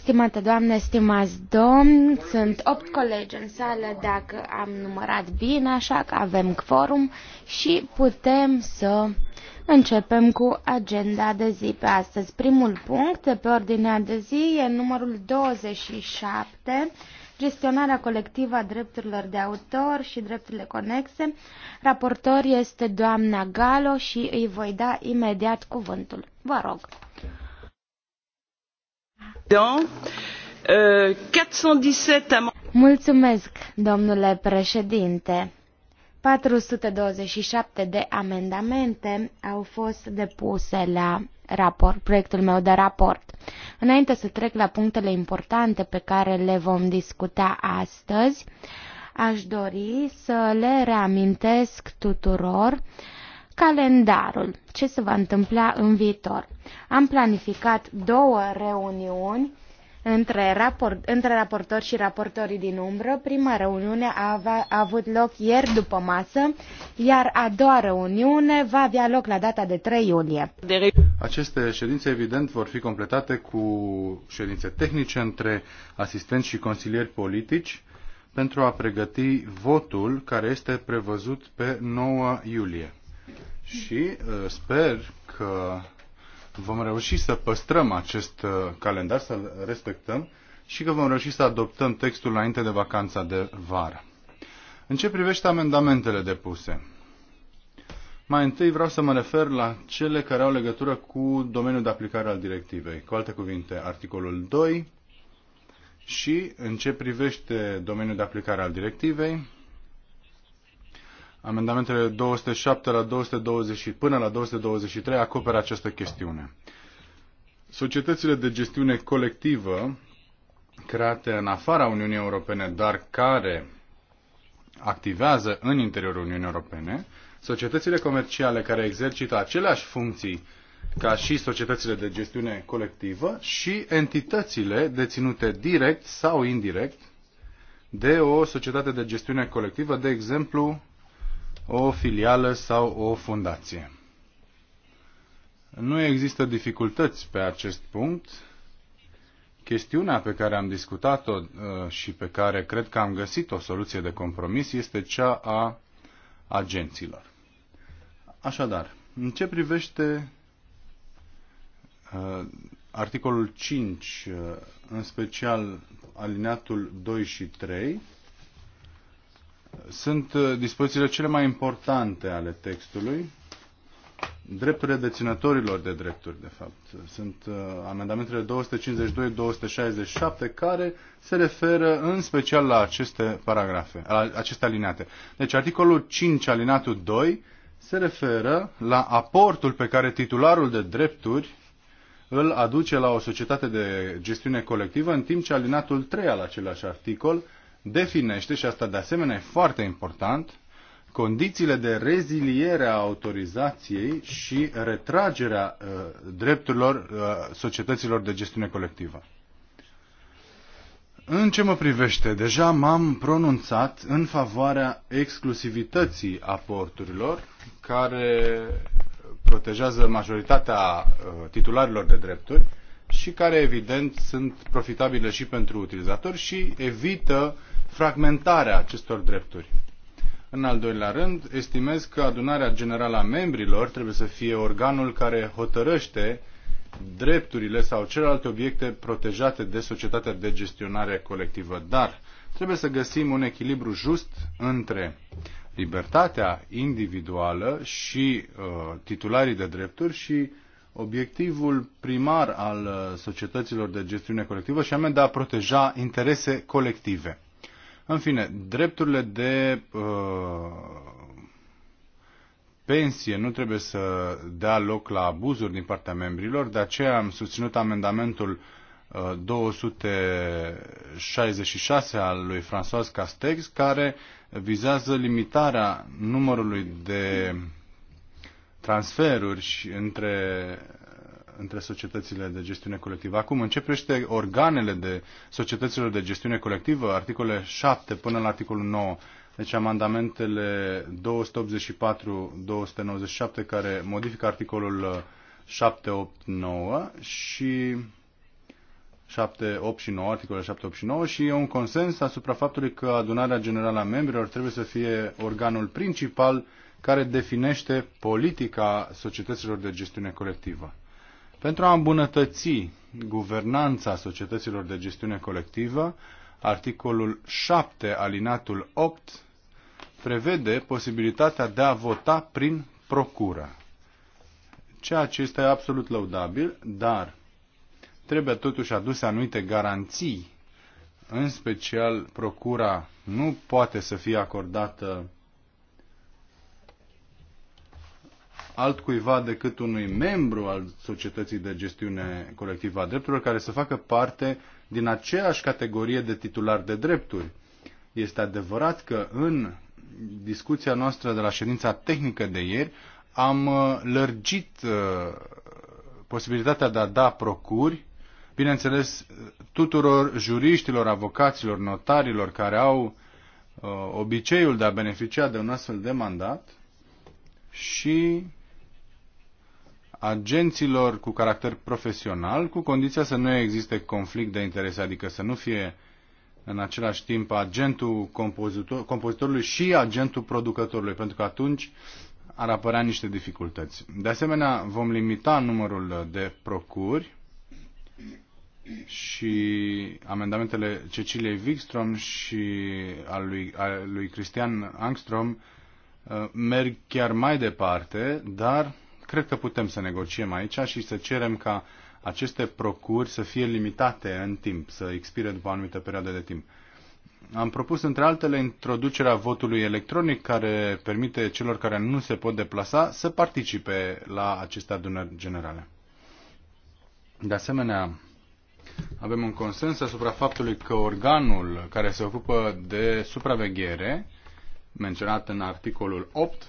Stimate doamne, stimați domn, sunt opt colegi în sală, dacă am numărat bine, așa că avem quorum și putem să începem cu agenda de zi pe astăzi. Primul punct de pe ordinea de zi e numărul 27, gestionarea colectivă a drepturilor de autor și drepturile conexe. Raportor este doamna Galo și îi voi da imediat cuvântul. Vă rog. Euh, Mulțumesc, domnule președinte. 427 de amendamente au fost depuse la raport, proiectul meu de raport. Înainte să trec la punctele importante pe care le vom discuta astăzi, aș dori să le reamintesc tuturor uh, Calendarul. Ce se va întâmpla în viitor? Am planificat două reuniuni între, raport, între raportori și raportorii din umbră. Prima reuniune a, a avut loc ieri după masă, iar a doua reuniune va avea loc la data de 3 iulie. Aceste ședințe, evident, vor fi completate cu ședințe tehnice între asistenți și consilieri politici pentru a pregăti votul care este prevăzut pe 9 iulie și uh, sper că vom reuși să păstrăm acest uh, calendar, să-l respectăm și că vom reuși să adoptăm textul înainte de vacanța de vară. În ce privește amendamentele depuse? Mai întâi vreau să mă refer la cele care au legătură cu domeniul de aplicare al directivei. Cu alte cuvinte, articolul 2 și, în ce privește domeniul de aplicare al directivei, Amendamentele 207 la 220 până la 223 acoperă această chestiune. Societățile de gestiune colectivă create în afara Uniunii Europene, dar care activează în interiorul Uniunii Europene, societățile comerciale care exercită aceleași funcții ca și societățile de gestiune colectivă și entitățile deținute direct sau indirect de o societate de gestiune colectivă, de exemplu o filială sau o fundație. Nu există dificultăți pe acest punct. Chestiunea pe care am discutat-o uh, și pe care cred că am găsit o soluție de compromis este cea a agenților. Așadar, în ce privește uh, articolul 5, uh, în special alineatul 2 și 3, sunt uh, dispozițiile cele mai importante ale textului, drepturile deținătorilor de drepturi, de fapt. Sunt uh, amendamentele 252-267 care se referă în special la aceste paragrafe, la aceste alineate. Deci articolul 5, alineatul 2, se referă la aportul pe care titularul de drepturi îl aduce la o societate de gestiune colectivă, în timp ce alinatul 3 al același articol definește, și asta de asemenea e foarte important, condițiile de reziliere a autorizației și retragerea uh, drepturilor uh, societăților de gestiune colectivă. În ce mă privește, deja m-am pronunțat în favoarea exclusivității aporturilor care protejează majoritatea uh, titularilor de drepturi și care evident sunt profitabile și pentru utilizatori și evită uh, fragmentarea acestor drepturi. În al doilea rând, estimez că adunarea generală a membrilor trebuie să fie organul care hotărăște drepturile sau celelalte obiecte protejate de societatea de gestionare colectivă. Dar trebuie să găsim un echilibru just între libertatea individuală și uh, titularii de drepturi și obiectivul primar al uh, societăților de gestiune colectivă și anume de a proteja interese colective. În fine, drepturile de uh, pensie nu trebuie să dea loc la abuzuri din partea membrilor, de aceea am susținut amendamentul 266 uh, al lui François Castex, care vizează limitarea numărului de transferuri și între între societățile de gestiune colectivă. Acum începește organele de societăților de gestiune colectivă, articole 7 până la articolul 9. Deci amendamentele 284-297 care modifică articolul 789 și 7, 8 și 9, articolele 7, 8 și 9 și e un consens asupra faptului că adunarea generală a membrilor trebuie să fie organul principal care definește politica societăților de gestiune colectivă. Pentru a îmbunătăți guvernanța societăților de gestiune colectivă, articolul 7, alinatul 8, prevede posibilitatea de a vota prin procură. Ceea ce este absolut laudabil, dar trebuie totuși aduse anumite garanții. În special, procura nu poate să fie acordată altcuiva decât unui membru al societății de gestiune colectivă a drepturilor care să facă parte din aceeași categorie de titular de drepturi. Este adevărat că în discuția noastră de la ședința tehnică de ieri am uh, lărgit uh, posibilitatea de a da procuri, bineînțeles, tuturor juriștilor, avocaților, notarilor care au uh, obiceiul de a beneficia de un astfel de mandat și agenților cu caracter profesional, cu condiția să nu existe conflict de interese, adică să nu fie în același timp agentul compozitor, compozitorului și agentul producătorului, pentru că atunci ar apărea niște dificultăți. De asemenea, vom limita numărul de procuri și amendamentele Ceciliei Wigstrom și al lui, al lui Cristian Angstrom uh, merg chiar mai departe, dar Cred că putem să negociem aici și să cerem ca aceste procuri să fie limitate în timp, să expire după o anumită perioadă de timp. Am propus, între altele, introducerea votului electronic care permite celor care nu se pot deplasa să participe la aceste adunări generale. De asemenea, avem un consens asupra faptului că organul care se ocupă de supraveghere, menționat în articolul 8,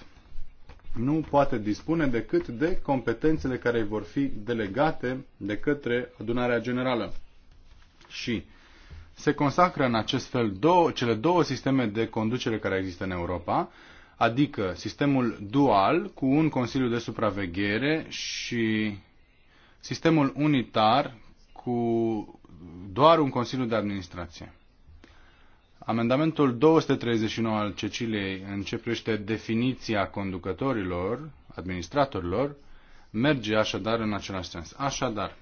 nu poate dispune decât de competențele care vor fi delegate de către adunarea generală. Și se consacră în acest fel două, cele două sisteme de conducere care există în Europa, adică sistemul dual cu un Consiliu de Supraveghere și sistemul unitar cu doar un Consiliu de Administrație. Amendamentul 239 al Ceciliei începește definiția conducătorilor, administratorilor, merge așadar în același sens. Așadar,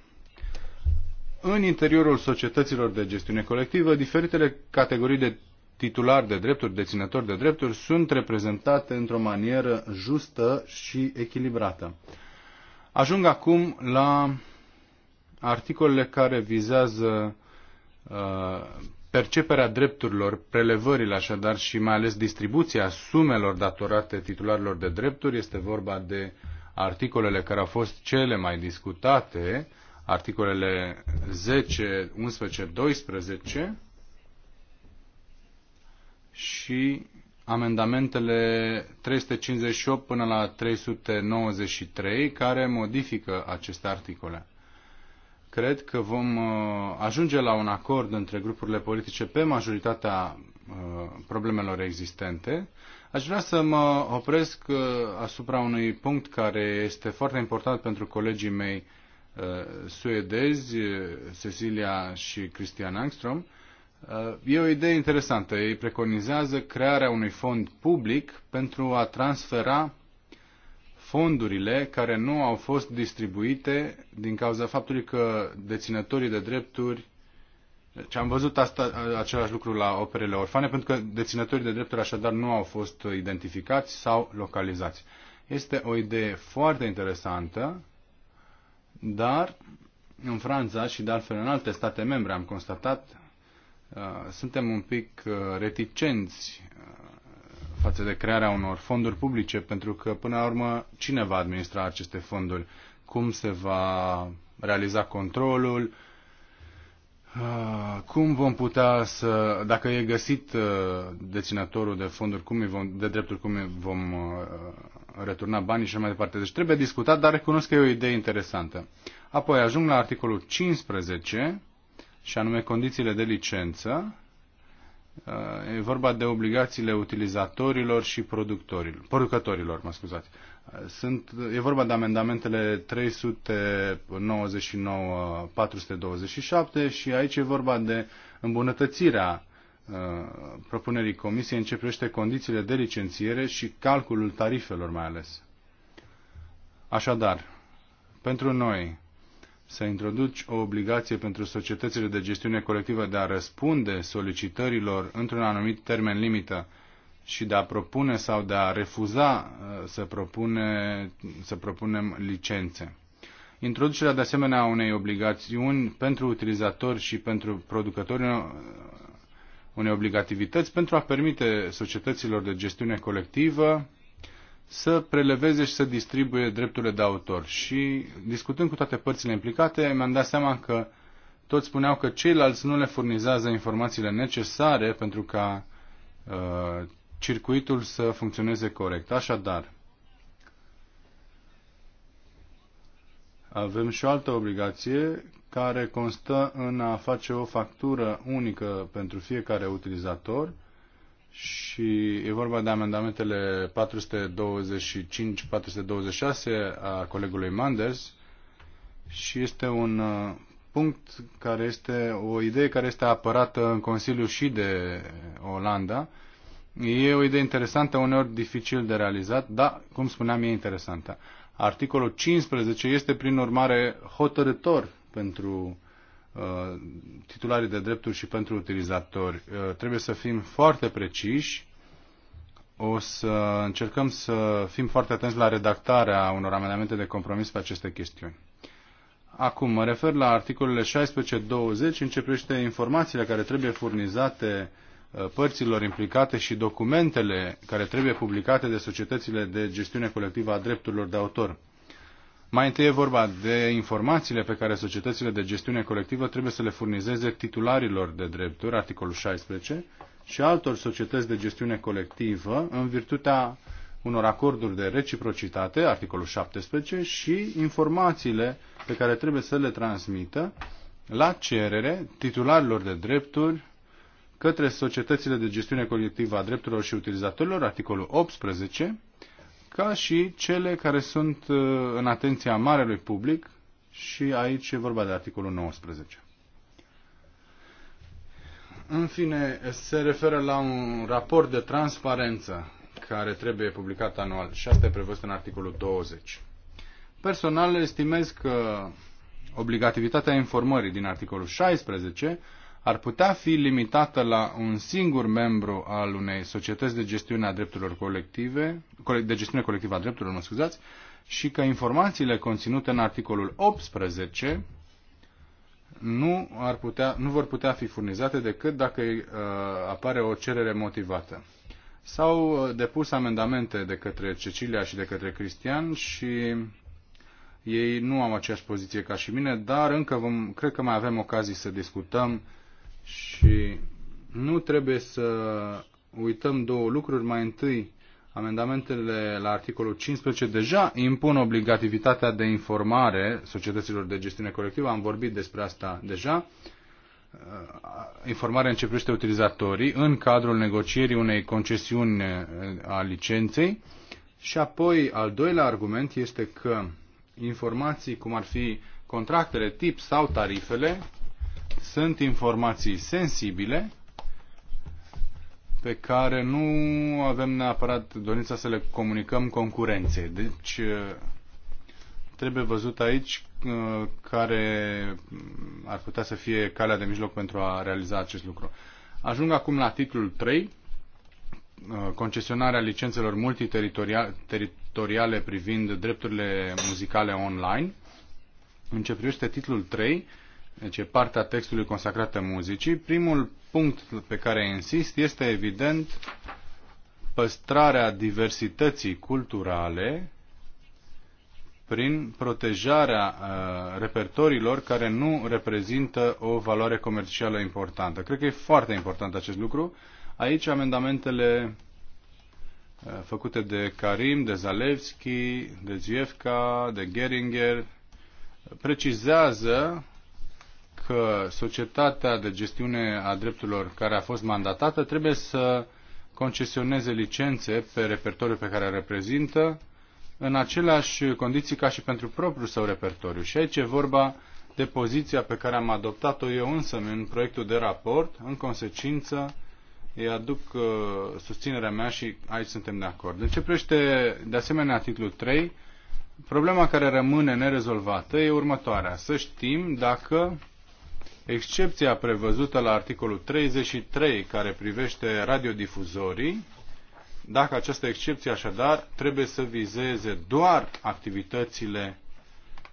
în interiorul societăților de gestiune colectivă, diferitele categorii de titulari de drepturi, deținători de drepturi, sunt reprezentate într-o manieră justă și echilibrată. Ajung acum la articolele care vizează uh, Perceperea drepturilor, prelevările așadar și mai ales distribuția sumelor datorate titularilor de drepturi este vorba de articolele care au fost cele mai discutate, articolele 10, 11, 12 și amendamentele 358 până la 393 care modifică aceste articole. Cred că vom uh, ajunge la un acord între grupurile politice pe majoritatea uh, problemelor existente. Aș vrea să mă opresc uh, asupra unui punct care este foarte important pentru colegii mei suedezi, Cecilia și Christian Angstrom. E o idee interesantă. Ei preconizează crearea unui fond public pentru a transfera fondurile care nu au fost distribuite din cauza faptului că deținătorii de drepturi și am văzut asta, același lucru la operele orfane, pentru că deținătorii de drepturi așadar nu au fost identificați sau localizați. Este o idee foarte interesantă, dar în Franța și de altfel în alte state membre am constatat, uh, suntem un pic uh, reticenți față de crearea unor fonduri publice, pentru că, până la urmă, cine va administra aceste fonduri? Cum se va realiza controlul? Ah, cum vom putea să, dacă e găsit ah, deținătorul de fonduri, cum îi vom, de drepturi, cum îi vom ah, returna banii și mai departe. Deci trebuie discutat, dar recunosc că e o idee interesantă. Apoi ajung la articolul 15, și anume condițiile de licență. Uh, e vorba de obligațiile utilizatorilor și productorilor, producătorilor. Mă scuzați. Uh, sunt, e vorba de amendamentele 399-427 și aici e vorba de îmbunătățirea uh, propunerii Comisiei în ce privește condițiile de licențiere și calculul tarifelor mai ales. Așadar, pentru noi, să introduci o obligație pentru societățile de gestiune colectivă de a răspunde solicitărilor într-un anumit termen limită și de a propune sau de a refuza uh, să, propune, să propunem licențe. Introducerea de asemenea unei obligațiuni pentru utilizatori și pentru producători uh, unei obligativități pentru a permite societăților de gestiune colectivă să preleveze și să distribuie drepturile de autor. Și discutând cu toate părțile implicate, mi-am dat seama că toți spuneau că ceilalți nu le furnizează informațiile necesare pentru ca uh, circuitul să funcționeze corect. Așadar, avem și o altă obligație care constă în a face o factură unică pentru fiecare utilizator și e vorba de amendamentele 425-426 a colegului Manders și este un uh, punct care este o idee care este apărată în Consiliu și de Olanda. E o idee interesantă, uneori dificil de realizat, dar, cum spuneam, e interesantă. Articolul 15 este, prin urmare, hotărător pentru Uh, titularii de drepturi și pentru utilizatori. Uh, trebuie să fim foarte preciși. O să încercăm să fim foarte atenți la redactarea unor amendamente de compromis pe aceste chestiuni. Acum, mă refer la articolele 16-20 începește informațiile care trebuie furnizate uh, părților implicate și documentele care trebuie publicate de societățile de gestiune colectivă a drepturilor de autor. Mai întâi e vorba de informațiile pe care societățile de gestiune colectivă trebuie să le furnizeze titularilor de drepturi, articolul 16, și altor societăți de gestiune colectivă în virtutea unor acorduri de reciprocitate, articolul 17, și informațiile pe care trebuie să le transmită la cerere titularilor de drepturi către societățile de gestiune colectivă a drepturilor și utilizatorilor, articolul 18, ca și cele care sunt uh, în atenția marelui public și aici e vorba de articolul 19. În fine, se referă la un raport de transparență care trebuie publicat anual și asta e prevăzut în articolul 20. Personal estimez că obligativitatea informării din articolul 16 ar putea fi limitată la un singur membru al unei societăți de gestiune a drepturilor colective, de gestiune colectivă a drepturilor, mă scuzați, și că informațiile conținute în articolul 18 nu, ar putea, nu vor putea fi furnizate decât dacă uh, apare o cerere motivată. S-au uh, depus amendamente de către Cecilia și de către Cristian și ei nu au aceeași poziție ca și mine, dar încă vom, cred că mai avem ocazii să discutăm și nu trebuie să uităm două lucruri. Mai întâi, amendamentele la articolul 15 deja impun obligativitatea de informare societăților de gestiune colectivă. Am vorbit despre asta deja. Informarea începește utilizatorii în cadrul negocierii unei concesiuni a licenței. Și apoi, al doilea argument este că informații cum ar fi contractele tip sau tarifele sunt informații sensibile pe care nu avem neapărat dorința să le comunicăm concurenței. Deci trebuie văzut aici uh, care ar putea să fie calea de mijloc pentru a realiza acest lucru. Ajung acum la titlul 3, uh, concesionarea licențelor multiteritoriale privind drepturile muzicale online. În ce privește titlul 3, deci e partea textului consacrată muzicii. Primul punct pe care insist este evident păstrarea diversității culturale prin protejarea uh, repertoriilor care nu reprezintă o valoare comercială importantă. Cred că e foarte important acest lucru. Aici amendamentele uh, făcute de Karim, de Zalewski, de Zievka, de Geringer precizează că societatea de gestiune a drepturilor care a fost mandatată trebuie să concesioneze licențe pe repertoriul pe care îl reprezintă în aceleași condiții ca și pentru propriul său repertoriu. Și aici e vorba de poziția pe care am adoptat-o eu însă în proiectul de raport. În consecință, îi aduc uh, susținerea mea și aici suntem de acord. În ce privește, de asemenea, titlul 3, problema care rămâne nerezolvată e următoarea. Să știm dacă excepția prevăzută la articolul 33 care privește radiodifuzorii, dacă această excepție așadar trebuie să vizeze doar activitățile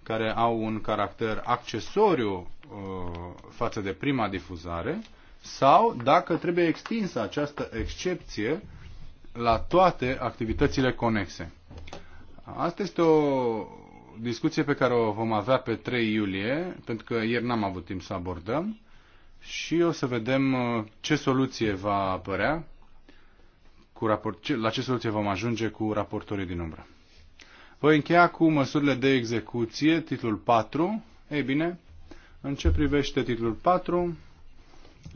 care au un caracter accesoriu uh, față de prima difuzare sau dacă trebuie extinsă această excepție la toate activitățile conexe. Asta este o discuție pe care o vom avea pe 3 iulie, pentru că ieri n-am avut timp să abordăm, și o să vedem uh, ce soluție va apărea, cu raport, la ce soluție vom ajunge cu raportorii din umbră. Voi încheia cu măsurile de execuție, titlul 4. Ei bine, în ce privește titlul 4,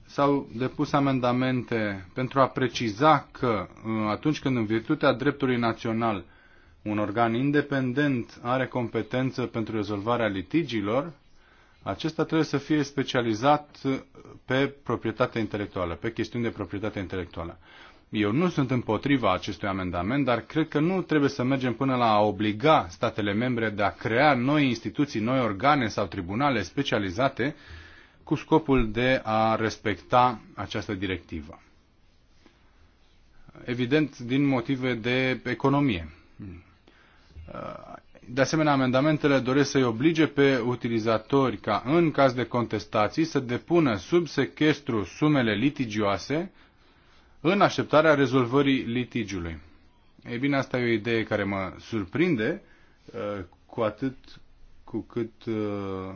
s-au depus amendamente pentru a preciza că uh, atunci când în virtutea dreptului național un organ independent are competență pentru rezolvarea litigiilor, acesta trebuie să fie specializat pe proprietatea intelectuală, pe chestiuni de proprietate intelectuală. Eu nu sunt împotriva acestui amendament, dar cred că nu trebuie să mergem până la a obliga statele membre de a crea noi instituții, noi organe sau tribunale specializate cu scopul de a respecta această directivă. Evident, din motive de economie. Uh, de asemenea, amendamentele doresc să-i oblige pe utilizatori ca, în caz de contestații, să depună sub sequestru sumele litigioase în așteptarea rezolvării litigiului. Ei bine, asta e o idee care mă surprinde, uh, cu atât cu cât uh,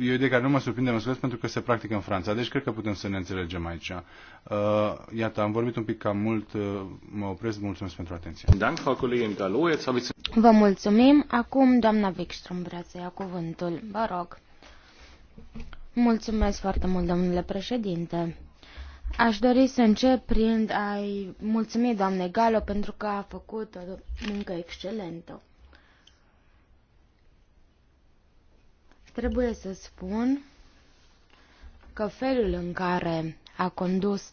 e o idee care nu mă surprinde, mă scuzați, pentru că se practică în Franța. Deci cred că putem să ne înțelegem aici. Uh, iată, am vorbit un pic cam mult. Uh, mă opresc. Mulțumesc pentru atenție. Vă mulțumim. Acum, doamna Wikström vrea să ia cuvântul. Vă rog. Mulțumesc foarte mult, domnule președinte. Aș dori să încep prin a-i mulțumi doamne Galo pentru că a făcut o muncă excelentă. Trebuie să spun că felul în care a condus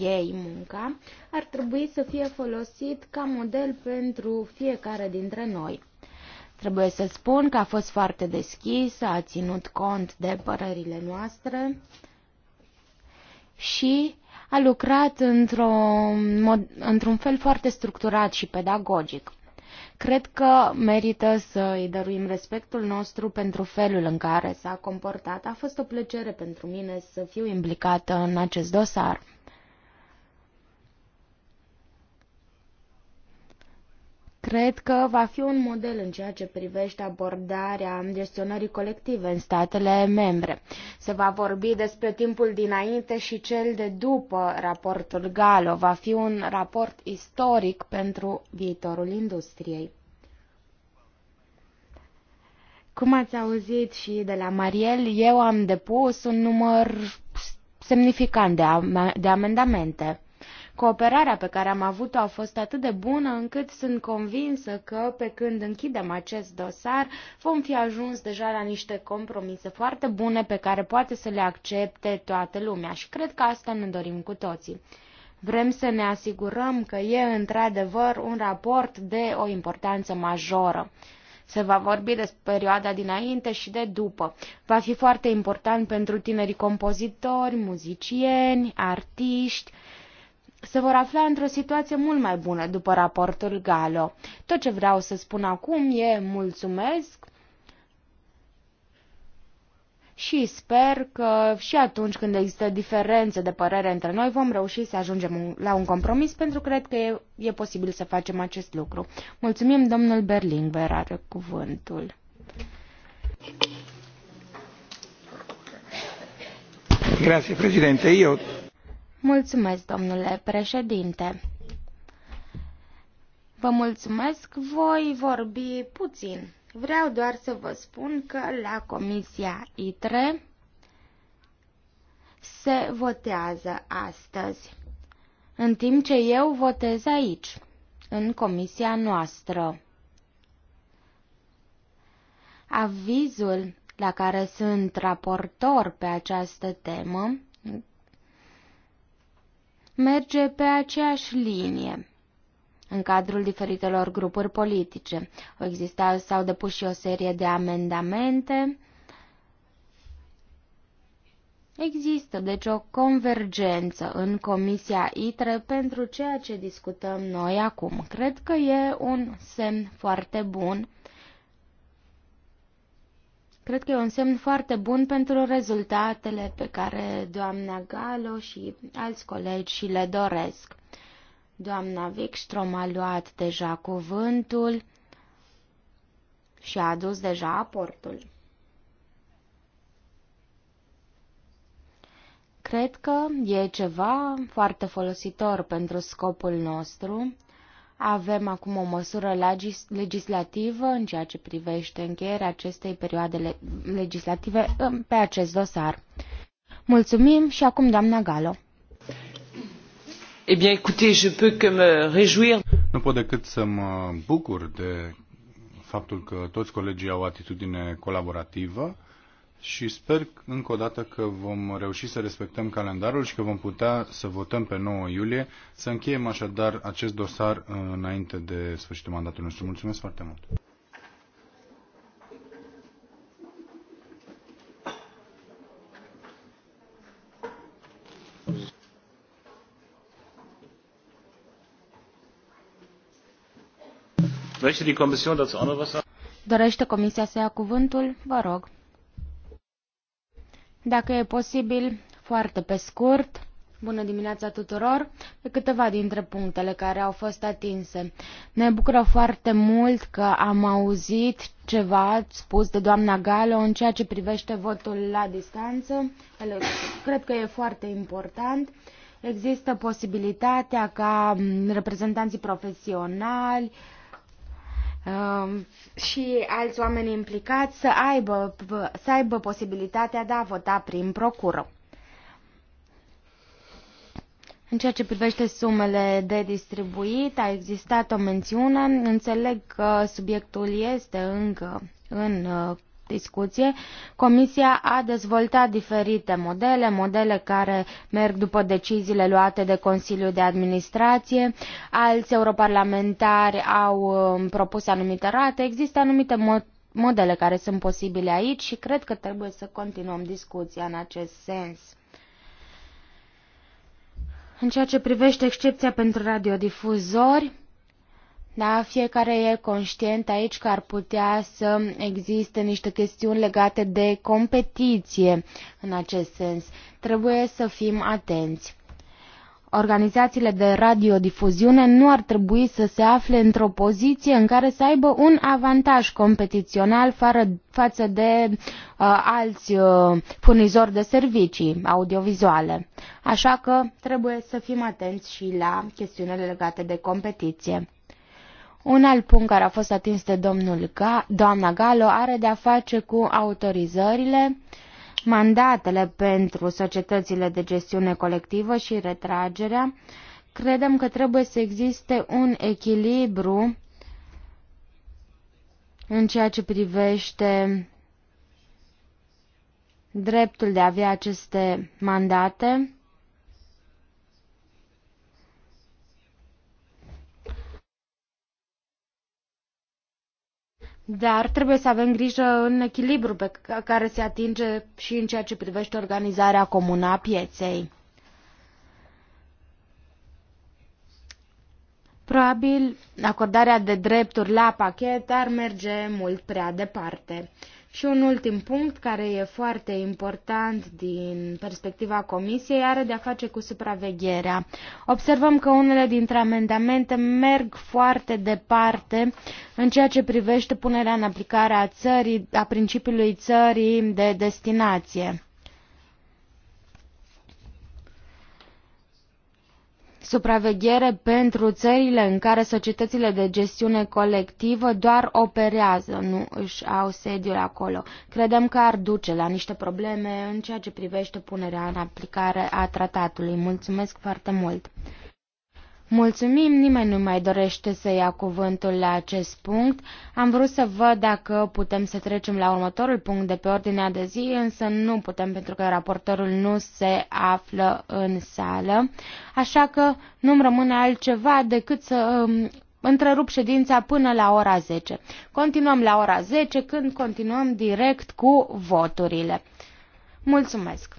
ei munca ar trebui să fie folosit ca model pentru fiecare dintre noi. Trebuie să spun că a fost foarte deschisă, a ținut cont de părerile noastre și a lucrat într-un într fel foarte structurat și pedagogic. Cred că merită să îi dăruim respectul nostru pentru felul în care s-a comportat. A fost o plăcere pentru mine să fiu implicată în acest dosar. Cred că va fi un model în ceea ce privește abordarea gestionării colective în statele membre. Se va vorbi despre timpul dinainte și cel de după raportul Galo. Va fi un raport istoric pentru viitorul industriei. Cum ați auzit și de la Mariel, eu am depus un număr semnificant de, am- de amendamente. Cooperarea pe care am avut-o a fost atât de bună încât sunt convinsă că pe când închidem acest dosar vom fi ajuns deja la niște compromise foarte bune pe care poate să le accepte toată lumea și cred că asta ne dorim cu toții. Vrem să ne asigurăm că e într-adevăr un raport de o importanță majoră. Se va vorbi despre perioada dinainte și de după. Va fi foarte important pentru tinerii compozitori, muzicieni, artiști, se vor afla într-o situație mult mai bună după raportul Galo. Tot ce vreau să spun acum e mulțumesc și sper că și atunci când există diferențe de părere între noi vom reuși să ajungem la un compromis pentru că cred că e, e posibil să facem acest lucru. Mulțumim, domnul Berlingber are cuvântul. Grazie Presidente, io Mulțumesc, domnule președinte. Vă mulțumesc, voi vorbi puțin. Vreau doar să vă spun că la Comisia ITRE se votează astăzi, în timp ce eu votez aici, în comisia noastră. Avizul la care sunt raportor pe această temă merge pe aceeași linie în cadrul diferitelor grupuri politice. Au existat, s-au depus și o serie de amendamente. Există deci o convergență în Comisia ITRE pentru ceea ce discutăm noi acum. Cred că e un semn foarte bun Cred că e un semn foarte bun pentru rezultatele pe care doamna Galo și alți colegi și le doresc. Doamna Wikström a luat deja cuvântul și a adus deja aportul. Cred că e ceva foarte folositor pentru scopul nostru avem acum o măsură legis legislativă în ceea ce privește încheierea acestei perioade legislative um, pe acest dosar. Mulțumim și acum doamna Galo. Eh bien, écoutez, je peux que me réjouir. Nu pot decât să mă bucur de faptul că toți colegii au atitudine colaborativă și sper încă o dată că vom reuși să respectăm calendarul și că vom putea să votăm pe 9 iulie, să încheiem așadar acest dosar uh, înainte de sfârșitul mandatului nostru. Mulțumesc foarte mult! Dorește Comisia să ia cuvântul? Vă rog. Dacă e posibil, foarte pe scurt, bună dimineața tuturor, pe câteva dintre punctele care au fost atinse. Ne bucură foarte mult că am auzit ceva spus de doamna Galo în ceea ce privește votul la distanță. Cred că e foarte important. Există posibilitatea ca reprezentanții profesionali, Um, și alți oameni implicați să aibă, să aibă posibilitatea de a vota prin procură. În ceea ce privește sumele de distribuit, a existat o mențiune. Înțeleg că subiectul este încă în uh, discuție, Comisia a dezvoltat diferite modele, modele care merg după deciziile luate de Consiliul de Administrație, alți europarlamentari au um, propus anumite rate, există anumite modele care sunt posibile aici și cred că trebuie să continuăm discuția în acest sens. În ceea ce privește excepția pentru radiodifuzori, da, fiecare e conștient aici că ar putea să existe niște chestiuni legate de competiție în acest sens. Trebuie să fim atenți. Organizațiile de radiodifuziune nu ar trebui să se afle într-o poziție în care să aibă un avantaj competițional față de uh, alți uh, furnizori de servicii audiovizuale. Așa că trebuie să fim atenți și la chestiunile legate de competiție. Un alt punct care a fost atins de domnul Ga- doamna Galo are de-a face cu autorizările, mandatele pentru societățile de gestiune colectivă și retragerea. Credem că trebuie să existe un echilibru în ceea ce privește dreptul de a avea aceste mandate dar trebuie să avem grijă în echilibru pe care se atinge și în ceea ce privește organizarea comună a pieței. Probabil acordarea de drepturi la pachet ar merge mult prea departe. Și un ultim punct care e foarte important din perspectiva Comisiei are de a face cu supravegherea. Observăm că unele dintre amendamente merg foarte departe în ceea ce privește punerea în aplicare a, țării, a principiului țării de destinație. supraveghere pentru țările în care societățile de gestiune colectivă doar operează, nu își au sediul acolo. Credem că ar duce la niște probleme în ceea ce privește punerea în aplicare a tratatului. Mulțumesc foarte mult! Mulțumim, nimeni nu mai dorește să ia cuvântul la acest punct. Am vrut să văd dacă putem să trecem la următorul punct de pe ordinea de zi, însă nu putem pentru că raportorul nu se află în sală. Așa că nu-mi rămâne altceva decât să um, întrerup ședința până la ora 10. Continuăm la ora 10 când continuăm direct cu voturile. Mulțumesc!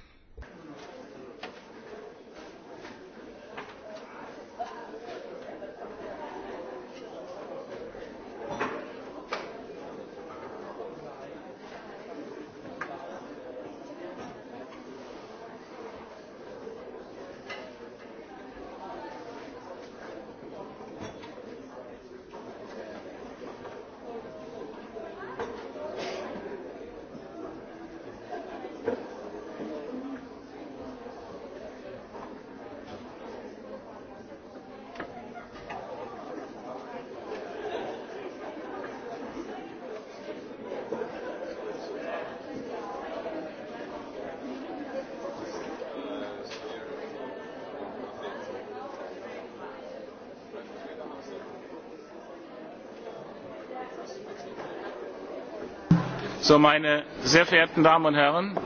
So, meine sehr verehrten Damen und Herren,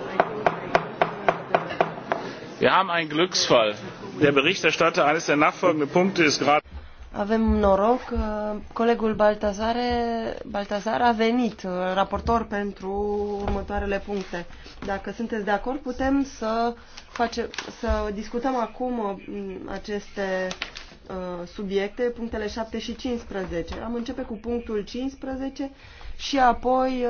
wir haben einen Glücksfall. Der Berichterstatter eines der nachfolgenden Punkte ist gerade. Avem noroc, uh, colegul Baltazare, Baltazar a venit, uh, raportor pentru următoarele puncte. Dacă sunteți de acord, putem să, face, să discutăm acum uh, aceste subiecte, punctele 7 și 15. Am începe cu punctul 15 și apoi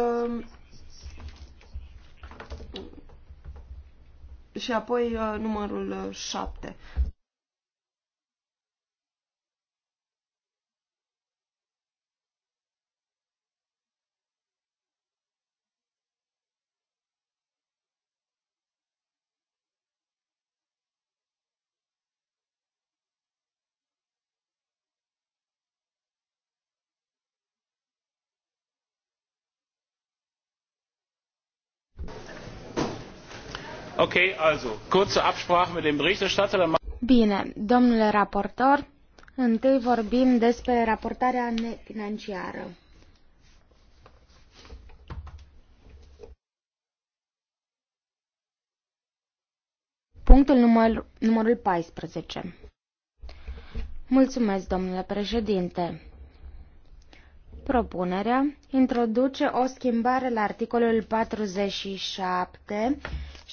și apoi uh, numărul 7. Uh, Okay, also, kurze Absprache mit dem Berichterstatter. Bine, domnule raportor, întâi vorbim despre raportarea financiară. Punctul număr, numărul 14. Mulțumesc, domnule președinte. Propunerea introduce o schimbare la articolul 47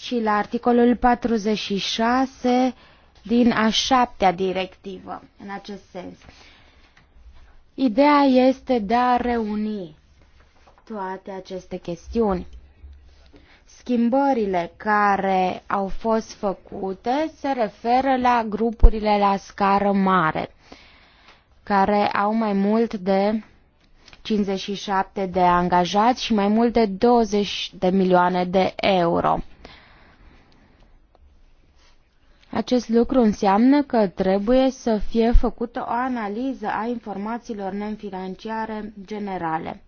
și la articolul 46 din a șaptea directivă în acest sens. Ideea este de a reuni toate aceste chestiuni. Schimbările care au fost făcute se referă la grupurile la scară mare, care au mai mult de 57 de angajați și mai mult de 20 de milioane de euro. Acest lucru înseamnă că trebuie să fie făcută o analiză a informațiilor nefinanciare generale.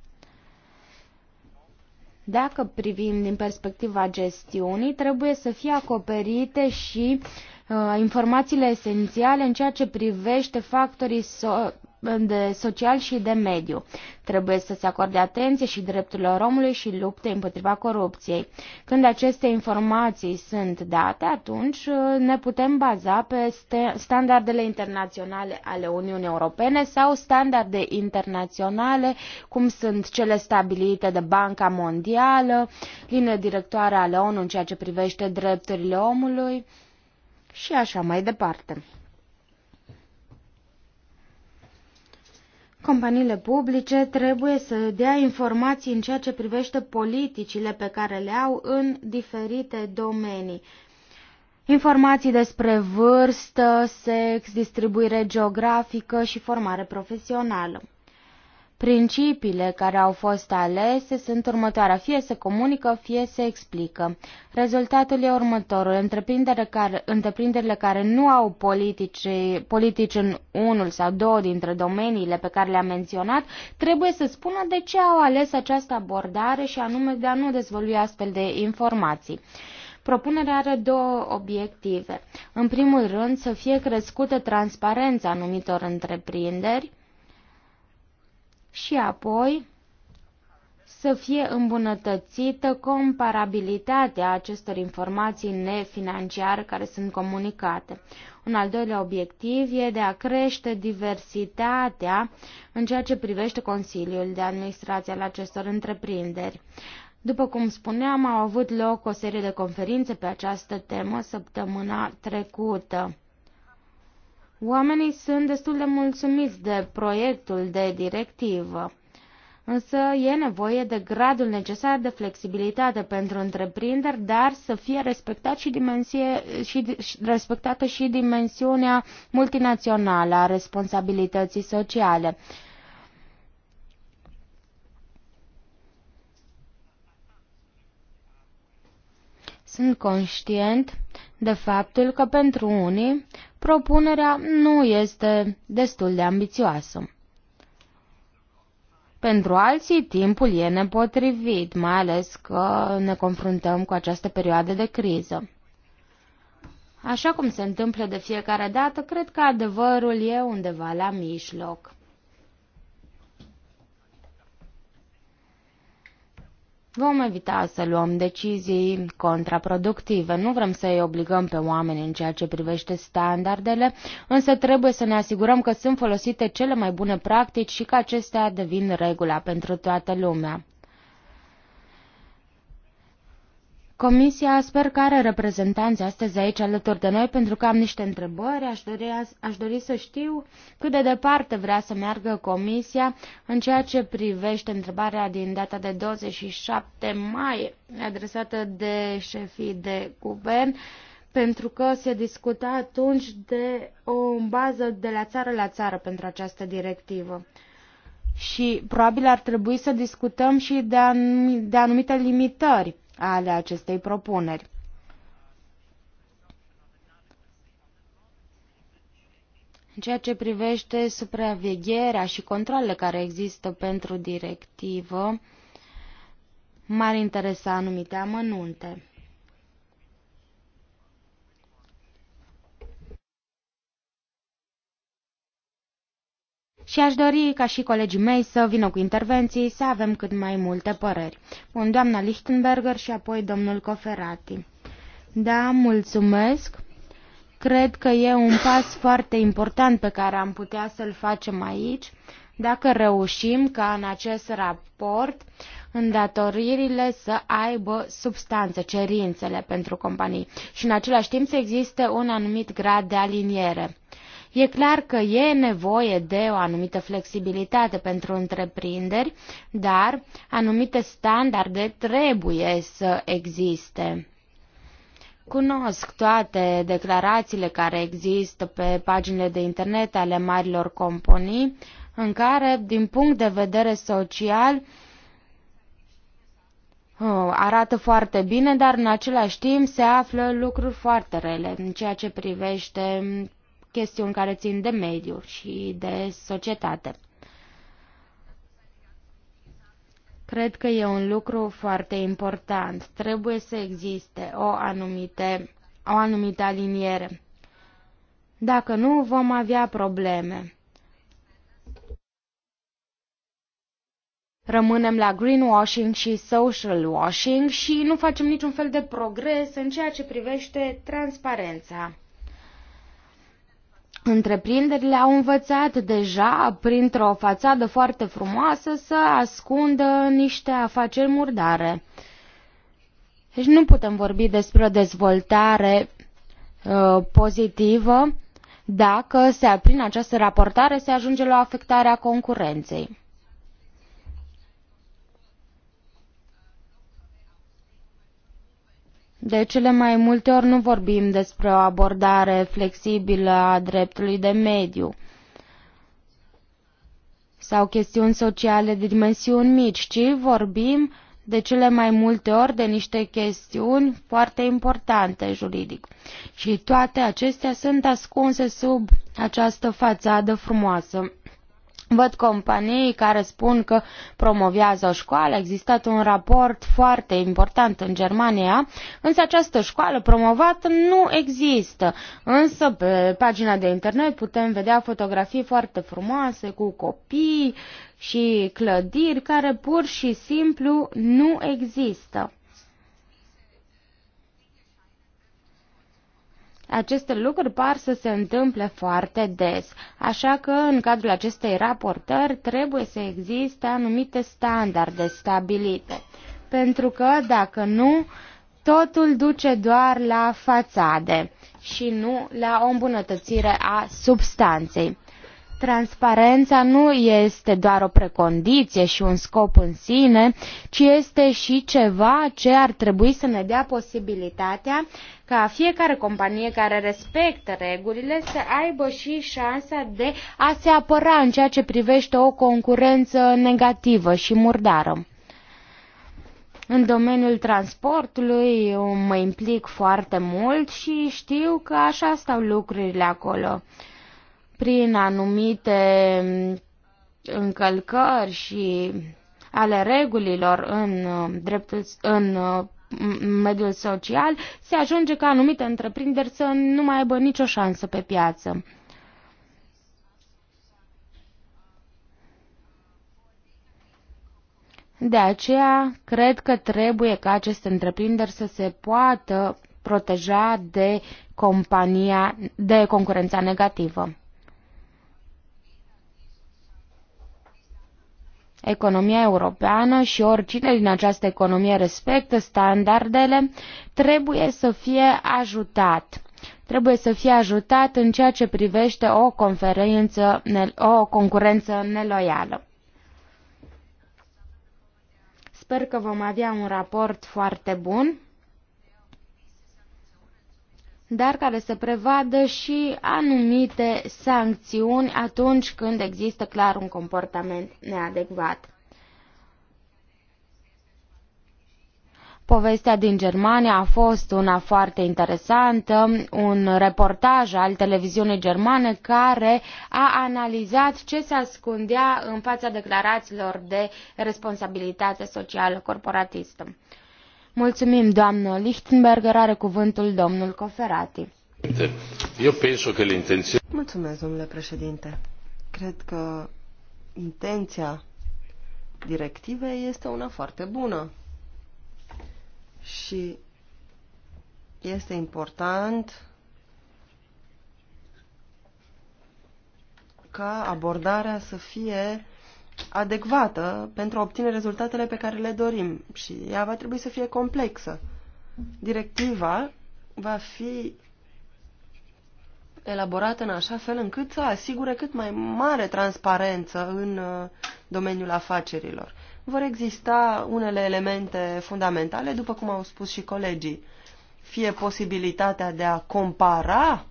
Dacă privim din perspectiva gestiunii, trebuie să fie acoperite și uh, informațiile esențiale în ceea ce privește factorii so- de social și de mediu. Trebuie să se acorde atenție și drepturilor omului și lupte împotriva corupției. Când aceste informații sunt date, atunci uh, ne putem baza pe standardele internaționale ale Uniunii Europene sau standarde internaționale, cum sunt cele stabilite de Banca Mondială, linie directoare ale ONU în ceea ce privește drepturile omului și așa mai departe. Companiile publice trebuie să dea informații în ceea ce privește politicile pe care le au în diferite domenii. Informații despre vârstă, sex, distribuire geografică și formare profesională. Principiile care au fost alese sunt următoarea, fie se comunică, fie se explică. Rezultatul e următorul, întreprinderile care, întreprinderile care nu au politici, politici în unul sau două dintre domeniile pe care le-am menționat, trebuie să spună de ce au ales această abordare și anume de a nu dezvălui astfel de informații. Propunerea are două obiective. În primul rând, să fie crescută transparența anumitor întreprinderi, și apoi să fie îmbunătățită comparabilitatea acestor informații nefinanciare care sunt comunicate. Un al doilea obiectiv e de a crește diversitatea în ceea ce privește Consiliul de Administrație al acestor întreprinderi. După cum spuneam, au avut loc o serie de conferințe pe această temă săptămâna trecută. Oamenii sunt destul de mulțumiți de proiectul de directivă, însă e nevoie de gradul necesar de flexibilitate pentru întreprinderi, dar să fie respectat și dimensie, și, respectată și dimensiunea multinațională a responsabilității sociale. Sunt conștient de faptul că pentru unii propunerea nu este destul de ambițioasă. Pentru alții, timpul e nepotrivit, mai ales că ne confruntăm cu această perioadă de criză. Așa cum se întâmplă de fiecare dată, cred că adevărul e undeva la mijloc. Vom evita să luăm decizii contraproductive. Nu vrem să îi obligăm pe oameni în ceea ce privește standardele, însă trebuie să ne asigurăm că sunt folosite cele mai bune practici și că acestea devin regula pentru toată lumea. Comisia sper că are reprezentanți astăzi aici alături de noi pentru că am niște întrebări. Aș dori, aș dori să știu cât de departe vrea să meargă Comisia în ceea ce privește întrebarea din data de 27 mai adresată de șefii de guvern pentru că se discuta atunci de o bază de la țară la țară pentru această directivă și probabil ar trebui să discutăm și de, anum- de anumite limitări ale acestei propuneri. În ceea ce privește supravegherea și controlele care există pentru directivă, m-ar interesa anumite amănunte. Și aș dori ca și colegii mei să vină cu intervenții, să avem cât mai multe păreri. Bun, doamna Lichtenberger și apoi domnul Coferati. Da, mulțumesc. Cred că e un pas foarte important pe care am putea să-l facem aici, dacă reușim ca în acest raport îndatoririle să aibă substanță, cerințele pentru companii și în același timp să existe un anumit grad de aliniere. E clar că e nevoie de o anumită flexibilitate pentru întreprinderi, dar anumite standarde trebuie să existe. Cunosc toate declarațiile care există pe paginile de internet ale marilor companii, în care, din punct de vedere social, ă, arată foarte bine, dar în același timp se află lucruri foarte rele în ceea ce privește chestiuni care țin de mediu și de societate. Cred că e un lucru foarte important. Trebuie să existe o, anumite, o anumită aliniere. Dacă nu, vom avea probleme. Rămânem la greenwashing și social washing și nu facem niciun fel de progres în ceea ce privește transparența. Întreprinderile au învățat deja, printr-o fațadă foarte frumoasă, să ascundă niște afaceri murdare. Deci nu putem vorbi despre o dezvoltare uh, pozitivă dacă se, prin această raportare se ajunge la o afectare a concurenței. De cele mai multe ori nu vorbim despre o abordare flexibilă a dreptului de mediu sau chestiuni sociale de dimensiuni mici, ci vorbim de cele mai multe ori de niște chestiuni foarte importante juridic. Și toate acestea sunt ascunse sub această fațadă frumoasă. Văd companii care spun că promovează o școală. A existat un raport foarte important în Germania, însă această școală promovată nu există. Însă pe pagina de internet putem vedea fotografii foarte frumoase cu copii și clădiri care pur și simplu nu există. Aceste lucruri par să se întâmple foarte des, așa că în cadrul acestei raportări trebuie să existe anumite standarde stabilite, pentru că dacă nu, totul duce doar la fațade și nu la o îmbunătățire a substanței. Transparența nu este doar o precondiție și un scop în sine, ci este și ceva ce ar trebui să ne dea posibilitatea ca fiecare companie care respectă regulile să aibă și șansa de a se apăra în ceea ce privește o concurență negativă și murdară. În domeniul transportului mă implic foarte mult și știu că așa stau lucrurile acolo prin anumite mm, încălcări și ale regulilor în, mm, dreptul, în mm, mediul social, se ajunge ca anumite întreprinderi să nu mai aibă nicio șansă pe piață. De aceea, cred că trebuie ca aceste întreprinderi să se poată proteja de compania, de concurența negativă. economia europeană și oricine din această economie respectă standardele, trebuie să fie ajutat. Trebuie să fie ajutat în ceea ce privește o, conferință, o concurență neloială. Sper că vom avea un raport foarte bun dar care să prevadă și anumite sancțiuni atunci când există clar un comportament neadecvat. Povestea din Germania a fost una foarte interesantă, un reportaj al televiziunii germane care a analizat ce se ascundea în fața declarațiilor de responsabilitate socială corporatistă. Mulțumim, doamnă Lichtenberger. Are cuvântul domnul Coferati. Eu penso că l'intenție... Mulțumesc, domnule președinte. Cred că intenția directivei este una foarte bună. Și este important ca abordarea să fie adecvată pentru a obține rezultatele pe care le dorim și ea va trebui să fie complexă. Directiva va fi elaborată în așa fel încât să asigure cât mai mare transparență în uh, domeniul afacerilor. Vor exista unele elemente fundamentale, după cum au spus și colegii, fie posibilitatea de a compara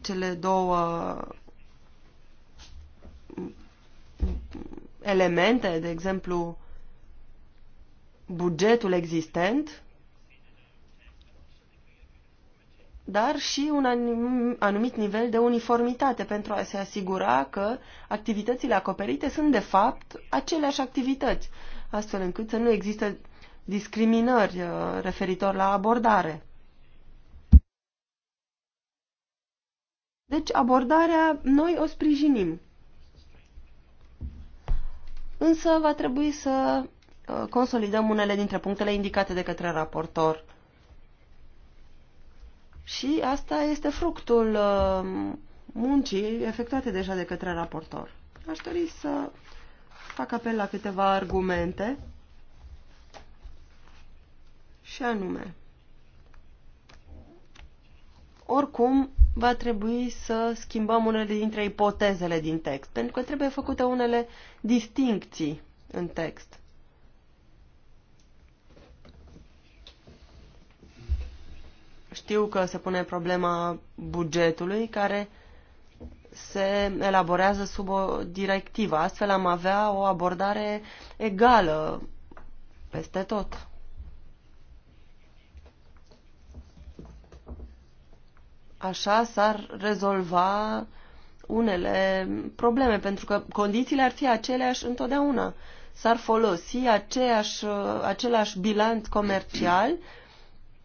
cele două elemente, de exemplu, bugetul existent, dar și un anumit nivel de uniformitate pentru a se asigura că activitățile acoperite sunt, de fapt, aceleași activități, astfel încât să nu există discriminări uh, referitor la abordare. Deci abordarea noi o sprijinim însă va trebui să uh, consolidăm unele dintre punctele indicate de către raportor. Și asta este fructul uh, muncii efectuate deja de către raportor. Aș dori să fac apel la câteva argumente și anume oricum va trebui să schimbăm unele dintre ipotezele din text, pentru că trebuie făcute unele uh, distincții în text. Știu că se pune problema bugetului care se elaborează sub o directivă. Astfel am avea o abordare egală peste tot. Așa s-ar rezolva unele probleme, pentru că condițiile ar fi aceleași întotdeauna. S-ar folosi aceeași, același bilanț comercial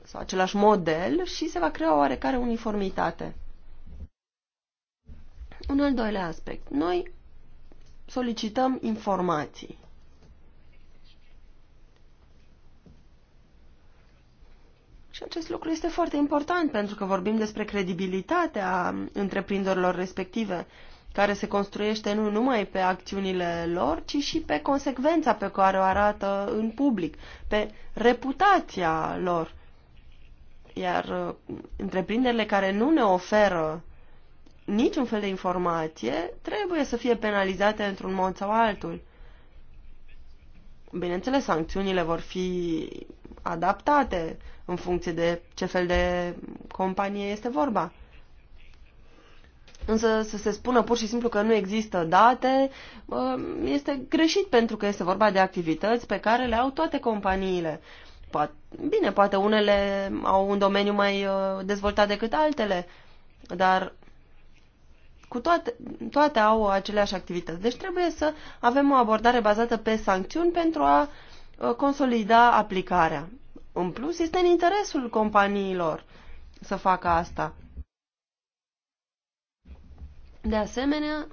sau același model și se va crea o oarecare uniformitate. Un al doilea aspect. Noi solicităm informații. Și acest lucru este foarte important pentru că vorbim despre credibilitatea întreprinderilor respective, care se construiește nu numai pe acțiunile lor, ci și pe consecvența pe care o arată în public, pe reputația lor. Iar uh, întreprinderile care nu ne oferă niciun fel de informație trebuie să fie penalizate într-un mod sau altul. Bineînțeles, sancțiunile vor fi adaptate, în funcție de ce fel de companie este vorba. Însă să se spună pur și simplu că nu există date uh, este greșit pentru că este vorba de activități pe care le au toate companiile. Poate, bine, poate unele au un domeniu mai uh, dezvoltat decât altele, dar cu toate, toate au aceleași activități. Deci trebuie să avem o abordare bazată pe sancțiuni pentru a uh, consolida aplicarea. În plus, este în interesul companiilor să facă asta. De asemenea,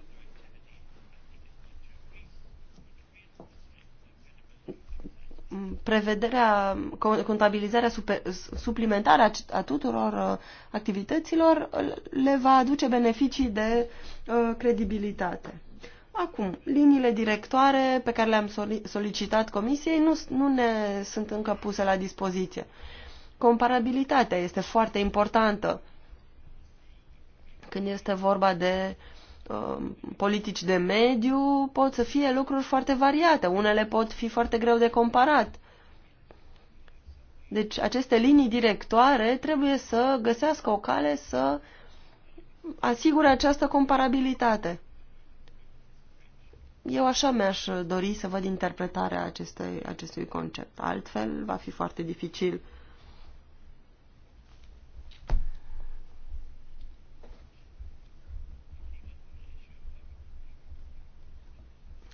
prevederea, contabilizarea super, suplimentară a tuturor uh, activităților uh, le va aduce beneficii de uh, credibilitate. Acum, liniile directoare pe care le-am solicitat comisiei nu, nu ne sunt încă puse la dispoziție. Comparabilitatea este foarte importantă când este vorba de um, politici de mediu, pot să fie lucruri foarte variate. Unele pot fi foarte greu de comparat. Deci aceste linii directoare trebuie să găsească o cale să asigure această comparabilitate. Eu așa mi-aș dori să văd interpretarea acestei, acestui concept. Altfel, va fi foarte dificil.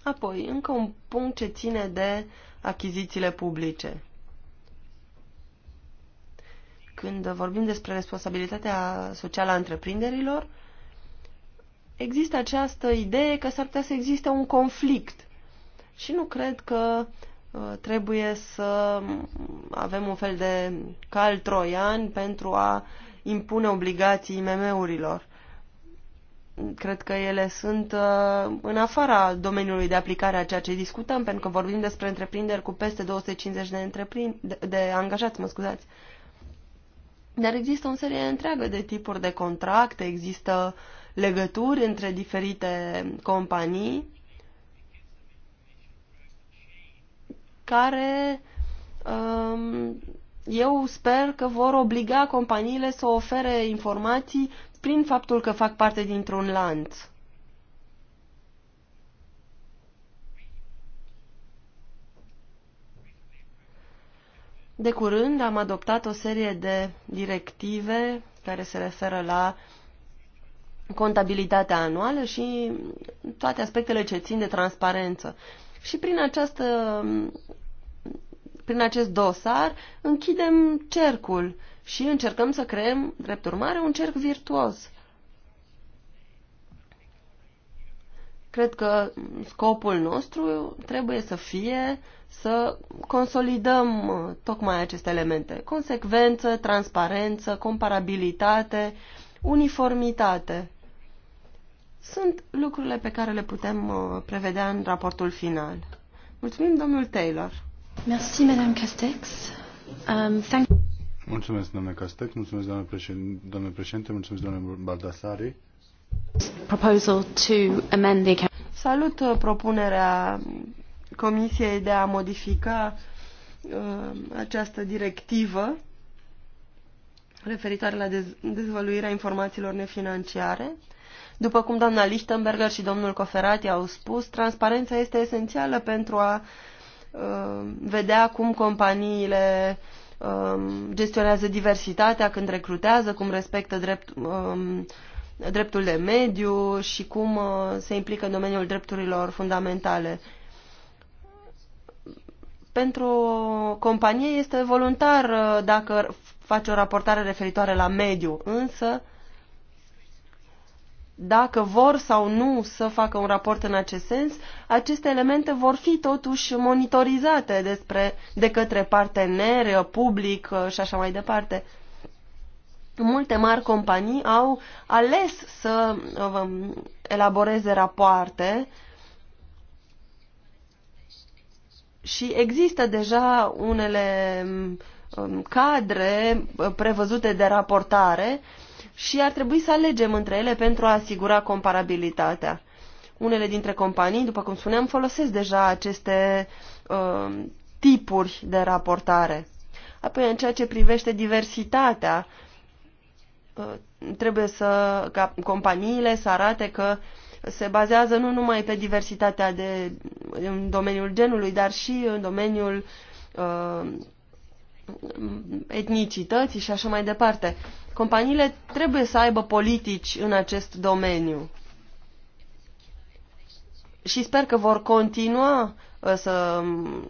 Apoi, încă un punct ce ține de achizițiile publice. Când vorbim despre responsabilitatea socială a întreprinderilor, uh, există această idee că s-ar putea să existe un conflict. Și nu cred că uh, trebuie să avem un fel de cal troian pentru a impune obligații IMM-urilor. Cred că ele sunt uh, în afara domeniului de aplicare a ceea ce discutăm, pentru că vorbim despre întreprinderi cu peste 250 de, întreprin... de angajați, mă scuzați. Dar există o serie întreagă de tipuri de contracte, există uh, legături între diferite companii care um, eu sper că vor obliga companiile să ofere informații prin faptul că fac parte dintr-un lanț. De curând am adoptat o serie de directive care se referă la uh, contabilitatea anuală și toate aspectele ce țin de transparență. Și prin, această, prin acest dosar închidem cercul și încercăm să creăm, drept urmare, un cerc virtuos. Cred că scopul nostru trebuie să fie să consolidăm tocmai aceste elemente. Consecvență, transparență, comparabilitate, uniformitate sunt lucrurile pe care le putem uh, prevedea în raportul final. Mulțumim, domnul Taylor. Merci, Madame Castex. Um, thank mulțumesc, domnule Castex, mulțumesc, domnule președinte, domnule președinte, mulțumesc, domnule Baldassari. Proposal to amend the Salut uh, propunerea Comisiei de a modifica uh, această directivă referitoare la dez dezvăluirea informațiilor nefinanciare. După cum doamna Lichtenberger și domnul Coferati au spus, transparența este esențială pentru a uh, vedea cum companiile uh, gestionează diversitatea când recrutează, cum respectă drept, uh, dreptul de mediu și cum uh, se implică în domeniul drepturilor fundamentale pentru o companie este voluntar uh, dacă face o raportare referitoare la mediu, însă dacă vor sau nu să facă un raport în acest sens, aceste elemente vor fi totuși monitorizate despre, de către parteneri, public și așa mai departe. Multe mari companii au ales să um, elaboreze rapoarte și există deja unele um, cadre prevăzute de raportare uh, și ar trebui să alegem între ele pentru a asigura comparabilitatea. Unele dintre companii, după cum spuneam, folosesc deja aceste uh, tipuri de raportare. Apoi, în ceea ce privește diversitatea, uh, trebuie să, ca companiile să arate că se bazează nu numai pe diversitatea de, în domeniul genului, dar și în domeniul uh, etnicității și așa mai departe. Companiile trebuie să aibă politici în acest domeniu. Și sper că vor continua uh, să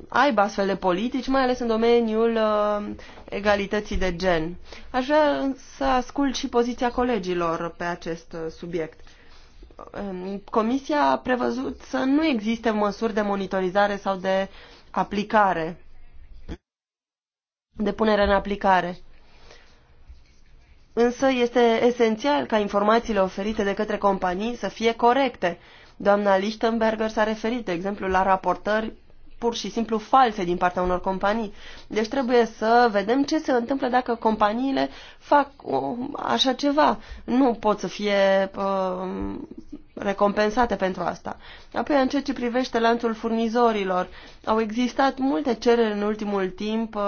aibă astfel de politici, mai ales în domeniul uh, egalității de gen. Aș vrea să ascult și poziția colegilor pe acest uh, subiect. Um, Comisia a prevăzut să nu existe măsuri de monitorizare sau de aplicare, de punere în aplicare. Însă este esențial ca informațiile oferite de către companii să fie corecte. Doamna Lichtenberger s-a referit, de exemplu, la raportări pur și simplu false din partea unor companii. Deci trebuie să vedem ce se întâmplă dacă companiile fac o, așa ceva. Nu pot să fie uh, recompensate pentru asta. Apoi, în ceea ce privește lanțul furnizorilor, au existat multe cereri în ultimul timp uh,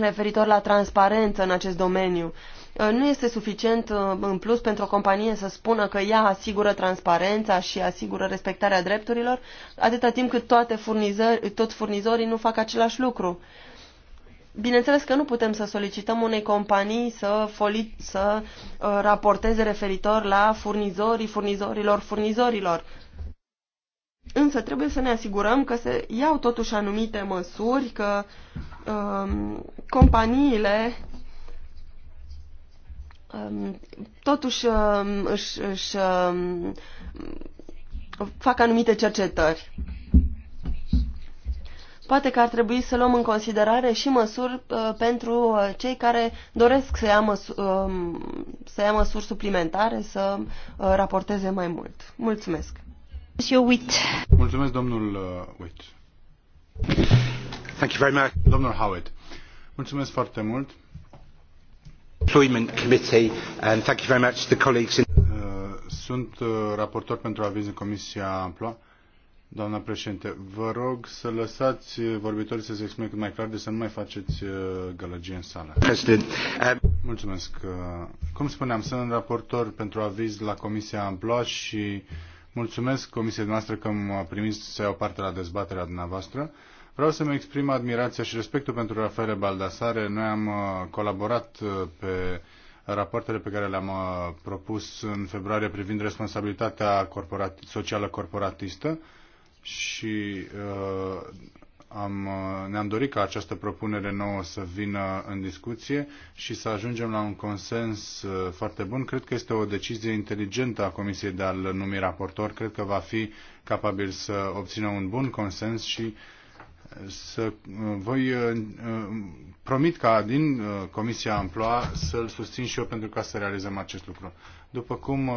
referitor la transparență în acest domeniu. Uh, nu este suficient uh, în plus pentru o companie să spună că ea asigură transparența și asigură respectarea drepturilor, atâta timp cât toate furnizări, toți furnizorii nu fac același lucru. Bineînțeles că nu putem să solicităm unei companii să, foli- să uh, raporteze referitor la furnizorii furnizorilor furnizorilor. Însă trebuie să ne asigurăm că se iau totuși anumite măsuri, că um, companiile um, totuși um, își, își um, fac anumite cercetări. Poate că ar trebui să luăm în considerare și măsuri uh, pentru uh, cei care doresc să ia, măs- uh, um, să ia măsuri suplimentare, să uh, raporteze mai mult. Mulțumesc! Mulțumesc, uh, Howitt. Mulțumesc foarte mult. Uh, sunt uh, raportor pentru aviz în Comisia Ampla. Doamnă președinte, vă rog să lăsați vorbitorii să se exprime cât mai clar, de să nu mai faceți gălăgie în sală. Um- Mulțumesc. Cum spuneam, sunt raportor pentru aviz la Comisia Ampla și Mulțumesc comisiei noastre că m-a primit să iau parte la dezbaterea dumneavoastră. Vreau să-mi exprim admirația și respectul pentru Rafaele Baldasare. Noi am uh, colaborat uh, pe rapoartele pe care le-am uh, propus în februarie privind responsabilitatea corporat- socială corporatistă și am, uh, ne-am dorit ca această propunere nouă să vină în discuție și să ajungem la un consens uh, foarte bun. Cred că este o decizie inteligentă a Comisiei de a-l numi raportor. Cred că va fi capabil să obțină un bun consens și uh, să voi promit ca din Comisia Amploa să-l susțin și eu pentru ca să realizăm acest lucru. După cum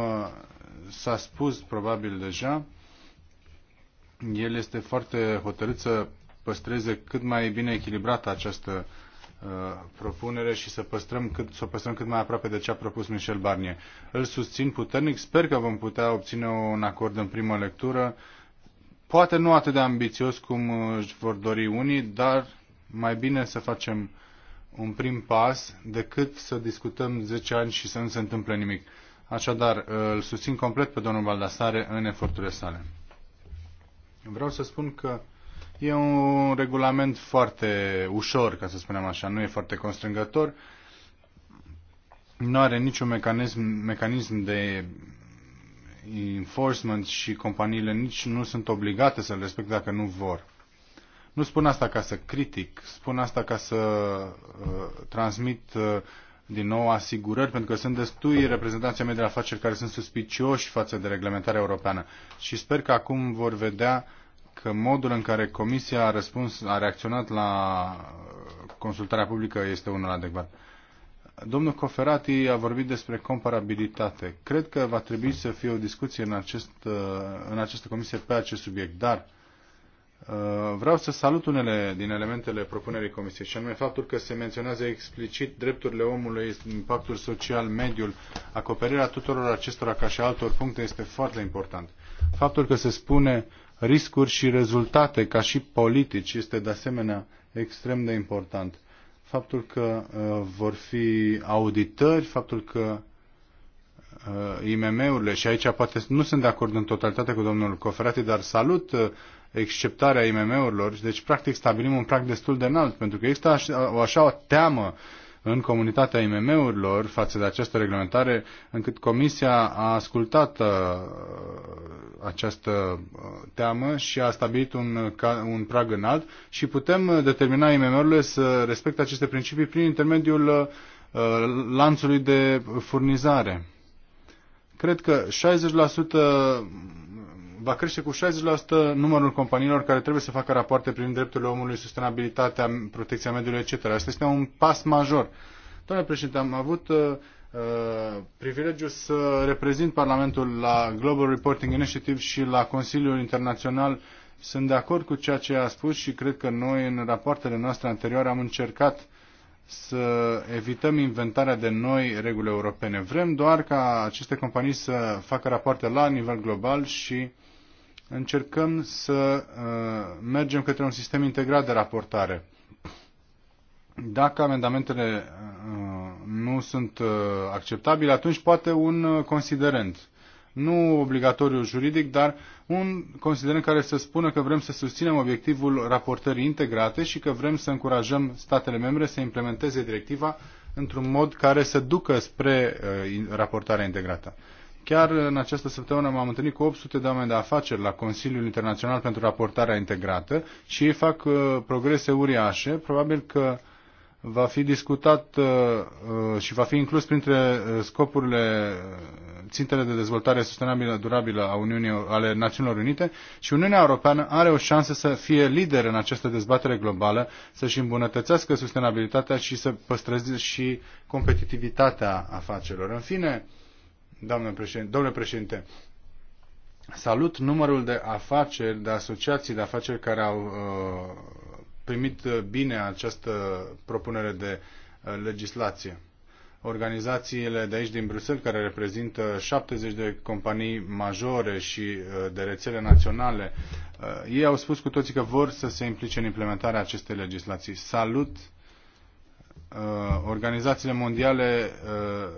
s-a spus probabil deja, el este foarte hotărât să păstreze cât mai bine echilibrată această uh, propunere și să, păstrăm cât, să o păstrăm cât mai aproape de ce a propus Michel Barnier. Îl susțin puternic, sper că vom putea obține un acord în primă lectură, poate nu atât de ambițios cum își vor dori unii, dar mai bine să facem un prim pas decât să discutăm 10 ani și să nu se întâmple nimic. Așadar, uh, îl susțin complet pe domnul Baldasare în eforturile sale. Vreau să spun că E un regulament foarte ușor, ca să spunem așa, nu e foarte constrângător. Nu are niciun mecanism, mecanism de enforcement și companiile nici nu sunt obligate să-l respecte dacă nu vor. Nu spun asta ca să critic, spun asta ca să uh, transmit uh, din nou asigurări, pentru că sunt destui reprezentanții mei de afaceri care sunt suspicioși față de reglementarea europeană. Și sper că acum vor vedea că modul în care Comisia a răspuns, a reacționat la consultarea publică este unul adecvat. Domnul Coferati a vorbit despre comparabilitate. Cred că va trebui să fie o discuție în, acest, uh, în această comisie pe acest subiect, dar uh, vreau să salut unele din elementele propunerii comisiei și anume faptul că se menționează explicit drepturile omului, impactul social, mediul, acoperirea tuturor acestora ca și altor puncte este foarte important. Faptul că se spune riscuri și rezultate ca și politici este de asemenea extrem de important. Faptul că uh, vor fi auditări, faptul că uh, IMM-urile, și aici poate nu sunt de acord în totalitate cu domnul Coferati, dar salut uh, exceptarea IMM-urilor, deci practic stabilim un prag destul de înalt, pentru că există așa, o așa o teamă în comunitatea IMM-urilor față de această reglementare, încât Comisia a ascultat uh, această uh, teamă și a stabilit un, un prag înalt și putem determina IMM-urile să respecte aceste principii prin intermediul uh, lanțului de furnizare. Cred că 60% va crește cu 60% numărul companiilor care trebuie să facă rapoarte privind drepturile omului, sustenabilitatea, protecția mediului, etc. Asta este un pas major. Domnule președinte, am avut uh, uh, privilegiul să reprezint Parlamentul la Global Reporting Initiative și la Consiliul Internațional. Sunt de acord cu ceea ce a spus și cred că noi în rapoartele noastre anterioare am încercat să evităm inventarea de noi reguli europene. Vrem doar ca aceste companii să facă rapoarte la nivel global și uh, încercăm să uh, mergem către un sistem integrat de raportare. Dacă amendamentele uh, nu sunt uh, acceptabile, atunci poate un considerent. Nu obligatoriu juridic, dar un considerent care să spună că vrem să susținem obiectivul raportării integrate și că vrem să încurajăm statele membre să implementeze directiva într-un mod care să ducă spre raportarea integrată. Chiar în această săptămână m-am întâlnit cu 800 de oameni de afaceri la Consiliul Internațional pentru Raportarea Integrată și ei fac uh, progrese uriașe. Probabil că va fi discutat uh, uh, și va fi inclus printre scopurile țintele de dezvoltare sustenabilă durabilă a Uniunii, ale Națiunilor Unite și Uniunea Europeană are o șansă să fie lider în această dezbatere globală, să-și îmbunătățească sustenabilitatea și să păstreze și competitivitatea afacerilor. În fine, Doamne președinte, domnule președinte, salut numărul de afaceri, de asociații de afaceri care au uh, primit uh, bine această propunere de uh, legislație. Organizațiile de aici din Bruxelles, care reprezintă 70 de companii majore și uh, de rețele naționale, uh, ei au spus cu toții că vor să se implice în implementarea acestei legislații. Salut Uh, organizațiile mondiale uh,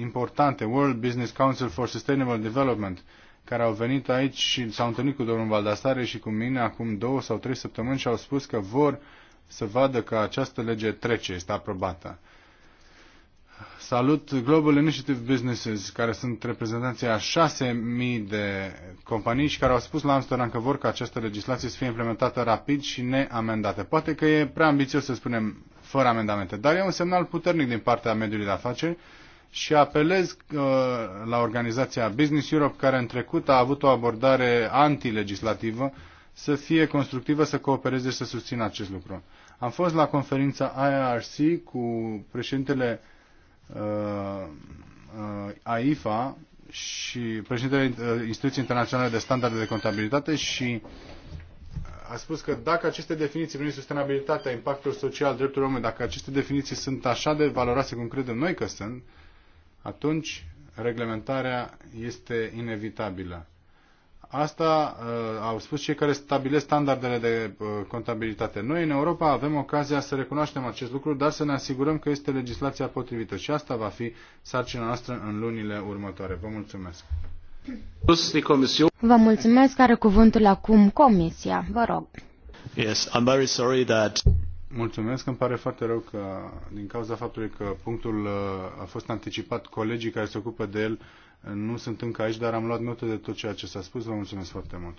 importante, World Business Council for Sustainable Development, care au venit aici și s-au întâlnit cu domnul Valdasare și cu mine acum două sau trei săptămâni și au spus că vor să vadă că această lege trece, este aprobată. Salut Global Initiative Businesses, care sunt reprezentanții a 6.000 de companii și care au spus la Amsterdam că vor ca această legislație să fie implementată rapid și neamendată. Poate că e prea ambițios să spunem fără amendamente. Dar e un semnal puternic din partea mediului de afaceri și apelez uh, la organizația Business Europe, care în trecut a avut o abordare antilegislativă, să fie constructivă, să coopereze și să susțină acest lucru. Am fost la conferința IRC cu președintele uh, uh, AIFA și președintele uh, Instituției Internaționale de Standarde de Contabilitate și uh, a spus că dacă aceste definiții privind sustenabilitatea, impactul social, dreptul omului, dacă aceste definiții sunt așa de valoroase cum credem noi că sunt, atunci reglementarea este inevitabilă. Asta uh, au spus cei care stabilesc standardele de uh, contabilitate. Noi în Europa avem ocazia să recunoaștem acest lucru, dar să ne asigurăm că este legislația potrivită și asta va fi sarcina noastră în lunile următoare. Vă mulțumesc! Vă mulțumesc, are cuvântul acum Comisia. Vă rog. Yes, I'm very sorry that... Mulțumesc, îmi pare foarte rău că din cauza faptului că punctul uh, a fost anticipat, colegii care se ocupă de el uh, nu sunt încă aici, dar am luat notă de tot ceea ce s-a spus. Vă mulțumesc foarte mult.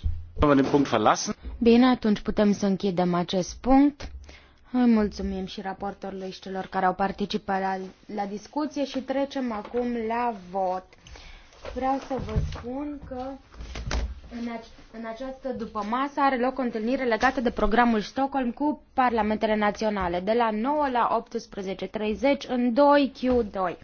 Bine, atunci putem să închidem acest punct. Îi mulțumim și raportorului și celor care au participat la, la discuție și trecem acum la vot. Vreau să vă spun că în, ace în această masă are loc o întâlnire legată de programul Stockholm cu parlamentele naționale, de la 9 la 18.30 în 2Q2.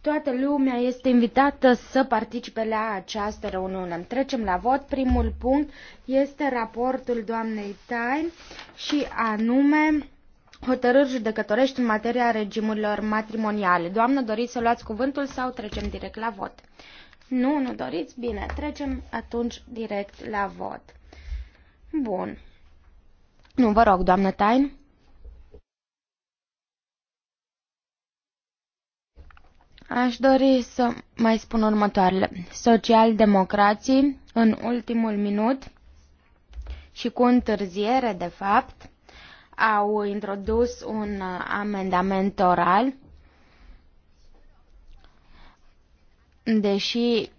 Toată lumea este invitată să participe la această reuniune. Trecem la vot. Primul punct este raportul doamnei Tain și anume hotărâri judecătorești în materia regimurilor matrimoniale. Doamnă, doriți să luați cuvântul sau trecem direct la vot? Nu, nu doriți? Bine, trecem atunci direct la vot. Bun. Nu, vă rog, doamnă Tain. Aș dori să mai spun următoarele. Socialdemocrații, în ultimul minut și cu întârziere, de fapt, au introdus un amendament oral deși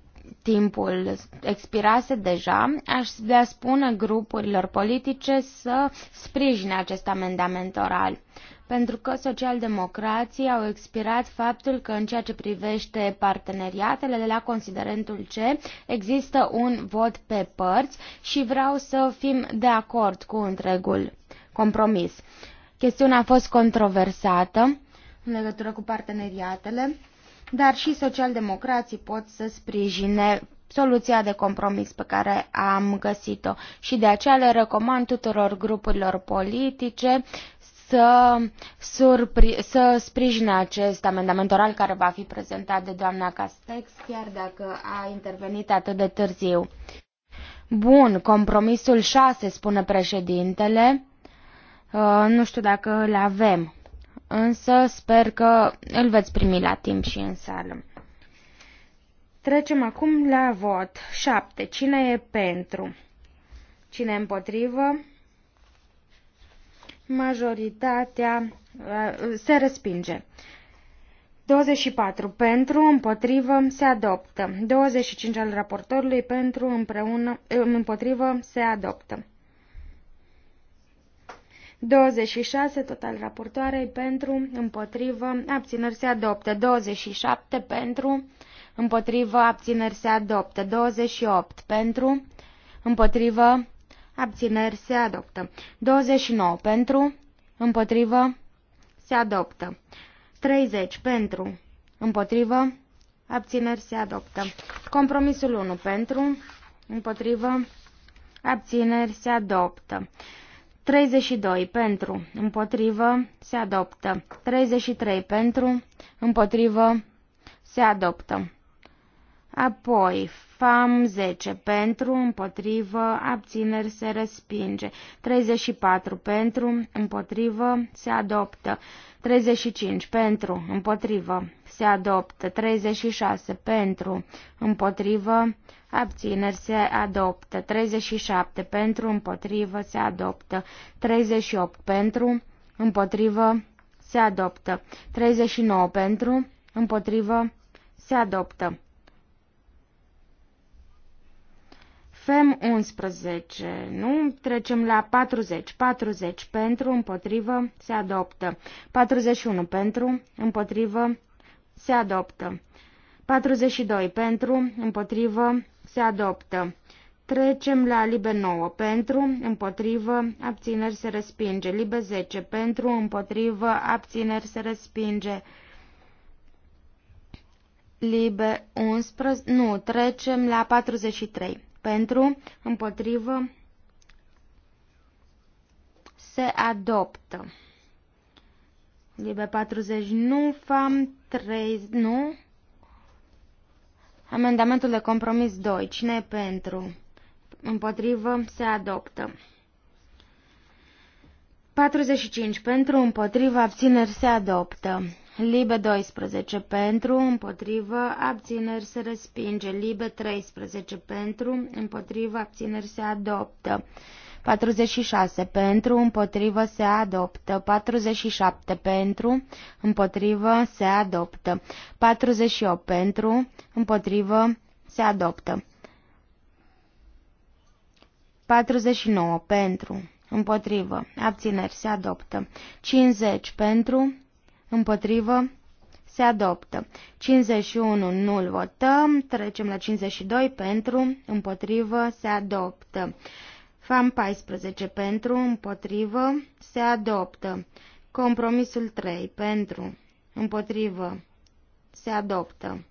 timpul expirase deja, aș vrea spune grupurilor politice să sprijine acest amendament oral. Pentru că socialdemocrații au expirat faptul că în ceea ce privește parteneriatele de la considerentul C există un vot pe părți și vreau să fim de acord cu întregul compromis. Chestiunea a fost controversată în legătură cu parteneriatele dar și socialdemocrații pot să sprijine soluția de compromis pe care am găsit-o și de aceea le recomand tuturor grupurilor politice să, surpri- să sprijine acest amendament oral care va fi prezentat de doamna Castex, chiar dacă a intervenit atât de târziu. Bun, compromisul 6, spune președintele. Uh, nu știu dacă îl avem însă sper că îl veți primi la timp și în sală. Trecem acum la vot. 7. Cine e pentru? Cine e împotrivă? Majoritatea uh, se respinge. 24. Pentru, împotrivă, se adoptă. 25 al raportorului pentru, împreună, uh, împotrivă, se adoptă. 26 total raportoarei pentru, împotrivă, abțineri se adoptă. 27 pentru, împotrivă, abțineri se adoptă. 28 pentru, împotrivă, abțineri se adoptă. 29 pentru, împotrivă, se adoptă. 30 pentru, împotrivă, abțineri se adoptă. Compromisul 1 pentru, împotrivă, abțineri se adoptă. 32 pentru, împotrivă, se adoptă. 33 pentru, împotrivă, se adoptă. Apoi, FAM 10 pentru, împotrivă, abțineri se respinge. 34 pentru, împotrivă, se adoptă. 35 pentru, împotrivă, se adoptă. 36 pentru, împotrivă, Abțineri se adoptă. 37 pentru, împotrivă, se adoptă. 38 pentru, împotrivă, se adoptă. 39 pentru, împotrivă, se adoptă. FEM 11, nu? Trecem la 40. 40 pentru, împotrivă, se adoptă. 41 pentru, împotrivă, se adoptă. 42 pentru, împotrivă, se adoptă. Trecem la libe 9. Pentru, împotrivă, abțineri se respinge. Libe 10. Pentru, împotrivă, abțineri se respinge. Libe 11. Nu, trecem la 43. Pentru, împotrivă, se adoptă. Libe 40 nu, fam 3 nu, Amendamentul de compromis 2. Cine e pentru? Împotrivă se adoptă. 45. Pentru, împotrivă, abțineri se adoptă. Libe 12 pentru, împotrivă, abțineri se respinge. Libe 13 pentru, împotrivă, abțineri se adoptă. 46 pentru, împotrivă se adoptă. 47 pentru, împotrivă se adoptă. 48 pentru, împotrivă se adoptă. 49 pentru, împotrivă, abțineri se adoptă. 50 pentru, împotrivă se adoptă. 51 nu-l votăm, trecem la 52 pentru, împotrivă se adoptă. FAM 14 pentru, împotrivă, se adoptă. Compromisul 3 pentru, împotrivă, se adoptă.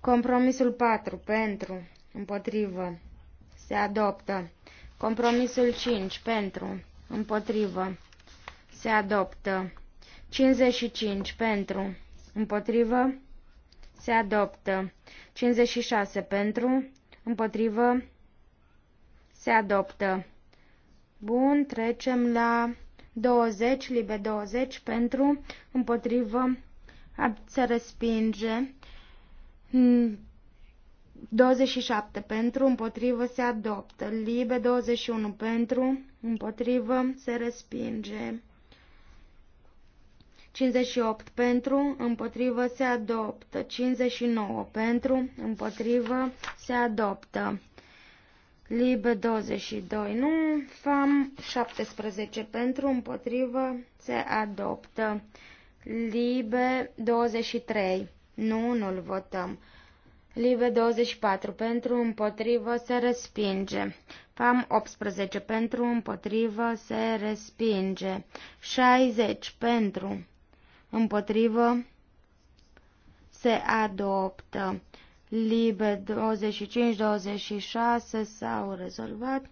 Compromisul 4 pentru, împotrivă, se adoptă. Compromisul 5 pentru, împotrivă, se adoptă. 55 pentru, împotrivă, se adoptă. 56 pentru, împotrivă, se adoptă. Bun, trecem la 20, libe 20 pentru, împotrivă, se respinge. 27 pentru, împotrivă se adoptă. Libe 21 pentru, împotrivă se respinge. 58 pentru, împotrivă se adoptă. 59 pentru, împotrivă se adoptă. Libe 22 nu, FAM 17 pentru, împotrivă, se adoptă. Libe 23 nu, nu-l votăm. Libe 24 pentru, împotrivă, se respinge. FAM 18 pentru, împotrivă, se respinge. 60 pentru, împotrivă, se adoptă. Libe 25-26 s-au rezolvat.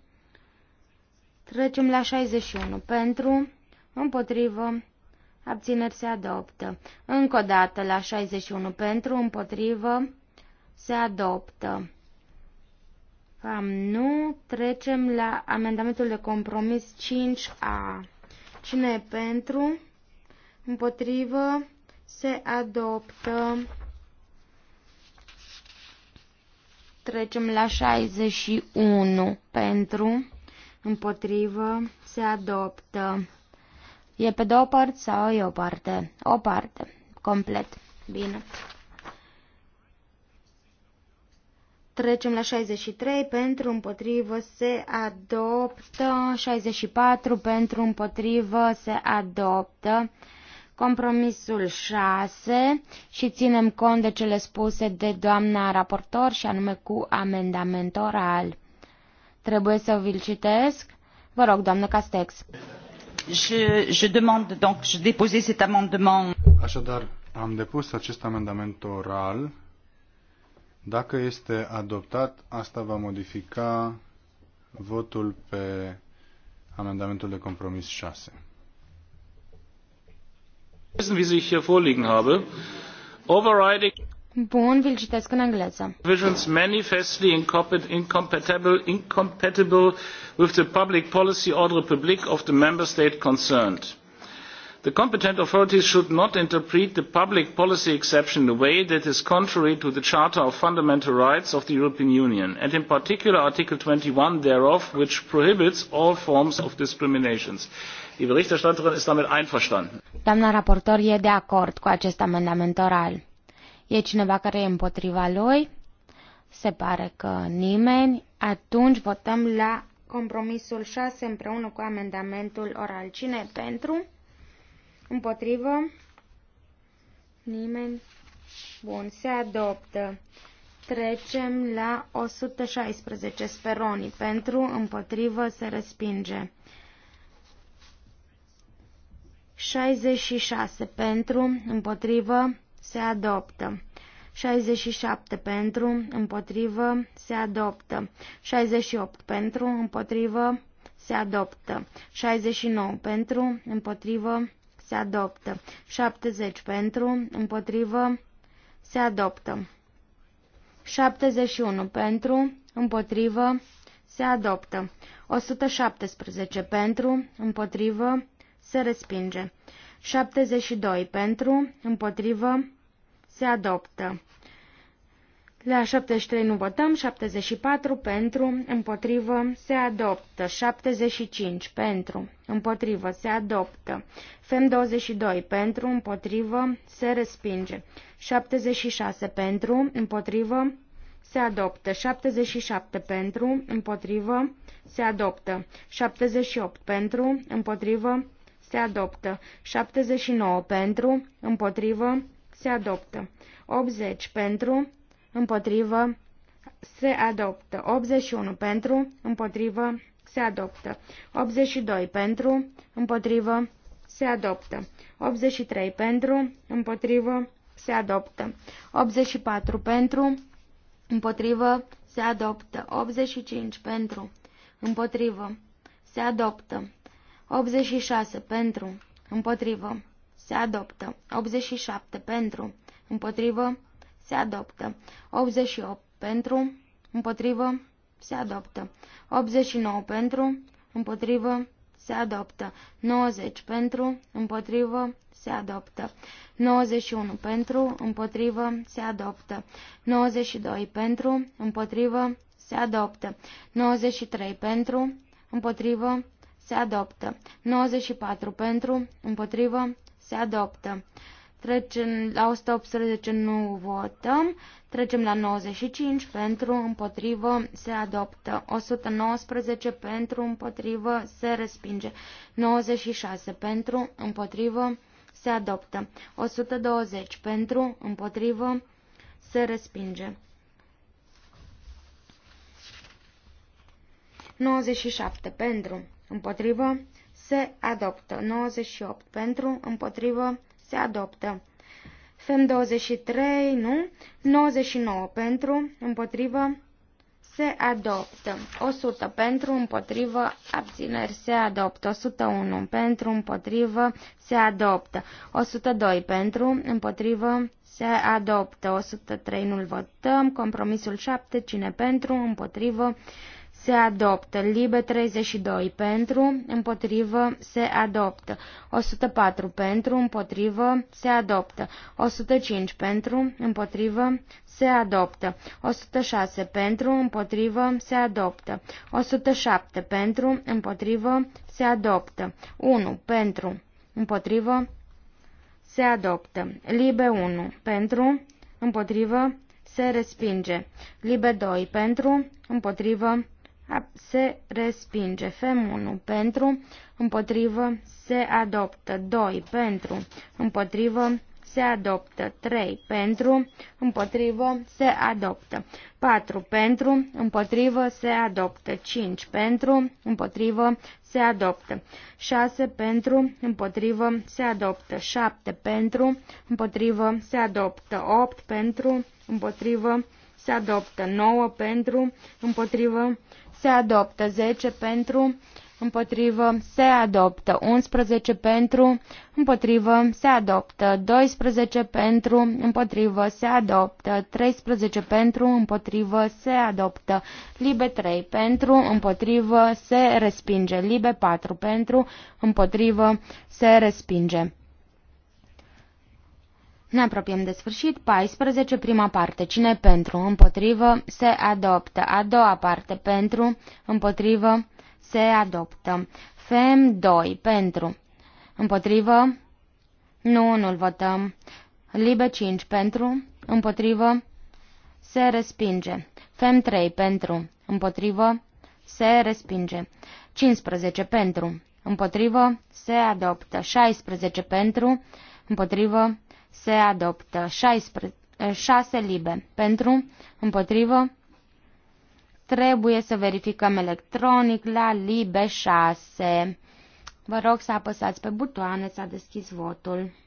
Trecem la 61. Pentru, împotrivă, abțineri se adoptă. Încă o dată la 61. Pentru, împotrivă, se adoptă. Cam nu. Trecem la amendamentul de compromis 5A. Cine e pentru? Împotrivă, se adoptă. Trecem la 61 pentru, împotrivă, se adoptă. E pe două părți sau e o parte? O parte, complet. Bine. Trecem la 63, pentru împotrivă se adoptă, 64 pentru împotrivă se adoptă, Compromisul 6 și ținem cont de cele spuse de doamna raportor și anume cu amendament oral. Trebuie să vi-l citesc? Vă rog, doamnă Castex. Je, je demande donc, je dépose cet amendement. Așadar, am depus acest amendament oral. Dacă este adoptat, asta va modifica votul pe amendamentul de compromis 6. Bun, vi-l citesc în engleză. Provisions manifestly incompatible, incompatible with the public policy or the of the member state concerned the competent authorities should not interpret the public policy exception in a way that is contrary to the charter of fundamental rights of the european union and in particular article twenty one thereof which prohibits all forms of discrimination. die berichterstatterin ist damit einverstanden. doamna raportor e de acord cu acest amendament oral. E cineva care e împotriva lui? Se pare că nimeni. Atunci votăm la compromisul 6 împreună cu amendamentul oral. Cine pentru? Împotrivă? Nimeni? Bun, se adoptă. Trecem la 116 speroni. Pentru, împotrivă, se respinge. 66 pentru, împotrivă, se adoptă. 67 pentru, împotrivă, se adoptă. 68 pentru, împotrivă, se adoptă. 69 pentru, împotrivă, se adoptă. 70 pentru, împotrivă, se adoptă. 71 pentru, împotrivă, se adoptă. 117 pentru, împotrivă, se respinge. 72 pentru, împotrivă, se adoptă. La 73 nu votăm, 74 pentru, împotrivă, se adoptă, 75 pentru, împotrivă, se adoptă, FEM 22 pentru, împotrivă, se respinge, 76 pentru, împotrivă, se adoptă, 77 pentru, împotrivă, se adoptă, 78 pentru, împotrivă, se adoptă, 79 pentru, împotrivă, se adoptă, 80 pentru, împotrivă, se adoptă. 81 pentru, împotrivă, se adoptă. 82 pentru, împotrivă, se adoptă. 83 pentru, împotrivă, se adoptă. 84 pentru, împotrivă, se adoptă. 85 pentru, împotrivă, se adoptă. 86 pentru, împotrivă, se adoptă. 87 pentru, împotrivă, se adoptă. 88 pentru, împotrivă, se adoptă. 89 pentru, împotrivă, se adoptă. 90 pentru, împotrivă, se adoptă. 91 pentru, împotrivă, se adoptă. 92 pentru, împotrivă, se adoptă. 93 pentru, împotrivă, se adoptă. 94 pentru, împotrivă, se adoptă. Trecem la 118, nu votăm. Trecem la 95, pentru, împotrivă, se adoptă. 119, pentru, împotrivă, se respinge. 96, pentru, împotrivă, se adoptă. 120, pentru, împotrivă, se respinge. 97, pentru, împotrivă, se adoptă. 98, pentru, împotrivă, se se adoptă. FEM 23, nu. 99 pentru, împotrivă, se adoptă. 100 pentru, împotrivă, abțineri, se adoptă. 101 pentru, împotrivă, se adoptă. 102 pentru, împotrivă, se adoptă. 103 nu-l votăm. Compromisul 7, cine pentru, împotrivă, se adoptă. Libe 32 pentru, împotrivă, se adoptă. 104 pentru, împotrivă, se adoptă. 105 pentru, împotrivă, se adoptă. 106 pentru, împotrivă, se adoptă. 107 pentru, împotrivă, se adoptă. 1 pentru, împotrivă, se adoptă. Libe 1 pentru, împotrivă, se respinge. Libe 2 pentru, împotrivă, se respinge. Fem 1 pentru, împotrivă, se adoptă. 2 pentru, împotrivă, se adoptă. 3 pentru, împotrivă, se adoptă. 4 pentru, împotrivă, se adoptă. 5 pentru, împotrivă, se adoptă. 6 pentru, împotrivă, se adoptă. 7 pentru, împotrivă, se adoptă. 8 pentru, împotrivă, se adoptă. 9 pentru, împotrivă, se adoptă se adoptă, 10 pentru, împotrivă, se adoptă, 11 pentru, împotrivă, se adoptă, 12 pentru, împotrivă, se adoptă, 13 pentru, împotrivă, se adoptă, libe 3 pentru, împotrivă, se respinge, libe 4 pentru, împotrivă, se respinge. Ne apropiem de sfârșit. 14, prima parte. Cine pentru? Împotrivă. Se adoptă. A doua parte. Pentru. Împotrivă. Se adoptă. FEM 2. Pentru. Împotrivă. Nu, nu-l votăm. Libe 5. Pentru. Împotrivă. Se respinge. FEM 3. Pentru. Împotrivă. Se respinge. 15. Pentru. Împotrivă. Se adoptă. 16. Pentru. Împotrivă se adoptă. 6 eh, libe. Pentru, împotrivă, trebuie să verificăm electronic la libe 6. Vă rog să apăsați pe butoane, s-a deschis votul.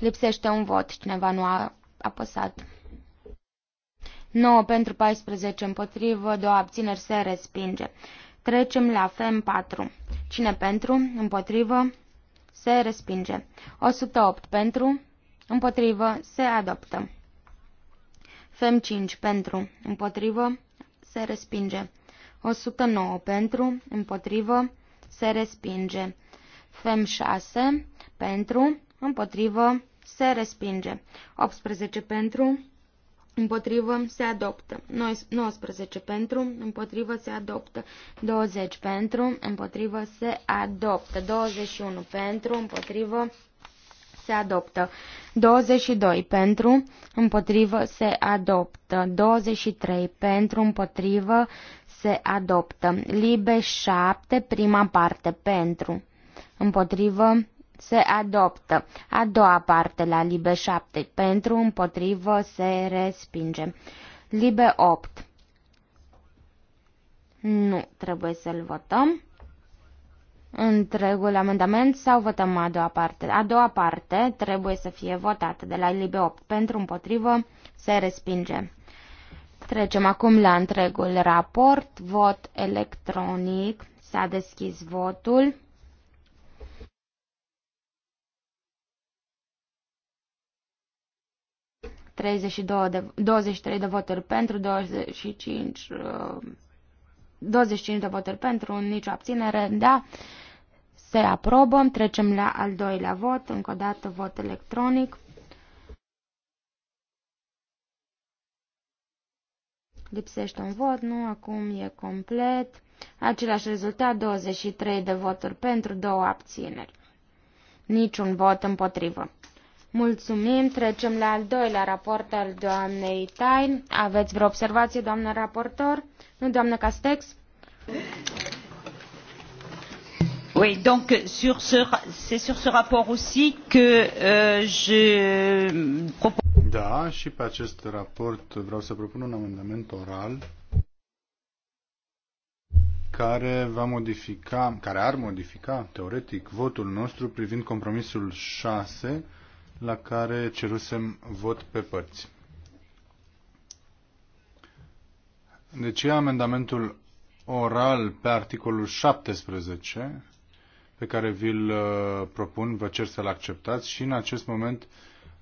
Lipsește un vot, cineva nu a apăsat. 9 pentru 14 împotrivă, 2 abțineri se respinge. Trecem la FEM 4. Cine pentru, împotrivă, se respinge. 108 pentru, împotrivă, se adoptă. FEM 5 pentru, împotrivă, se respinge. 109 pentru, împotrivă, se respinge. FEM 6 pentru, împotrivă, se respinge. 18 pentru, Împotrivă se adoptă. 19 pentru, împotrivă se adoptă. 20 pentru, împotrivă se adoptă. 21 pentru, împotrivă se adoptă. 22 pentru, împotrivă se adoptă. 23 pentru, împotrivă se adoptă. Libe 7, prima parte pentru, împotrivă se adoptă. A doua parte la Libe 7, pentru, împotrivă, se respinge. Libe 8. Nu trebuie să-l votăm. Întregul amendament sau votăm a doua parte? A doua parte trebuie să fie votată de la Libe 8. Pentru împotrivă se respinge. Trecem acum la întregul raport. Vot electronic. S-a deschis votul. 32 de, 23 de voturi pentru, 25, 25 uh, de voturi pentru, nicio abținere, da, se aprobă. Trecem la al doilea vot, încă o dată vot electronic. Lipsește un vot, nu, acum e complet. Același rezultat, 23 de voturi pentru, două abțineri. Niciun vot împotrivă. Mulțumim. Trecem la al doilea raport al doamnei Tain. Aveți vreo observație, doamnă raportor? Nu, doamnă Castex? Oui, donc sur ce, c'est sur ce rapport aussi que euh, je propose. Da, și pe acest raport vreau să propun un amendament oral care va modifica, care ar modifica teoretic votul nostru privind compromisul 6 la care cerusem vot pe părți. Deci e amendamentul oral pe articolul 17 pe care vi-l uh, propun, vă cer să-l acceptați și în acest moment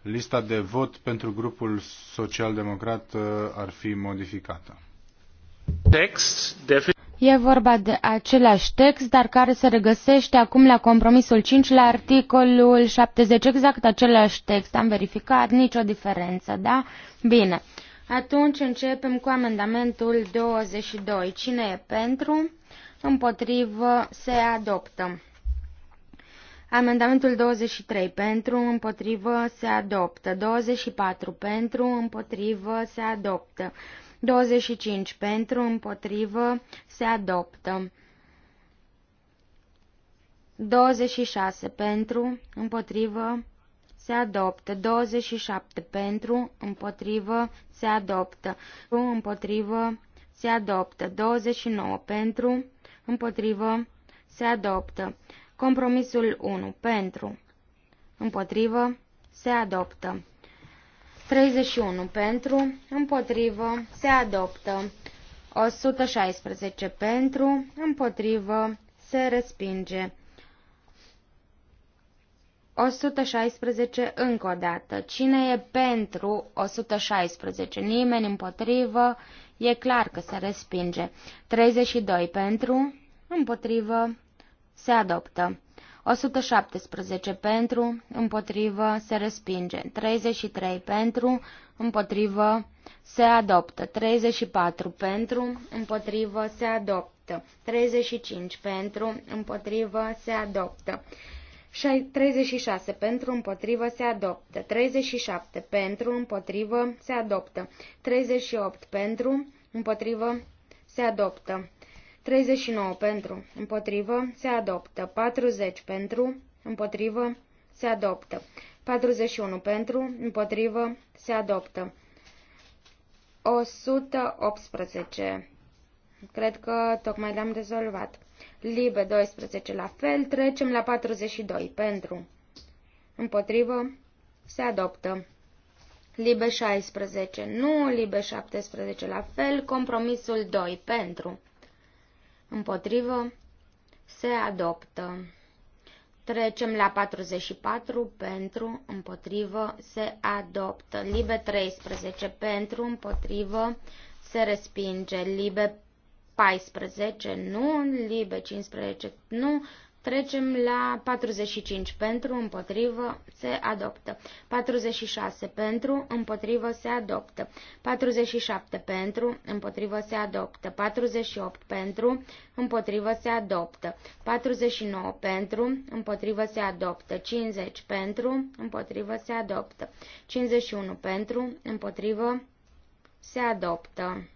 lista de vot pentru grupul social-democrat uh, ar fi modificată. Text, E vorba de același text, dar care se regăsește acum la compromisul 5 la articolul 70, exact același text. Am verificat, nicio diferență, da? Bine. Atunci începem cu amendamentul 22. Cine e pentru? Împotrivă se adoptă. Amendamentul 23 pentru, împotrivă se adoptă. 24 pentru, împotrivă se adoptă. 25 pentru, împotrivă, se adoptă. 26 pentru, împotrivă, se adoptă. 27 pentru, împotrivă, se adoptă. Împotrivă, se adoptă. 29 pentru, împotrivă, se adoptă. Compromisul 1 pentru, împotrivă, se adoptă. 31 pentru, împotrivă, se adoptă. 116 pentru, împotrivă, se respinge. 116 încă o dată. Cine e pentru 116? Nimeni împotrivă? E clar că se respinge. 32 pentru, împotrivă, se adoptă. 117 pentru, împotrivă, se respinge. 33 pentru, împotrivă, se adoptă. 34 pentru, împotrivă, se adoptă. 35 pentru, împotrivă, se adoptă. 36 pentru împotrivă se adoptă, 37 pentru împotrivă se adoptă, 38 pentru împotrivă se adoptă. 39 pentru, împotrivă, se adoptă. 40 pentru, împotrivă, se adoptă. 41 pentru, împotrivă, se adoptă. 118. Cred că tocmai le-am rezolvat. Libe 12 la fel, trecem la 42 pentru. Împotrivă, se adoptă. Libe 16, nu, Libe 17 la fel, compromisul 2 pentru împotrivă, se adoptă. Trecem la 44, pentru, împotrivă, se adoptă. Libe 13, pentru, împotrivă, se respinge. Libe 14, nu. Libe 15, nu. Trecem la 45 pentru, împotrivă, se adoptă. 46 pentru, împotrivă, se adoptă. 47 pentru, împotrivă, se adoptă. 48 pentru, împotrivă, se adoptă. 49 pentru, împotrivă, se adoptă. 50 pentru, împotrivă, se adoptă. 51 pentru, împotrivă, se adoptă.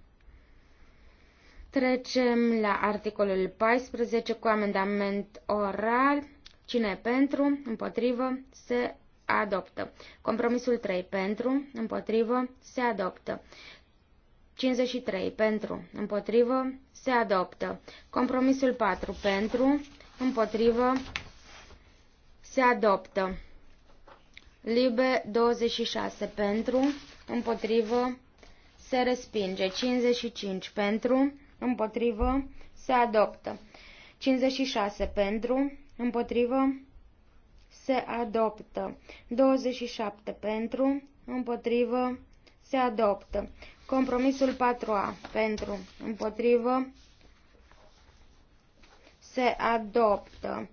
Trecem la articolul 14 cu amendament oral. Cine e pentru? Împotrivă? Se adoptă. Compromisul 3 pentru, împotrivă, se adoptă. 53 pentru, împotrivă, se adoptă. Compromisul 4 pentru, împotrivă, se adoptă. Libe 26 pentru, împotrivă, se respinge. 55 pentru, împotrivă, se adoptă. 56 pentru, împotrivă, se adoptă. 27 pentru, împotrivă, se adoptă. Compromisul 4A pentru, împotrivă, se adoptă.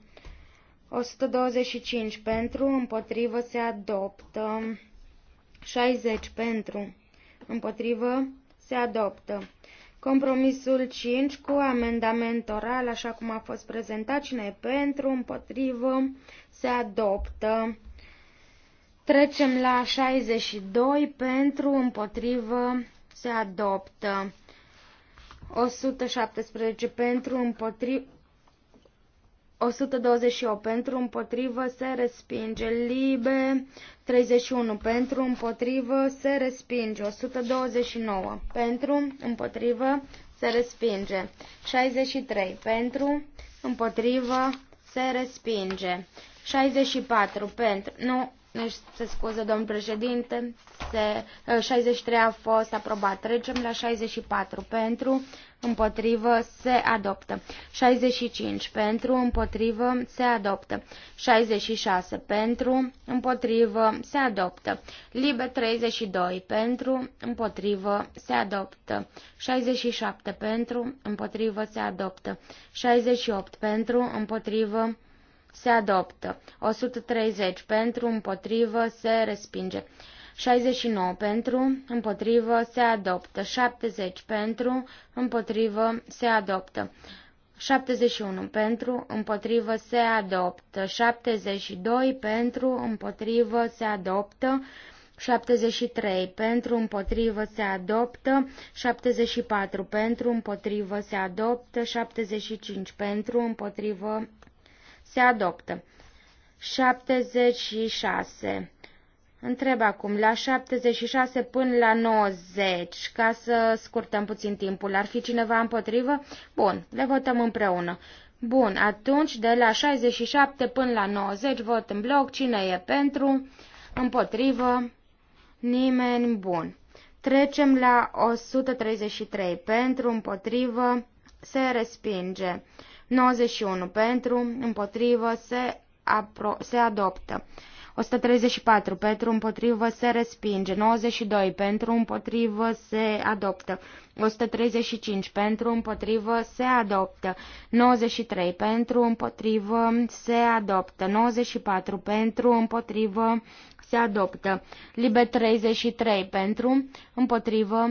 125 pentru, împotrivă, se adoptă. 60 pentru, împotrivă, se adoptă. Compromisul 5 cu amendament oral, așa cum a fost prezentat, cine e pentru, împotrivă, se adoptă. Trecem la 62, pentru, împotrivă, se adoptă. 117 pentru, împotrivă, 128 pentru, împotrivă, se respinge. Libe 31 pentru, împotrivă, se respinge. 129 pentru, împotrivă, se respinge. 63 pentru, împotrivă, se respinge. 64 pentru, nu, se scuze, domn președinte, se, 63 uh, a fost aprobat. Trecem la 64 pentru, împotrivă, se adoptă. 65 pentru, împotrivă, se adoptă. 66 pentru, împotrivă, se adoptă. Libe 32 pentru, împotrivă, se adoptă. 67 pentru, împotrivă, se adoptă. 68 pentru, împotrivă, se adoptă. 130 pentru, împotrivă, se respinge. 69 pentru, împotrivă, se adoptă. 70 pentru, împotrivă, se adoptă. 71 pentru, împotrivă, se adoptă. 72 pentru, împotrivă, se adoptă. 73 pentru împotrivă se adoptă, 74 pentru împotrivă se adoptă, 75 pentru împotrivă se adoptă. 76. Întreb acum, la 76 până la 90, ca să scurtăm puțin timpul, ar fi cineva împotrivă? Bun, le votăm împreună. Bun, atunci de la 67 până la 90 vot în bloc, cine e pentru, împotrivă, nimeni, bun. Trecem la 133, pentru, împotrivă, se respinge. 91 pentru, împotrivă, se, apro- se adoptă. 134 pentru împotrivă se respinge, 92 pentru împotrivă se adoptă, 135 pentru împotrivă se adoptă, 93 pentru împotrivă se adoptă, 94 pentru împotrivă se adoptă, libe 33 pentru împotrivă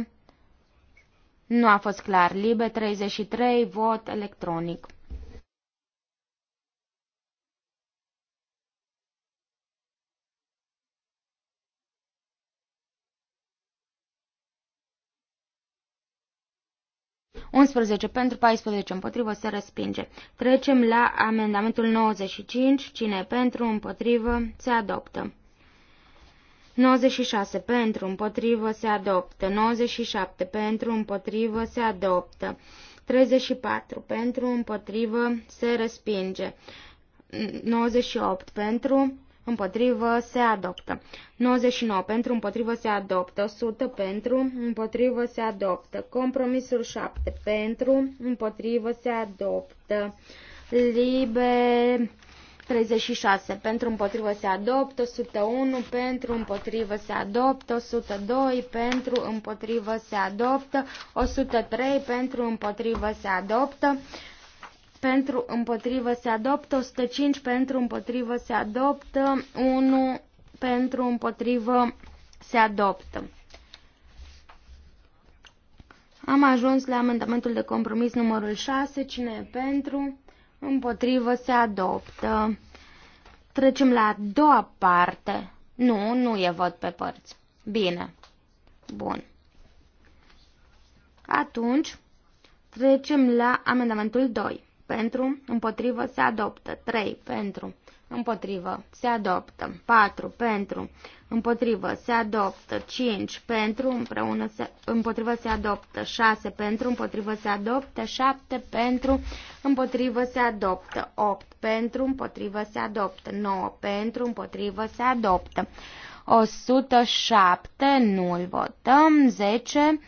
nu a fost clar, libe 33 vot electronic. 11 pentru 14 împotrivă se respinge. Trecem la amendamentul 95. Cine pentru împotrivă se adoptă. 96 pentru împotrivă se adoptă. 97 pentru împotrivă se adoptă. 34 pentru împotrivă se respinge. 98 pentru împotrivă se adoptă. 99 pentru, împotrivă se adoptă. 100 pentru, împotrivă se adoptă. Compromisul 7 pentru, împotrivă se adoptă. Libe 36 pentru împotrivă se adoptă, 101 pentru împotrivă se adoptă, 102 pentru împotrivă se adoptă, 103 pentru împotrivă se adoptă, pentru împotrivă se adoptă, 105 pentru împotrivă se adoptă, 1 pentru împotrivă se adoptă. Am ajuns la amendamentul de compromis numărul 6. Cine e pentru? Împotrivă se adoptă. Trecem la a doua parte. Nu, nu e vot pe părți. Bine. Bun. Atunci, trecem la amendamentul 2 pentru, împotrivă, se adoptă. 3 pentru, împotrivă, se adoptă. 4 pentru, împotrivă, se adoptă. 5 pentru, împreună se, împotrivă, se adoptă. 6 pentru, împotrivă, se adoptă. 7 pentru, împotrivă, se adoptă. 8 pentru, împotrivă, se adoptă. 9 pentru, împotrivă, se adoptă. 107, nu-l votăm. 10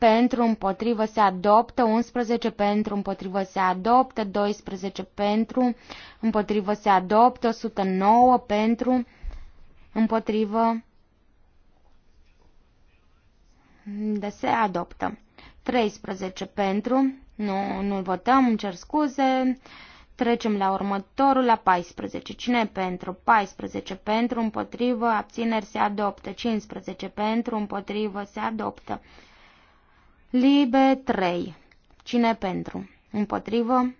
pentru împotrivă se adoptă, 11 pentru împotrivă se adoptă, 12 pentru împotrivă se adoptă, 109 pentru împotrivă de se adoptă. 13 pentru, nu, nu votăm, îmi cer scuze, Trecem la următorul, la 14. Cine pentru? 14 pentru, împotrivă, abțineri se adoptă. 15 pentru, împotrivă, se adoptă. Libe 3. Cine pentru? Împotrivă?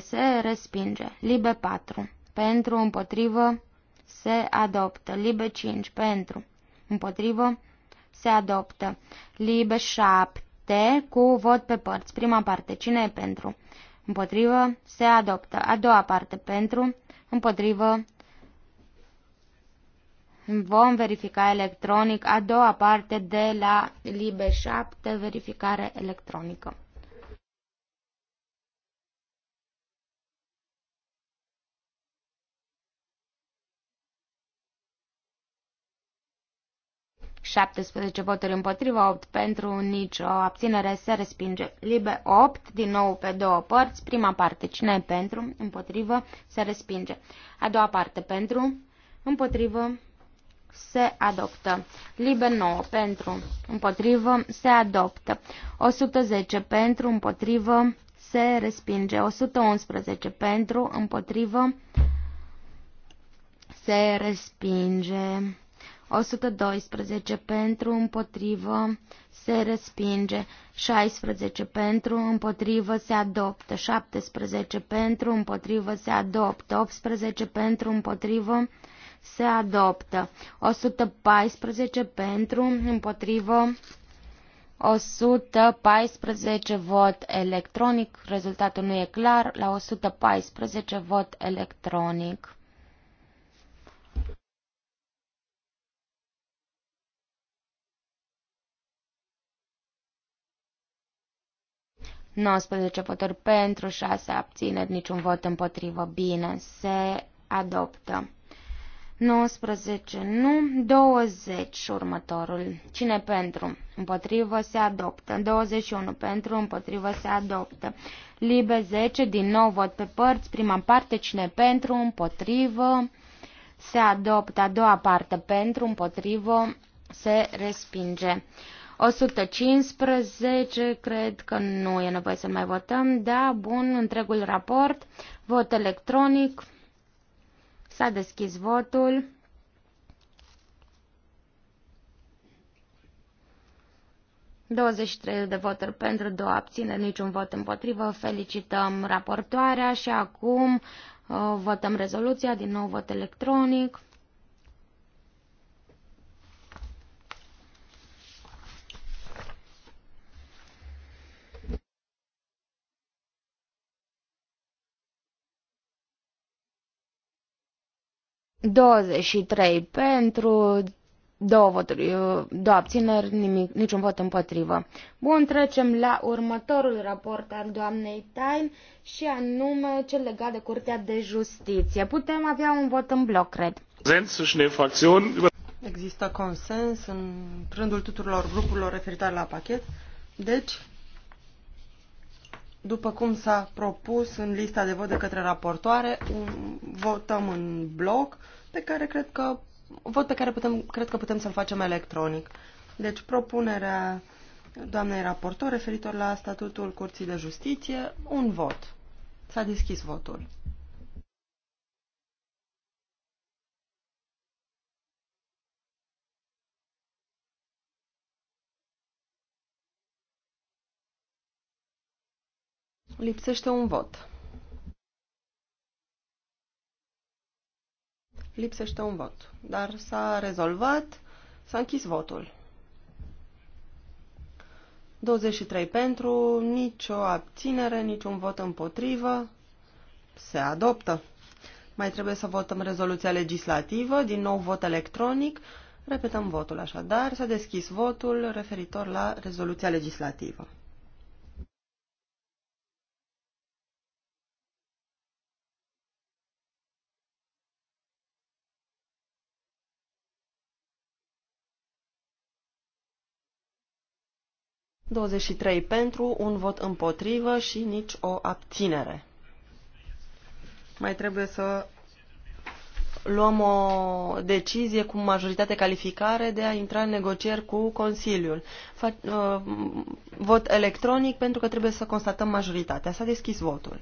Se respinge. Libe 4. Pentru, împotrivă, se adoptă. Libe 5. Pentru, împotrivă, se adoptă. Libe 7. Cu vot pe părți. Prima parte. Cine e pentru? Împotrivă, se adoptă. A doua parte. Pentru, împotrivă, Vom verifica electronic a doua parte de la Libe 7, verificare electronică. șaptesprezece voturi împotriva, opt pentru, nicio abținere se respinge. Libe 8, din nou pe două părți, prima parte, cine e pentru, împotrivă, se respinge. A doua parte, pentru, împotrivă, se adoptă. Liber 9 pentru, împotrivă, se adoptă. 110 pentru, împotrivă, se respinge. 111 pentru, împotrivă, se respinge. 112 pentru, împotrivă, se respinge. 16 pentru, împotrivă, se adoptă. 17 pentru, împotrivă, se adoptă. 18 pentru, împotrivă, se se adoptă. 114 pentru, împotrivă, 114 vot electronic, rezultatul nu e clar, la 114 vot electronic. Nouăsprezece voturi pentru, 6 abțineri, niciun vot împotrivă. Bine, se adoptă. 19, nu, 20 următorul. Cine pentru? Împotrivă se adoptă. 21 pentru, împotrivă se adoptă. Libe 10, din nou vot pe părți. Prima parte, cine pentru? Împotrivă se adoptă. A doua parte, pentru, împotrivă se respinge. 115, cred că nu e nevoie să mai votăm. Da, bun, întregul raport, vot electronic, S-a deschis votul. de voturi pentru, două abțineri, niciun vot împotrivă. Felicităm raportoarea și acum uh, votăm rezoluția, din nou vot electronic. 23 pentru, două voturi, uh, două abțineri, nimic, niciun vot împotrivă. Bun, trecem la următorul raport al doamnei Tain și anume cel legat de Curtea de Justiție. Putem avea un vot în bloc, cred. Există consens în rândul tuturor grupurilor referitoare la pachet, deci după cum s-a propus în lista de vot de către raportoare, um, votăm în bloc, pe care cred că vot pe care putem, cred că putem să-l facem electronic. Deci propunerea doamnei raportor referitor la statutul Curții de Justiție, un vot. S-a deschis votul. Lipsește un vot. Lipsește un vot. Dar s-a rezolvat, s-a închis votul. 23 pentru, nicio abținere, niciun vot împotrivă. Se adoptă. Mai trebuie să votăm rezoluția legislativă, din nou vot electronic. Repetăm votul așadar. S-a deschis votul referitor la rezoluția legislativă. 23 pentru, un vot împotrivă și nici o abținere. Mai trebuie să luăm o decizie cu majoritate calificare de a intra în negocieri cu Consiliul. Uh, vot electronic pentru că trebuie să constatăm majoritatea. S-a deschis votul.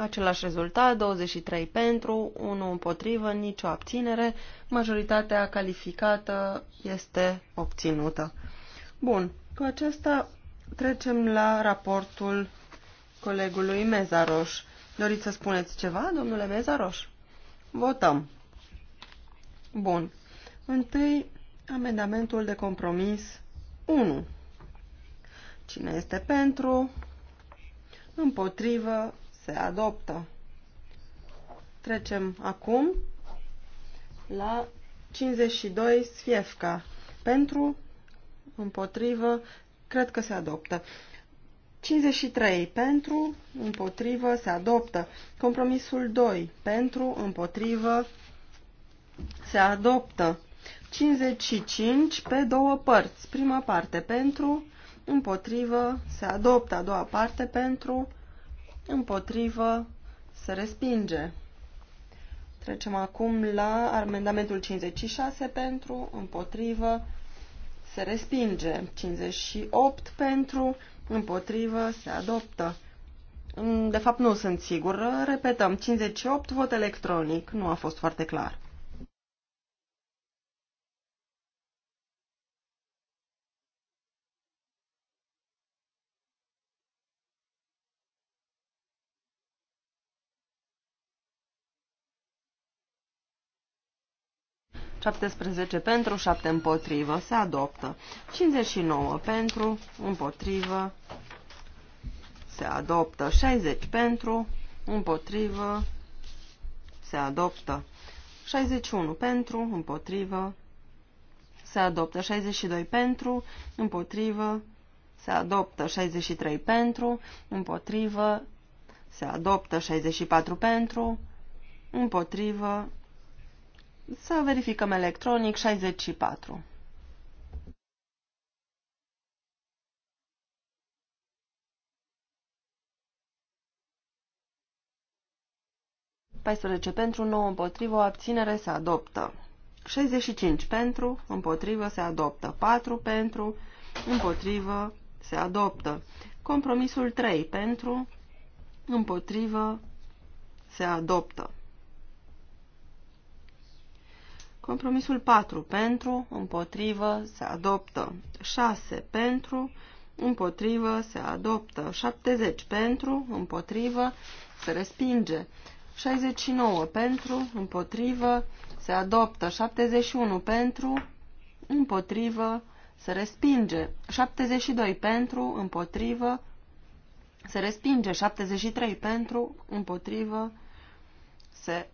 Același rezultat, 23 pentru, 1 împotrivă, nicio abținere. Majoritatea calificată este obținută. Bun, cu acesta trecem la raportul colegului Mezaroș. Doriți să spuneți ceva, domnule Mezaroș? Votăm. Bun. Întâi, amendamentul de compromis 1. Cine este pentru? Împotrivă? se adoptă. Trecem acum la 52 Sfiefca. Pentru, împotrivă, cred că se adoptă. 53 pentru, împotrivă, se adoptă. Compromisul 2 pentru, împotrivă, se adoptă. 55 pe două părți. Prima parte pentru, împotrivă, se adoptă. A doua parte pentru, împotrivă, se respinge. Trecem acum la amendamentul 56 pentru, împotrivă, se respinge. 58 pentru, împotrivă, se adoptă. Mm, de fapt, nu sunt sigură. Repetăm, 58 vot electronic. Nu a fost foarte clar. 17 pentru, 7 împotrivă. Se adoptă. 59 pentru, împotrivă. Se adoptă. 60 pentru, împotrivă. Se adoptă. 61 pentru, împotrivă. Se adoptă. 62 pentru, împotrivă. Se adoptă. 63 pentru, împotrivă. Se adoptă. 64 pentru, împotrivă să verificăm electronic 64. pentru, 9 împotrivă, o abținere se adoptă. 65 pentru, împotrivă, se adoptă. 4 pentru, împotrivă, se adoptă. Compromisul 3 pentru, împotrivă, se adoptă. Compromisul 4 pentru, împotrivă, se adoptă. 6 pentru, împotrivă, se adoptă. 70 pentru, împotrivă, se respinge. 69 pentru, împotrivă, se adoptă. 71 pentru, împotrivă, se respinge. 72 pentru, împotrivă, se respinge. 73 pentru, împotrivă, se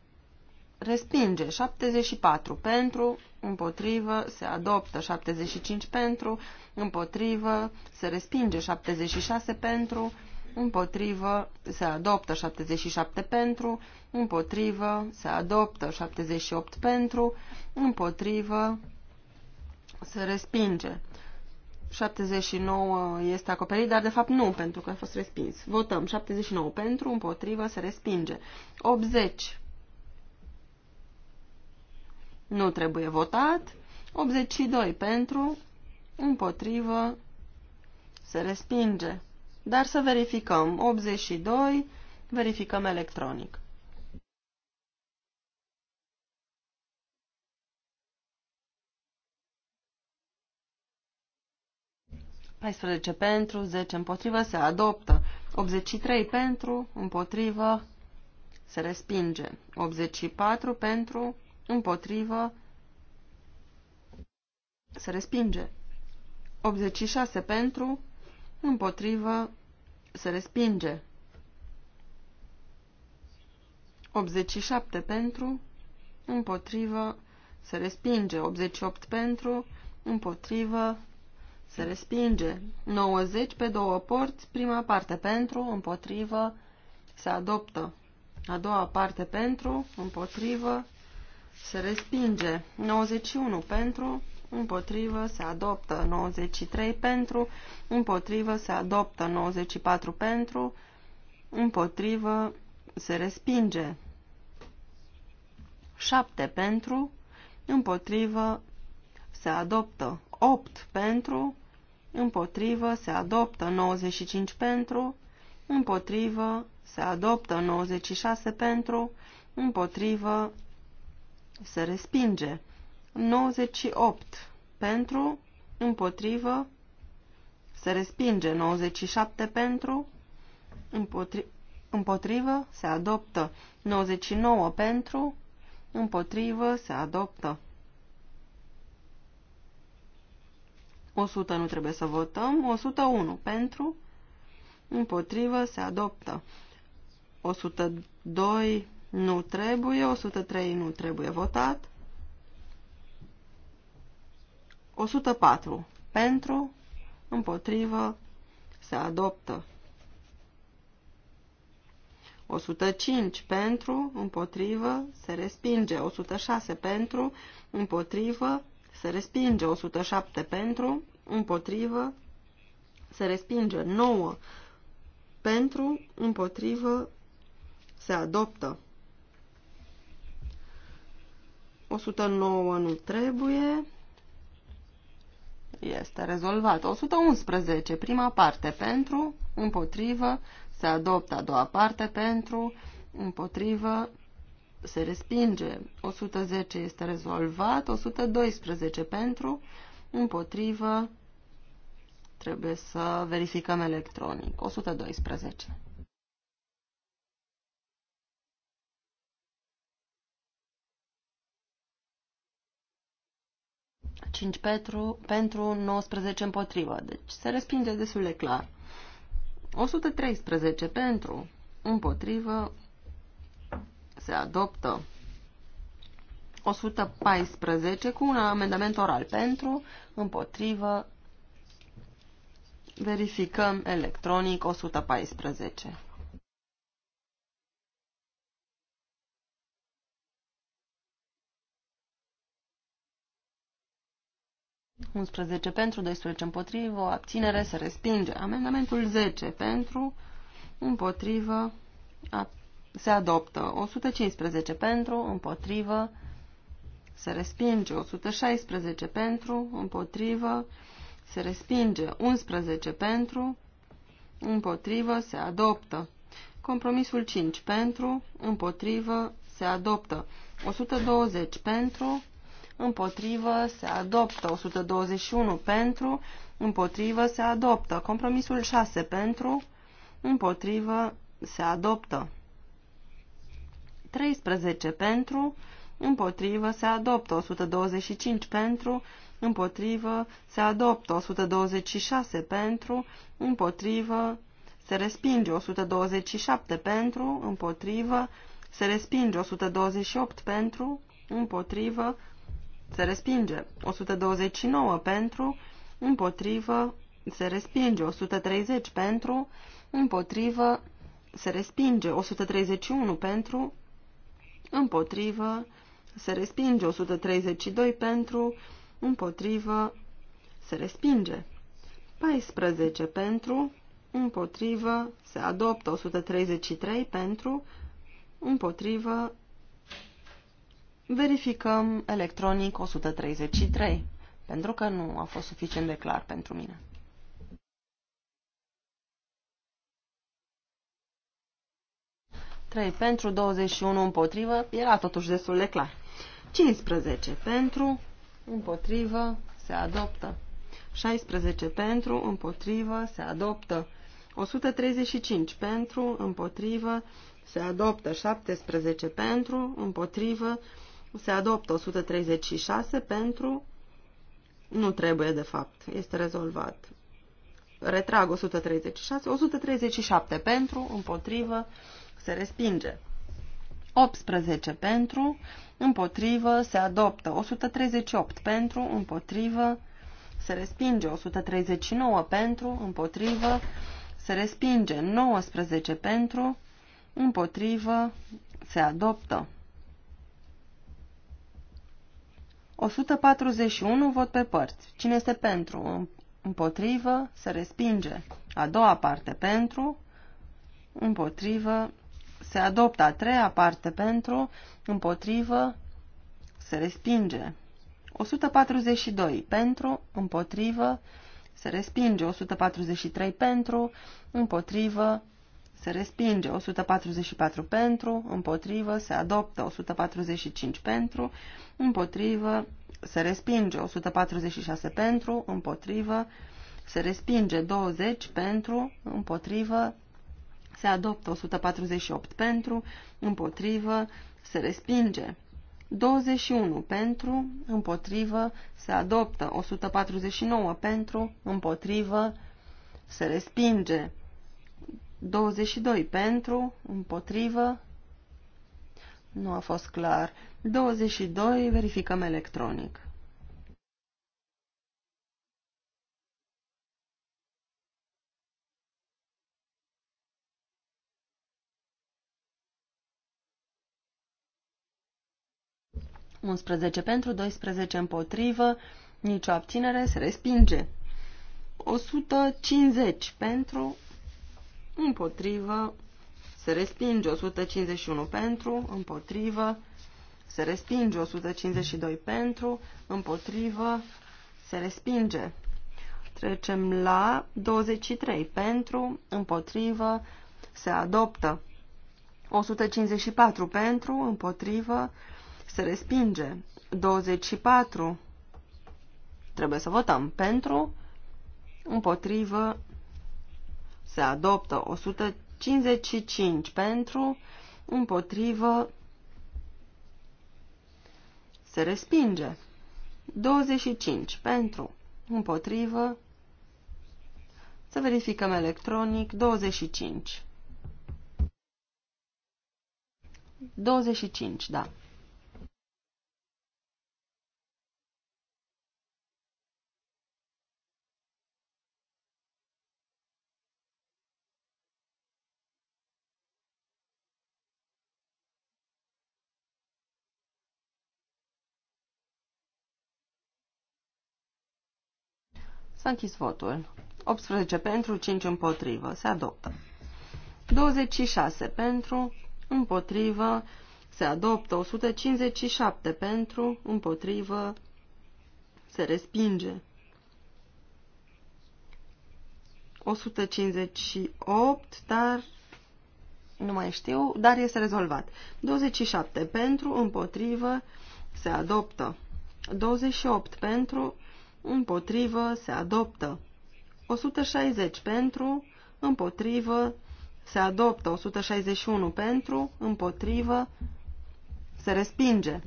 respinge 74 pentru, împotrivă, se adoptă 75 pentru, împotrivă, se respinge 76 pentru, împotrivă, se adoptă 77 pentru, împotrivă, se adoptă 78 pentru, împotrivă, se respinge. 79 este acoperit, dar de fapt nu, pentru că a fost respins. Votăm 79 pentru, împotrivă, se respinge. 80 nu trebuie votat. 82 pentru, împotrivă, se respinge. Dar să verificăm. 82, verificăm electronic. paisprezece pentru, 10 împotrivă, se adoptă. 83 pentru, împotrivă, se respinge. 84 pentru, împotrivă, se respinge. 86 pentru, împotrivă, se respinge. 87 pentru, împotrivă, se respinge. 88 pentru, împotrivă, se respinge. 90 pe două porți, prima parte pentru, împotrivă, se adoptă. A doua parte pentru, împotrivă, se respinge. 91 pentru, împotrivă, se adoptă. 93 pentru, împotrivă, se adoptă. 94 pentru, împotrivă, se respinge. 7 pentru, împotrivă, se adoptă. 8 pentru, împotrivă, se adoptă. 95 pentru, împotrivă, se adoptă. 96 pentru, împotrivă, se respinge. 98 pentru, împotrivă, se respinge. 97 pentru, împotri împotrivă, se adoptă. 99 pentru, împotrivă, se adoptă. 100 nu trebuie să votăm. 101 pentru, împotrivă, se adoptă. 102 nu trebuie, 103 nu trebuie votat. 104 pentru, împotrivă, se adoptă. 105 pentru, împotrivă, se respinge. 106 pentru, împotrivă, se respinge. 107 pentru, împotrivă, se respinge. 9 pentru, împotrivă, se adoptă. 109 nu trebuie. Este rezolvat. 111, prima parte pentru, împotrivă, se adoptă a doua parte pentru, împotrivă, se respinge. 110 este rezolvat, 112 pentru, împotrivă, trebuie să verificăm electronic. 112. 5 pentru, pentru 19 împotrivă. Deci se respinge destul de clar. 113 pentru, împotrivă, se adoptă. 114 cu un amendament oral pentru, împotrivă, verificăm electronic 114. 11 pentru, 12 împotrivă, abținere se respinge. Amendamentul 10 pentru, împotrivă, a, se adoptă. 115 pentru, împotrivă, se respinge. 116 pentru, împotrivă, se respinge. 11 pentru, împotrivă, se adoptă. Compromisul 5 pentru, împotrivă, se adoptă. 120 pentru, împotrivă, se adoptă. 121 pentru, împotrivă, se adoptă. Compromisul 6 pentru, împotrivă, se adoptă. 13 pentru, împotrivă, se adoptă. 125 pentru, împotrivă, se adoptă. 126 pentru, împotrivă, se respinge. 127 pentru, împotrivă, se respinge. 128 pentru, împotrivă, se respinge. 129 pentru, împotrivă, se respinge. 130 pentru, împotrivă, se respinge. 131 pentru, împotrivă, se respinge. 132 pentru, împotrivă, se respinge. 14 pentru, împotrivă, se adoptă. 133 pentru, împotrivă, Verificăm electronic 133, pentru că nu a fost suficient de clar pentru mine. pentru, 21 împotrivă, era totuși destul de clar. 15 pentru, împotrivă, se adoptă. 16 pentru, împotrivă, se adoptă. 135 pentru, împotrivă, se adoptă. 17 pentru, împotrivă, se se adoptă 136 pentru... Nu trebuie, de fapt. Este rezolvat. Retrag 136. 137 pentru, împotrivă, se respinge. 18 pentru, împotrivă, se adoptă. 138 pentru, împotrivă, se respinge. 139 pentru, împotrivă, se respinge. 19 pentru, împotrivă, se adoptă. 141 vot pe părți. Cine este pentru? Împotrivă, se respinge. A doua parte pentru, împotrivă, se adoptă. A treia parte pentru, împotrivă, se respinge. 142 pentru, împotrivă, se respinge. 143 pentru, împotrivă, se respinge 144 pentru, împotrivă, se adoptă 145 pentru, împotrivă, se respinge 146 pentru, împotrivă, se respinge 20 pentru, împotrivă, se adoptă 148 pentru, împotrivă, se respinge 21 pentru, împotrivă, se adoptă 149 pentru, împotrivă, se respinge 22 pentru, împotrivă, nu a fost clar. 22, verificăm electronic. Unsprezece pentru, 12 împotrivă, nicio abținere, se respinge. 150 pentru, împotrivă, se respinge 151 pentru, împotrivă, se respinge 152 pentru, împotrivă, se respinge. Trecem la 23 pentru, împotrivă, se adoptă. 154 pentru, împotrivă, se respinge. 24, trebuie să votăm, pentru, împotrivă, se adoptă 155 pentru, împotrivă, se respinge 25 pentru, împotrivă, să verificăm electronic 25. 25, da. S-a închis votul. 18 pentru, 5 împotrivă. Se adoptă. 26 pentru, împotrivă. Se adoptă. 157 pentru, împotrivă. Se respinge. 158, dar nu mai știu, dar este rezolvat. 27 pentru, împotrivă, se adoptă. 28 pentru, împotrivă, se adoptă. 160 pentru, împotrivă, se adoptă. 161 pentru, împotrivă, se respinge.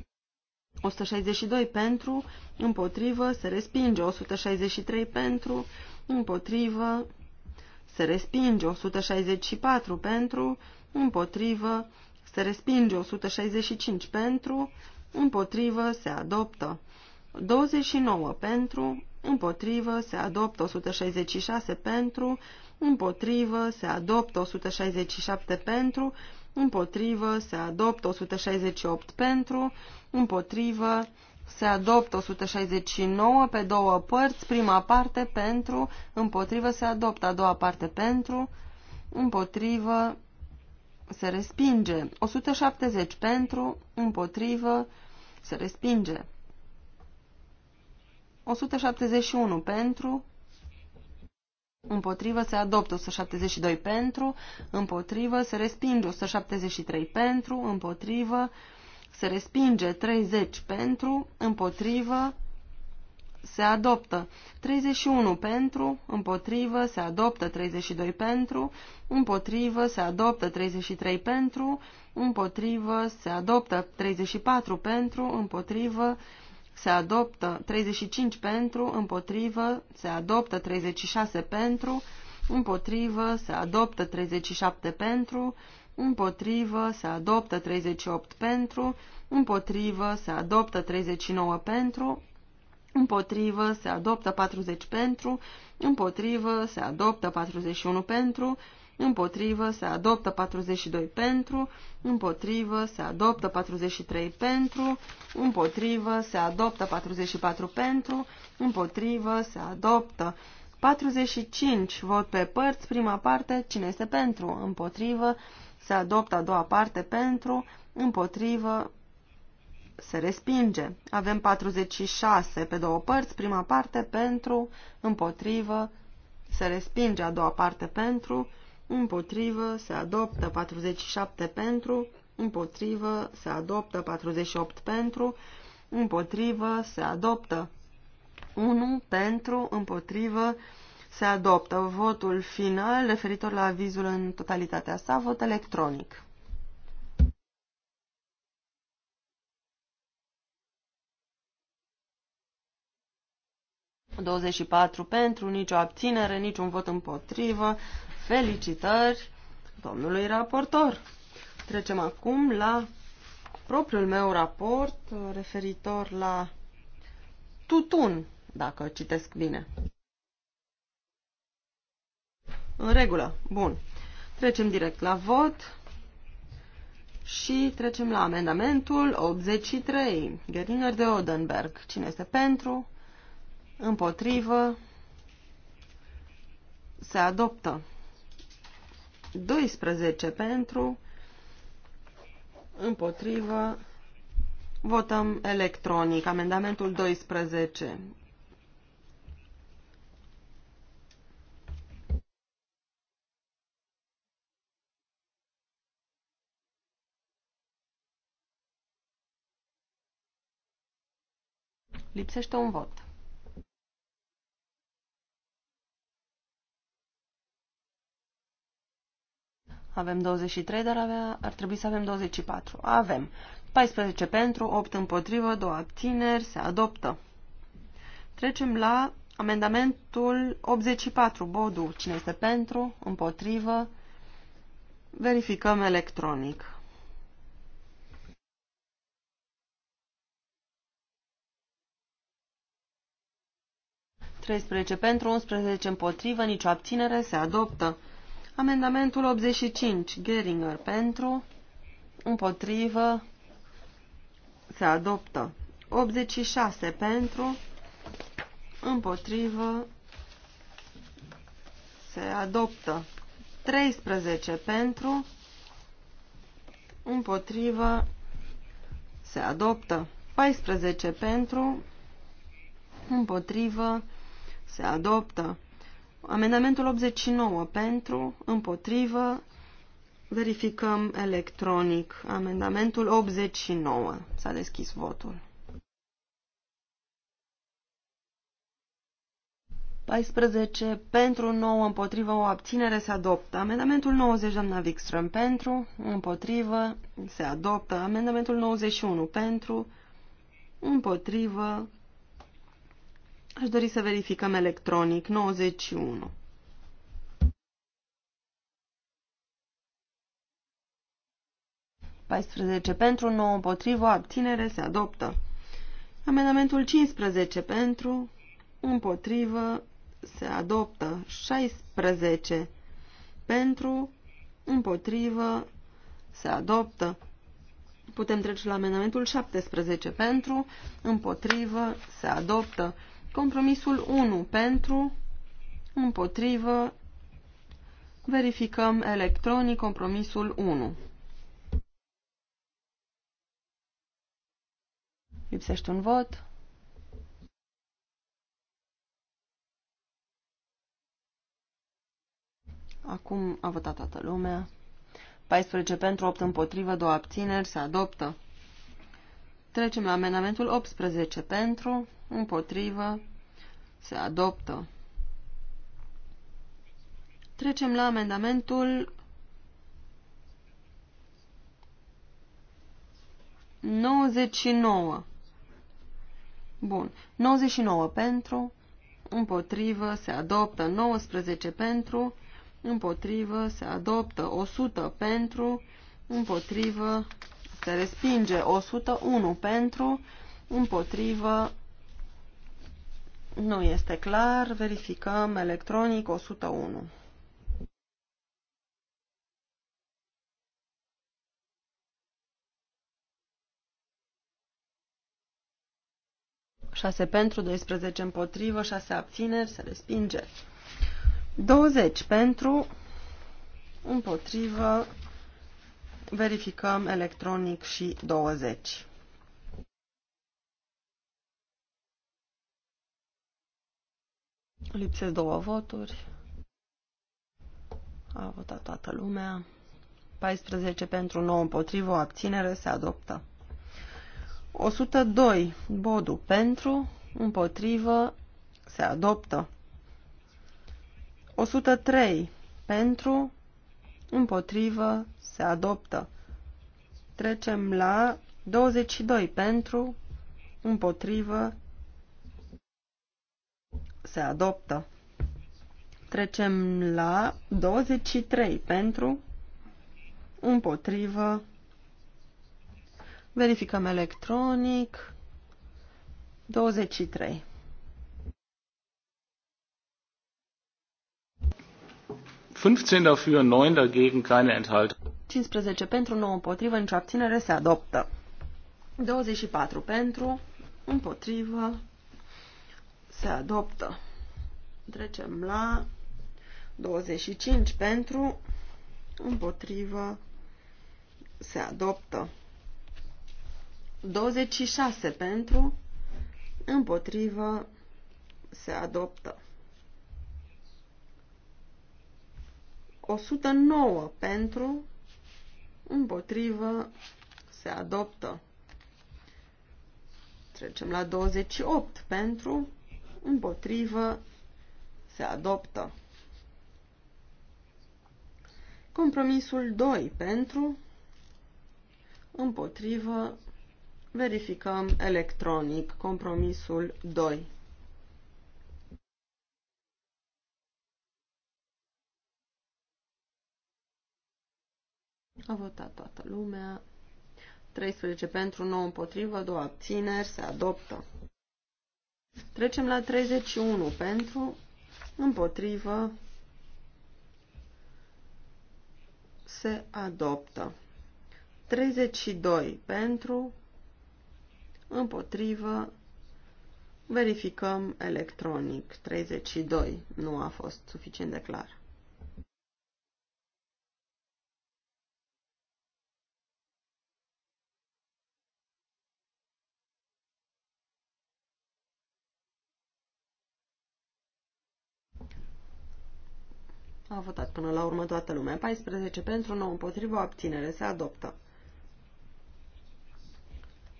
162 pentru, împotrivă, se respinge. 163 pentru, împotrivă, se respinge. 164 pentru, împotrivă, se respinge. 165 pentru, împotrivă, se adoptă. 29 pentru, împotrivă, se adoptă 166 pentru, împotrivă, se adoptă 167 pentru, împotrivă, se adoptă 168 pentru, împotrivă, se adoptă 169 pe două părți, prima parte pentru, împotrivă, se adoptă a doua parte pentru, împotrivă, se respinge, 170 pentru, împotrivă, se respinge. 171 pentru, împotrivă se adoptă 172 pentru, împotrivă se respinge 173 pentru, împotrivă se respinge 30 pentru, împotrivă se adoptă 31 pentru, împotrivă se adoptă 32 pentru, împotrivă se adoptă 33 pentru, împotrivă se adoptă 34 pentru, împotrivă se se adoptă 35 pentru, împotrivă, se adoptă 36 pentru, împotrivă, se adoptă 37 pentru, împotrivă, se adoptă 38 pentru, împotrivă, se adoptă 39 pentru, împotrivă, se adoptă 40 pentru, împotrivă, se adoptă 41 pentru, împotrivă, se adoptă 42 pentru, împotrivă, se adoptă 43 pentru, împotrivă, se adoptă 44 pentru, împotrivă, se adoptă 45 vot pe părți, prima parte, cine este pentru, împotrivă, se adoptă a doua parte pentru, împotrivă, se respinge. Avem 46 pe două părți, prima parte pentru, împotrivă, se respinge, a doua parte pentru, împotrivă, se adoptă 47 pentru, împotrivă, se adoptă 48 pentru, împotrivă, se adoptă 1 pentru, împotrivă, se adoptă votul final referitor la avizul în totalitatea sa, vot electronic. ...24 pentru, nicio abținere, niciun vot împotrivă. Felicitări domnului raportor. Trecem acum la propriul meu raport uh, referitor la tutun, dacă citesc bine. În regulă. Bun. Trecem direct la vot și trecem la amendamentul 83. Geriner de Odenberg. Cine este pentru? Împotrivă? Se adoptă. 12 pentru, împotrivă, votăm electronic. Amendamentul 12. Lipsește un vot. Avem 23, dar avea, ar trebui să avem 24. Avem. 14 pentru, 8 împotrivă, 2 abțineri, se adoptă. Trecem la amendamentul 84, Bodu. Cine este pentru, împotrivă, verificăm electronic. Treisprezece pentru, 11 împotrivă, nicio abținere, se adoptă. Amendamentul 85, Geringer, pentru, împotrivă, se adoptă. 86, pentru, împotrivă, se adoptă. 13, pentru, împotrivă, se adoptă. 14, pentru, împotrivă, se adoptă. Amendamentul 89 pentru, împotrivă, verificăm electronic. Amendamentul 89. S-a deschis votul. 14 pentru, 9 împotrivă, o abținere se adoptă. Amendamentul 90, doamna Wikström, pentru, împotrivă, se adoptă. Amendamentul 91, pentru, împotrivă, Aș dori să verificăm electronic. 91. Paisprezece pentru, 9 împotrivă, abținere, se adoptă. Amendamentul 15 pentru, împotrivă, se adoptă. 16 pentru, împotrivă, se adoptă. Putem trece la amendamentul 17 pentru, împotrivă, se adoptă. Compromisul 1 pentru, împotrivă, verificăm electronic compromisul 1. Lipsește un vot. Acum a votat toată lumea. 14 pentru, 8 împotrivă, 2 abțineri, se adoptă. Trecem la amendamentul 18 pentru, împotrivă, se adoptă. Trecem la amendamentul 99. Bun. 99 pentru, împotrivă, se adoptă. 19 pentru, împotrivă, se adoptă. 100 pentru, împotrivă, se respinge. 101 pentru, împotrivă, nu este clar. Verificăm electronic 101. șase pentru, 12 împotrivă, 6 abțineri, se respinge. 20 pentru, împotrivă, verificăm electronic și 20. Lipsesc două voturi. A votat toată lumea. 14 pentru 9 împotrivă, o abținere se adoptă. 102. Bodu pentru, împotrivă, se adoptă. 103. Pentru, împotrivă, se adoptă. Trecem la 22. Pentru, împotrivă, se adoptă. Trecem la 23 pentru, împotrivă, verificăm electronic, 23. dafür, 9 dagegen, keine Enthaltung. 15 pentru, 9 împotrivă, nicio abținere se adoptă. 24 pentru, împotrivă, se adoptă. Trecem la 25 pentru, împotrivă, se adoptă. 26 pentru, împotrivă, se adoptă. 109 pentru, împotrivă, se adoptă. Trecem la 28 pentru, împotrivă, se adoptă. Compromisul 2 pentru, împotrivă, verificăm electronic compromisul 2. A votat toată lumea. 13 pentru, 9 împotrivă, 2 abțineri, se adoptă. Trecem la 31 pentru, împotrivă, se adoptă. 32 pentru, împotrivă, verificăm electronic. 32 nu a fost suficient de clar. A votat până la urmă toată lumea. 14 pentru, 9 împotrivă, abținere. Se adoptă.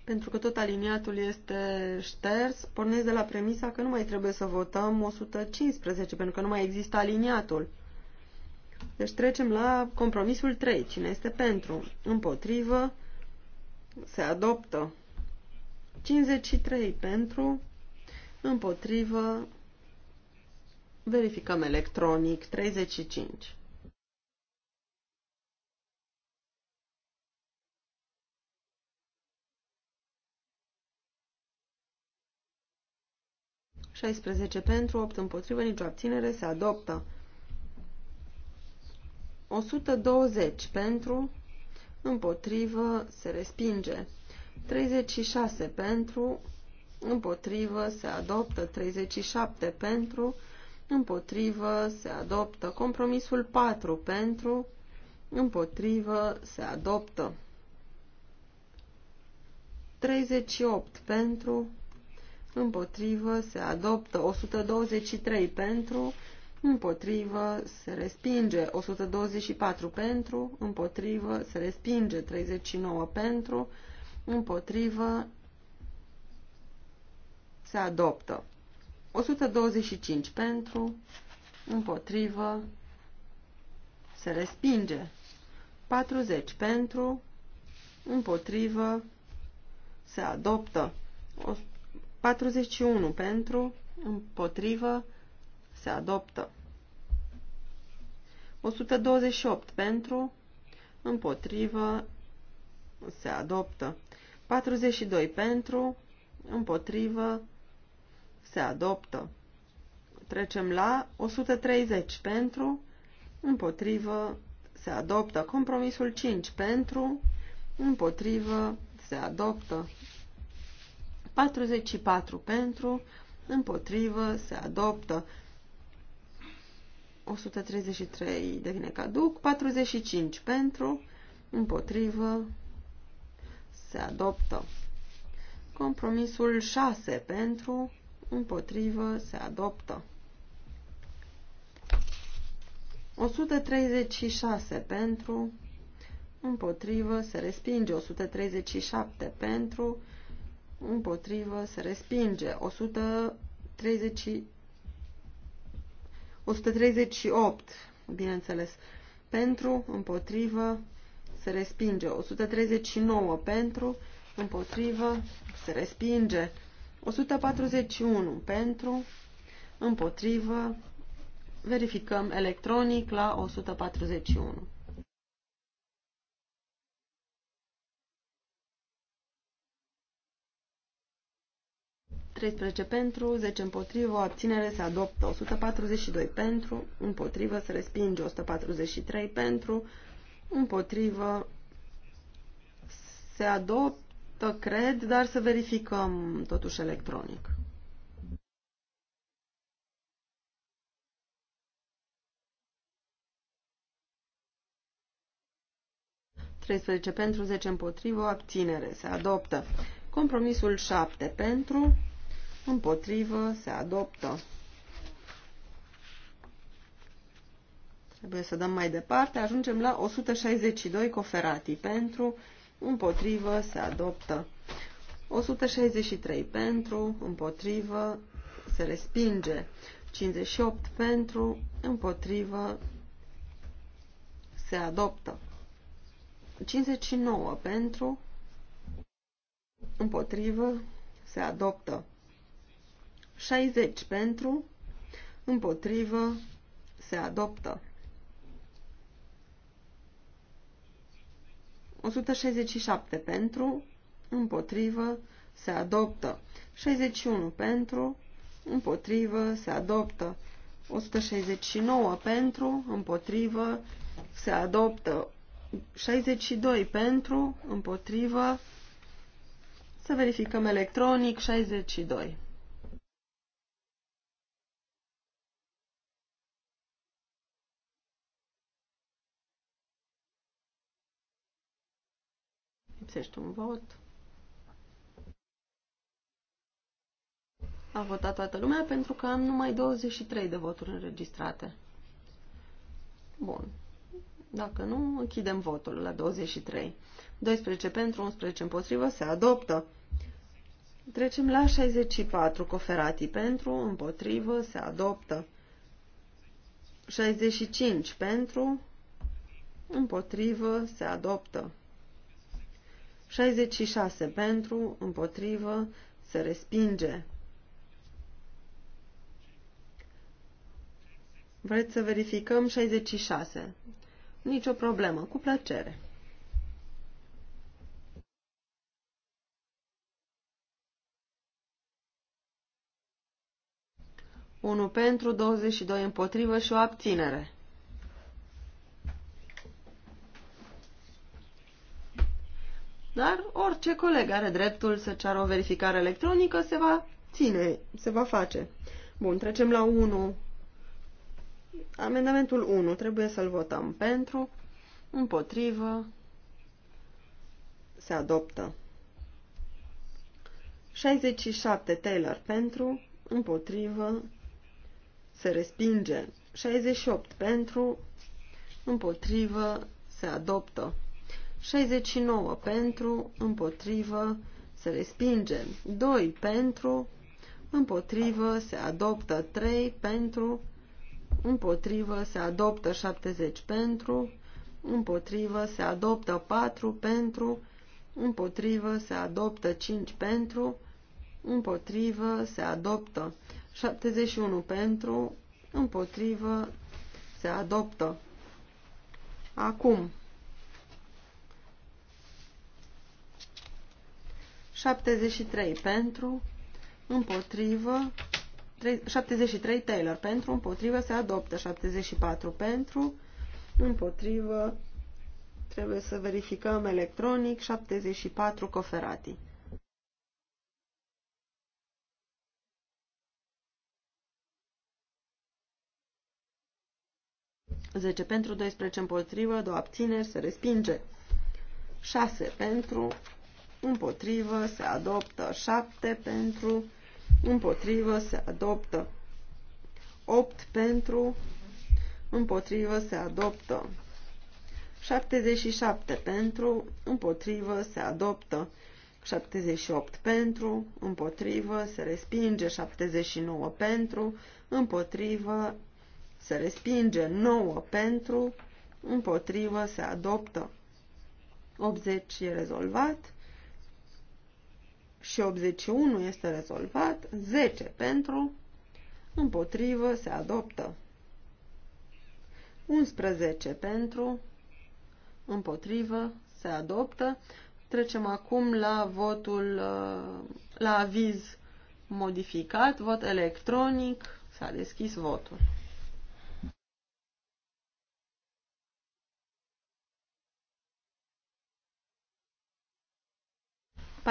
Pentru că tot aliniatul este șters, pornesc de la premisa că nu mai trebuie să votăm 115, pentru că nu mai există aliniatul. Deci trecem la compromisul 3. Cine este pentru? Împotrivă. Se adoptă. 53 pentru. Împotrivă. Verificăm electronic 35. șaisprezece pentru, opt împotrivă, nicio abținere, se adoptă. 120 pentru, împotrivă, se respinge. 36 pentru, împotrivă, se adoptă. 37 pentru, împotrivă, se adoptă. Compromisul 4 pentru, împotrivă, se adoptă. 38 pentru, împotrivă, se adoptă. 123 pentru, împotrivă, se respinge. 124 pentru, împotrivă, se respinge. 39 pentru, împotrivă, se adoptă. 125 pentru, împotrivă, se respinge. 40 pentru, împotrivă, se adoptă. 41 pentru, împotrivă, se adoptă. 128 pentru, împotrivă, se adoptă. 42 pentru, împotrivă, se se adoptă. Trecem la 130 pentru, împotrivă, se adoptă. Compromisul 5 pentru, împotrivă, se adoptă. 44 pentru, împotrivă, se adoptă. 133 devine caduc, 45 pentru, împotrivă, se adoptă. Compromisul 6 pentru, împotrivă, se adoptă. 136 pentru, împotrivă, se respinge. 137 pentru, împotrivă, se respinge. 130, 138, bineînțeles, pentru, împotrivă, se respinge. 139 pentru, împotrivă, se respinge. 141 pentru, împotrivă, verificăm electronic la 141. treisprezece pentru, 10 împotrivă, o abținere se adoptă 142 pentru, împotrivă se respinge 143 pentru, împotrivă se adoptă tot cred, dar să verificăm totuși electronic. pentru, 10 împotrivă, abținere. Se adoptă. Compromisul 7 pentru, împotrivă, se adoptă. Trebuie să dăm mai departe. Ajungem la 162 coferati pentru împotrivă, se adoptă. 163 pentru, împotrivă, se respinge. 58 pentru, împotrivă, se adoptă. 59 pentru, împotrivă, se adoptă. 60 pentru, împotrivă, se adoptă. 167 pentru, împotrivă, se adoptă. 61 pentru, împotrivă, se adoptă. 169 pentru, împotrivă, se adoptă. 62 pentru, împotrivă, să verificăm electronic, 62. Lipsește un vot. A votat toată lumea pentru că am numai 23 de voturi înregistrate. Bun. Dacă nu, închidem votul la 23. 12 pentru, 11 împotrivă, se adoptă. Trecem la 64, coferati pentru, împotrivă, se adoptă. 65 pentru, împotrivă, se adoptă. 66 pentru, împotrivă, se respinge. Vreți să verificăm 66? Nicio problemă, cu plăcere. Unu pentru, 22 împotrivă și o abținere. Dar orice coleg are dreptul să ceară o verificare electronică, se va ține, se va face. Bun, trecem la 1. Amendamentul 1. Trebuie să-l votăm pentru, împotrivă, se adoptă. 67 Taylor pentru, împotrivă, se respinge. 68 pentru, împotrivă, se adoptă. 69 pentru, împotrivă, se respinge. 2 pentru, împotrivă, se adoptă. 3 pentru, împotrivă, se adoptă. 70 pentru, împotrivă, se adoptă. 4 pentru, împotrivă, se adoptă. 5 pentru, împotrivă, se adoptă. 71 pentru, împotrivă, se adoptă. Acum, 73 pentru, împotrivă, 73 Taylor pentru, împotrivă se adoptă, 74 pentru, împotrivă, trebuie să verificăm electronic, 74 Coferati. Zece pentru, 12 împotrivă, două abțineri, se respinge. 6 pentru, împotrivă, se adoptă 7 pentru, împotrivă, se adoptă 8 pentru, împotrivă, se adoptă 77 pentru, împotrivă, se adoptă 78 pentru, împotrivă, se respinge 79 pentru, împotrivă, se respinge 9 pentru, împotrivă, se adoptă 80 e rezolvat și 81 este rezolvat, 10 pentru, împotrivă, se adoptă. 11 pentru, împotrivă, se adoptă. Trecem acum la votul, uh, la aviz modificat, vot electronic, s-a deschis votul.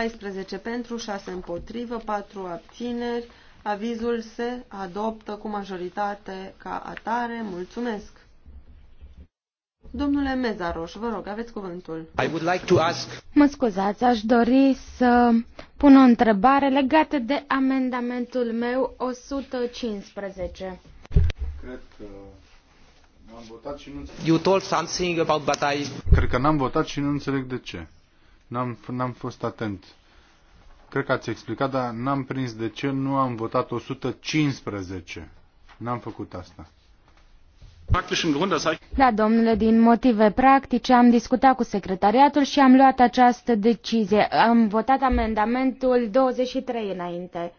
14 pentru, 6 împotrivă, 4 abțineri. Avizul se adoptă cu majoritate ca atare. Mulțumesc! Domnule Mezaroș, vă rog, aveți cuvântul. I would like to ask... Mă scuzați, aș dori să pun o întrebare legată de amendamentul meu 115. Cred că am votat și nu înțeleg... You told something about, but I... Cred că n-am votat și nu înțeleg de ce. N-am, n-am fost atent. Cred că ați explicat, dar n-am prins de ce nu am votat 115. N-am făcut asta. Da, domnule, din motive practice am discutat cu secretariatul și am luat această decizie. Am votat amendamentul 23 înainte.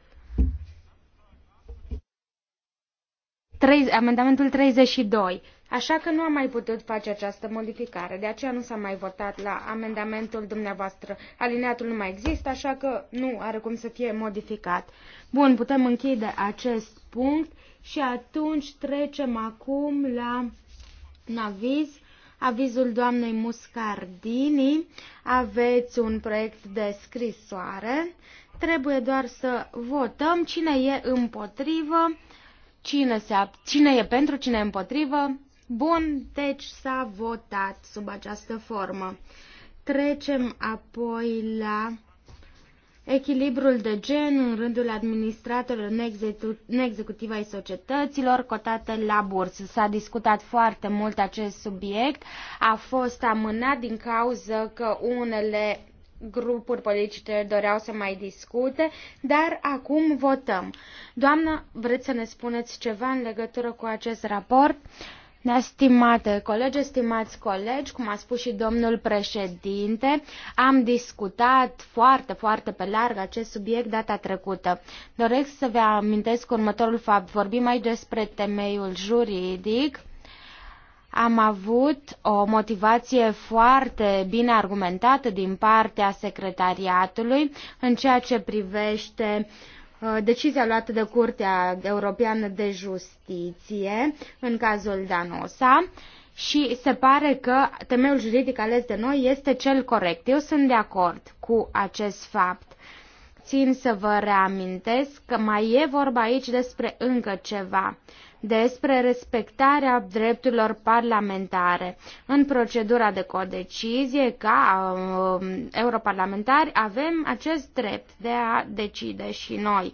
3, amendamentul 32. Așa că nu am mai putut face această modificare, de aceea nu s-a mai votat la amendamentul dumneavoastră. Alineatul nu mai există, așa că nu are cum să fie modificat. Bun, putem închide acest punct și atunci trecem acum la un aviz, avizul doamnei Muscardini. Aveți un proiect de scrisoare, trebuie doar să votăm cine e împotrivă, cine, se, cine e pentru, cine e împotrivă, Bun, deci s-a votat sub această formă. Trecem apoi la echilibrul de gen în rândul administratorilor neexecutive ai societăților cotate la bursă. S-a discutat foarte mult acest subiect, a fost amânat din cauza că unele grupuri politice doreau să mai discute, dar acum votăm. Doamnă, vreți să ne spuneți ceva în legătură cu acest raport? Uh, stimate eh, colegi, stimați colegi, cum a spus și domnul președinte, am discutat foarte, foarte pe larg acest subiect data trecută. Doresc să vă amintesc următorul fapt. Vorbim aici despre temeiul juridic. Am avut o motivație foarte bine argumentată din partea secretariatului în ceea ce privește uh, Uh, decizia luată de Curtea Europeană de Justiție în cazul Danosa și se pare că temeiul juridic ales de noi este cel corect. Eu sunt de acord cu acest fapt. Țin să vă reamintesc că mai e vorba aici despre încă ceva. Uh, despre respectarea drepturilor parlamentare. În procedura de codecizie, ca um, europarlamentari, avem acest drept de a decide și noi.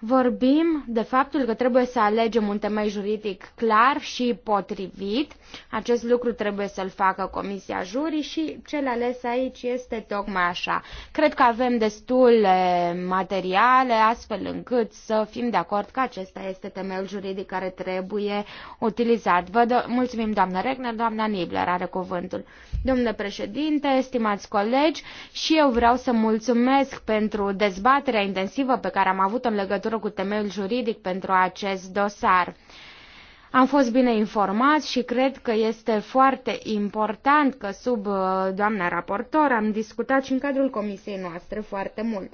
Vorbim de faptul că trebuie să alegem un temei juridic clar și potrivit. Acest lucru trebuie să-l facă Comisia Jurii și cel ales aici este tocmai așa. Cred că avem destule materiale astfel încât să fim de acord că acesta este temeiul juridic care trebuie utilizat. Vă do- mulțumim, doamnă Regner, doamna Nibler are cuvântul. Domnule președinte, stimați colegi, și eu vreau să mulțumesc pentru dezbaterea intensivă pe care am avut-o în legătură legătură cu temeiul juridic pentru acest dosar. Am fost bine informați și cred că este foarte important că sub uh, doamna raportor am discutat și în cadrul comisiei noastre foarte mult.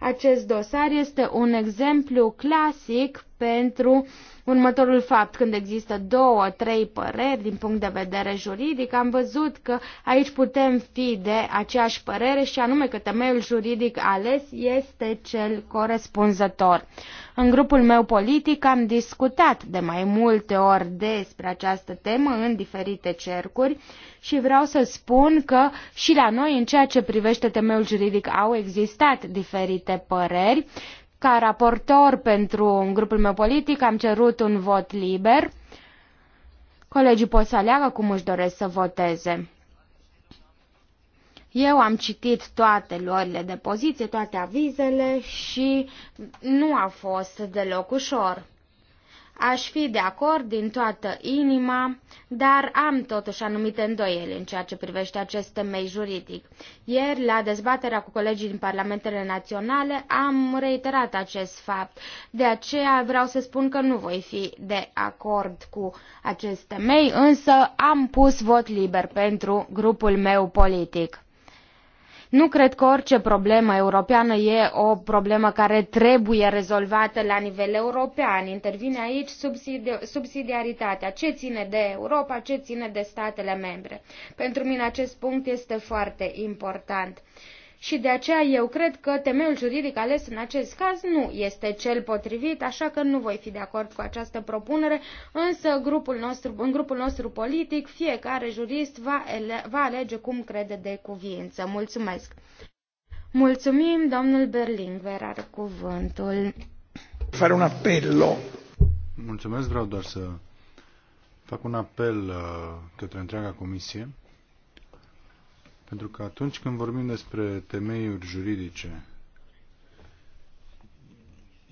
Acest dosar este un exemplu clasic pentru următorul fapt. Când există două, trei păreri din punct de vedere juridic, am văzut că aici putem fi de aceeași părere și anume că temeiul juridic ales este cel corespunzător. În grupul meu politic am discutat de mai multe ori despre această temă în diferite cercuri și vreau să spun că și la noi, în ceea ce privește temeiul juridic, au existat diferite păreri ca raportor pentru grupul meu politic am cerut un vot liber. Colegii pot să aleagă cum își doresc să voteze. Eu am citit toate luările de poziție, toate avizele și nu a fost deloc ușor. Aș fi de acord din toată inima, dar am totuși anumite îndoieli în ceea ce privește acest temei juridic. Ieri, la dezbaterea cu colegii din Parlamentele Naționale, am reiterat acest fapt. De aceea vreau să spun că nu voi fi de acord cu acest temei, însă am pus vot liber pentru grupul meu politic. Nu cred că orice problemă europeană e o problemă care trebuie rezolvată la nivel european. Intervine aici subsidi- subsidiaritatea. Ce ține de Europa, ce ține de statele membre. Pentru mine acest punct este foarte important. Uh, și de aceea eu cred că temeiul juridic ales în acest caz nu este cel potrivit, așa că nu voi fi de acord cu această propunere, însă grupul nostru, în grupul nostru politic fiecare jurist va, ele, va alege cum crede de cuviință. Mulțumesc! Mulțumim, domnul Berlingver are cuvântul. Fără un apello. Mulțumesc, vreau doar să fac un apel uh, către întreaga comisie pentru că atunci când vorbim despre temeiuri juridice,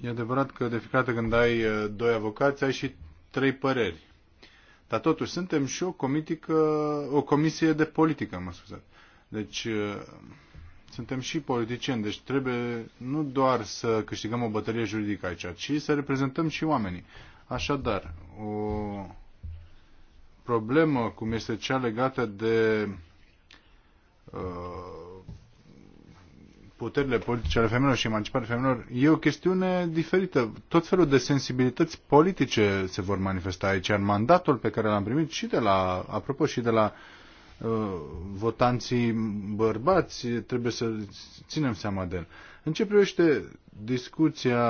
e adevărat că de fiecare dată când ai uh, doi avocați, ai și trei păreri. Dar totuși suntem și o, comitică, o comisie de politică, mă scuzat. Deci uh, suntem și politicieni, deci trebuie nu doar să câștigăm o bătălie juridică aici, ci să reprezentăm și oamenii. Așadar, o problemă cum este cea legată de Uh, puterile politice ale femeilor și emanciparea femeilor, e o chestiune diferită. Tot felul de sensibilități politice se vor manifesta aici. În mandatul pe care l-am primit și de la, apropo, și de la uh, votanții bărbați, trebuie să ținem seama de el. În ce privește discuția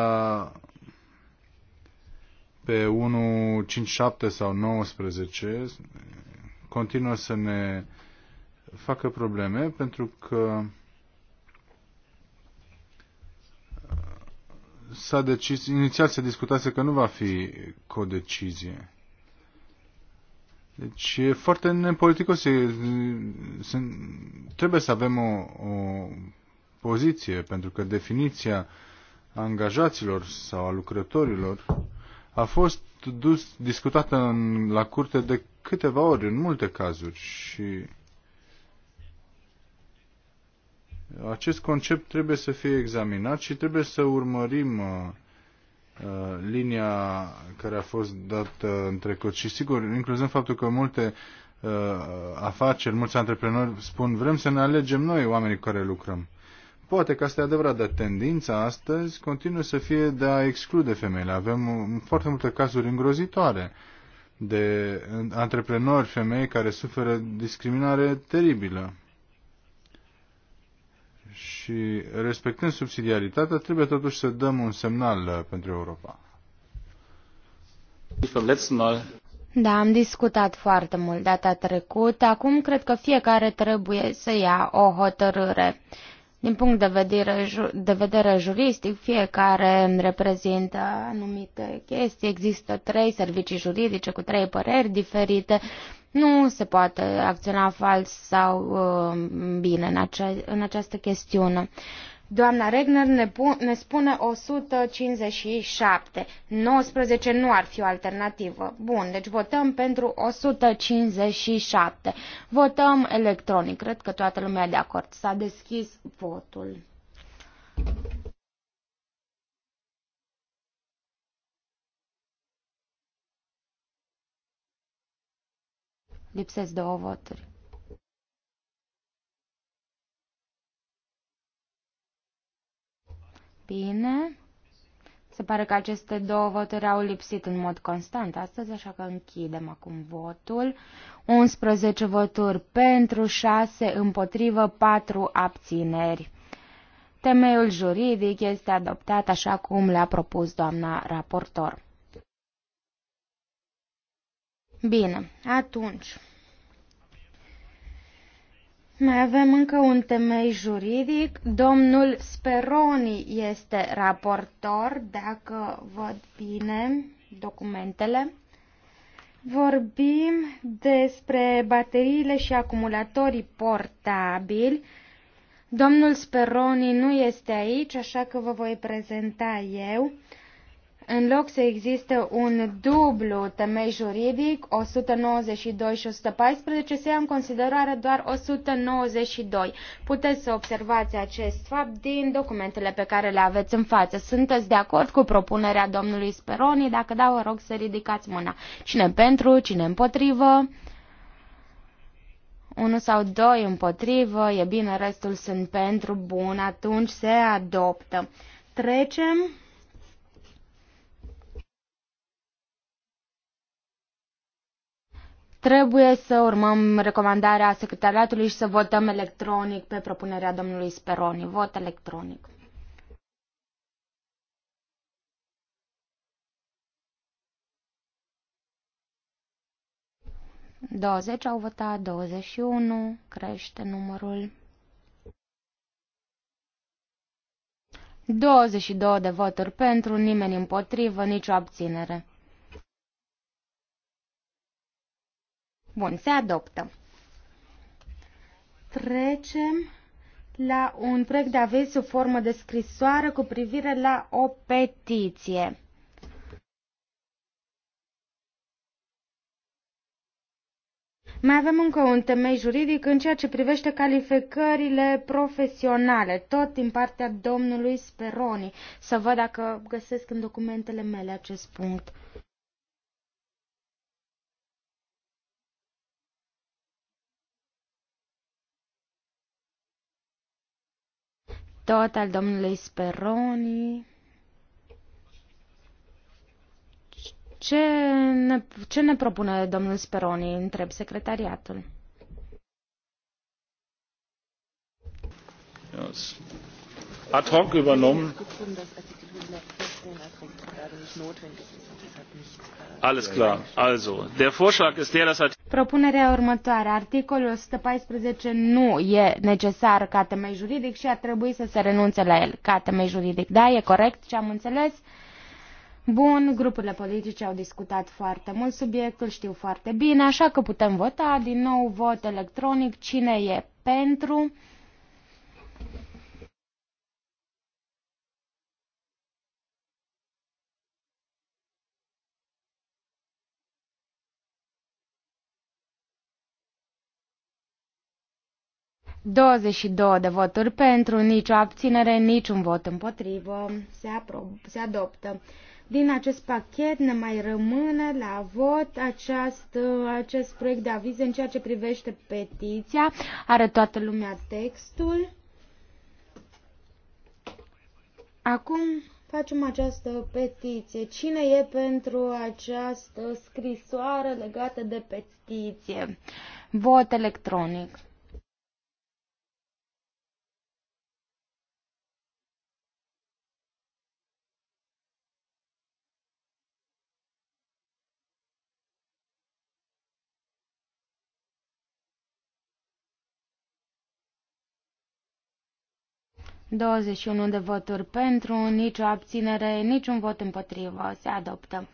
pe 1, 5, 7 sau 19, continuă să ne facă probleme pentru că uh, s-a decis, inițial se discutase că nu va fi codecizie. Deci e foarte nepoliticos. E, trebuie să avem o, o poziție, pentru că definiția angajaților sau a lucrătorilor a fost dus, discutată în, la curte de câteva ori, în multe cazuri și Acest concept trebuie să fie examinat și trebuie să urmărim uh, uh, linia care a fost dată în trecut. Și sigur, incluzând faptul că multe uh, afaceri, mulți antreprenori spun vrem să ne alegem noi oamenii cu care lucrăm. Poate că asta e adevărat, dar tendința astăzi continuă să fie de a exclude femeile. Avem foarte multe cazuri îngrozitoare de antreprenori femei care suferă discriminare teribilă și respectând subsidiaritatea, trebuie totuși să dăm un semnal uh, pentru Europa. Da, am discutat foarte mult data trecută. Acum cred că fiecare trebuie să ia o hotărâre. Din punct de vedere, de vedere juristic, fiecare reprezintă anumite chestii. Există trei servicii juridice cu trei păreri diferite. Nu se poate acționa fals sau uh, bine în, ace- în această chestiune. Doamna Regner ne, ne spune 157. 19 nu ar fi o alternativă. Bun, deci votăm pentru 157. Votăm electronic. Cred că toată lumea e de acord. S-a deschis votul. Lipsesc două voturi. Bine. Se pare că aceste două voturi au lipsit în mod constant astăzi, așa că închidem acum votul. 11 voturi pentru, 6 împotrivă, 4 abțineri. Temeiul juridic este adoptat așa cum le-a propus doamna raportor. Bine, atunci mai avem încă un temei juridic. Domnul Speroni este raportor, dacă văd bine documentele. Vorbim despre bateriile și acumulatorii portabili. Domnul Speroni nu este aici, așa că vă voi prezenta eu în loc să existe un dublu temei juridic, 192 și 114, se ia în considerare doar 192. Puteți să observați acest fapt din documentele pe care le aveți în față. Sunteți de acord cu propunerea domnului Speroni? Dacă da, vă rog să ridicați mâna. Cine pentru, cine împotrivă? Unu sau doi împotrivă, e bine, restul sunt pentru, bun, atunci se adoptă. Trecem Trebuie să urmăm recomandarea secretariatului și să votăm electronic pe propunerea domnului Speroni. Vot electronic. Douăzeci au votat, 21, crește numărul. 22 de voturi pentru, nimeni împotrivă, nicio abținere. Bun, se adoptă. Trecem la un proiect de aviz sub formă de scrisoare cu privire la o petiție. Mai avem încă un temei juridic în ceea ce privește calificările profesionale, tot din partea domnului Speroni. Să văd dacă găsesc în documentele mele acest punct. tot al domnului Speroni. Ce ne, ce ne propune domnul Speroni? Întreb secretariatul. Ad hoc übernommen. Alles klar. Also, der Vorschlag ist der, dass er- Propunerea următoare, articolul 114 nu e necesar ca temei juridic și ar trebui să se renunțe la el ca temei juridic. Da, e corect ce am înțeles? Bun, grupurile politice au discutat foarte mult subiectul, știu foarte bine, așa că putem vota din nou vot electronic. Cine e pentru? 22 de voturi pentru, nicio abținere, niciun vot împotrivă. Se, aprob- se adoptă. Din acest pachet ne mai rămâne la vot aceast, acest proiect de avize în ceea ce privește petiția. Are toată lumea textul. Acum facem această petiție. Cine e pentru această scrisoare legată de petiție? Vot electronic. 21 de voturi pentru, nicio abținere, niciun vot împotrivă. Se adoptă.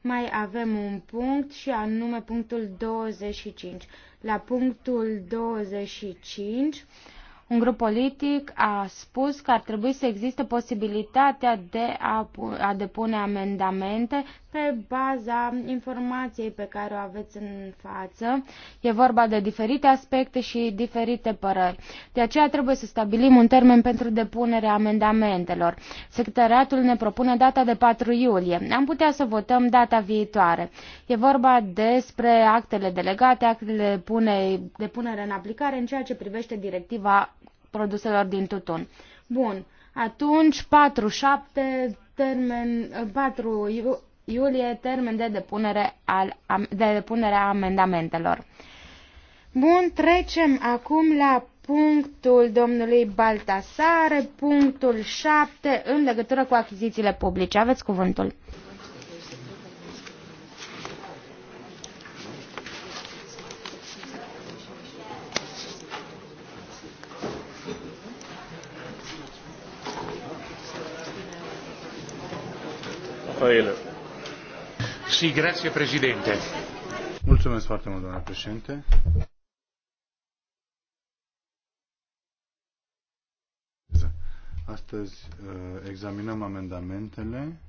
Mai avem un punct și anume punctul 25. La punctul 25 un grup politic a spus că ar trebui să existe posibilitatea de a, a depune amendamente pe baza informației pe care o aveți în față. E vorba de diferite aspecte și diferite părări. De aceea trebuie să stabilim un termen pentru depunerea amendamentelor. Secretariatul ne propune data de 4 iulie. Am putea să votăm data viitoare. E vorba despre actele delegate, actele pune, de punere în aplicare în ceea ce privește directiva produselor din tutun. Bun, atunci 4-7 termen, 4 iulie termen de depunere, al, de depunere a amendamentelor. Bun, trecem acum la punctul domnului Baltasare, punctul 7, în legătură cu achizițiile publice. Aveți cuvântul. Raffaele. președinte. Astăzi uh, examinăm amendamentele.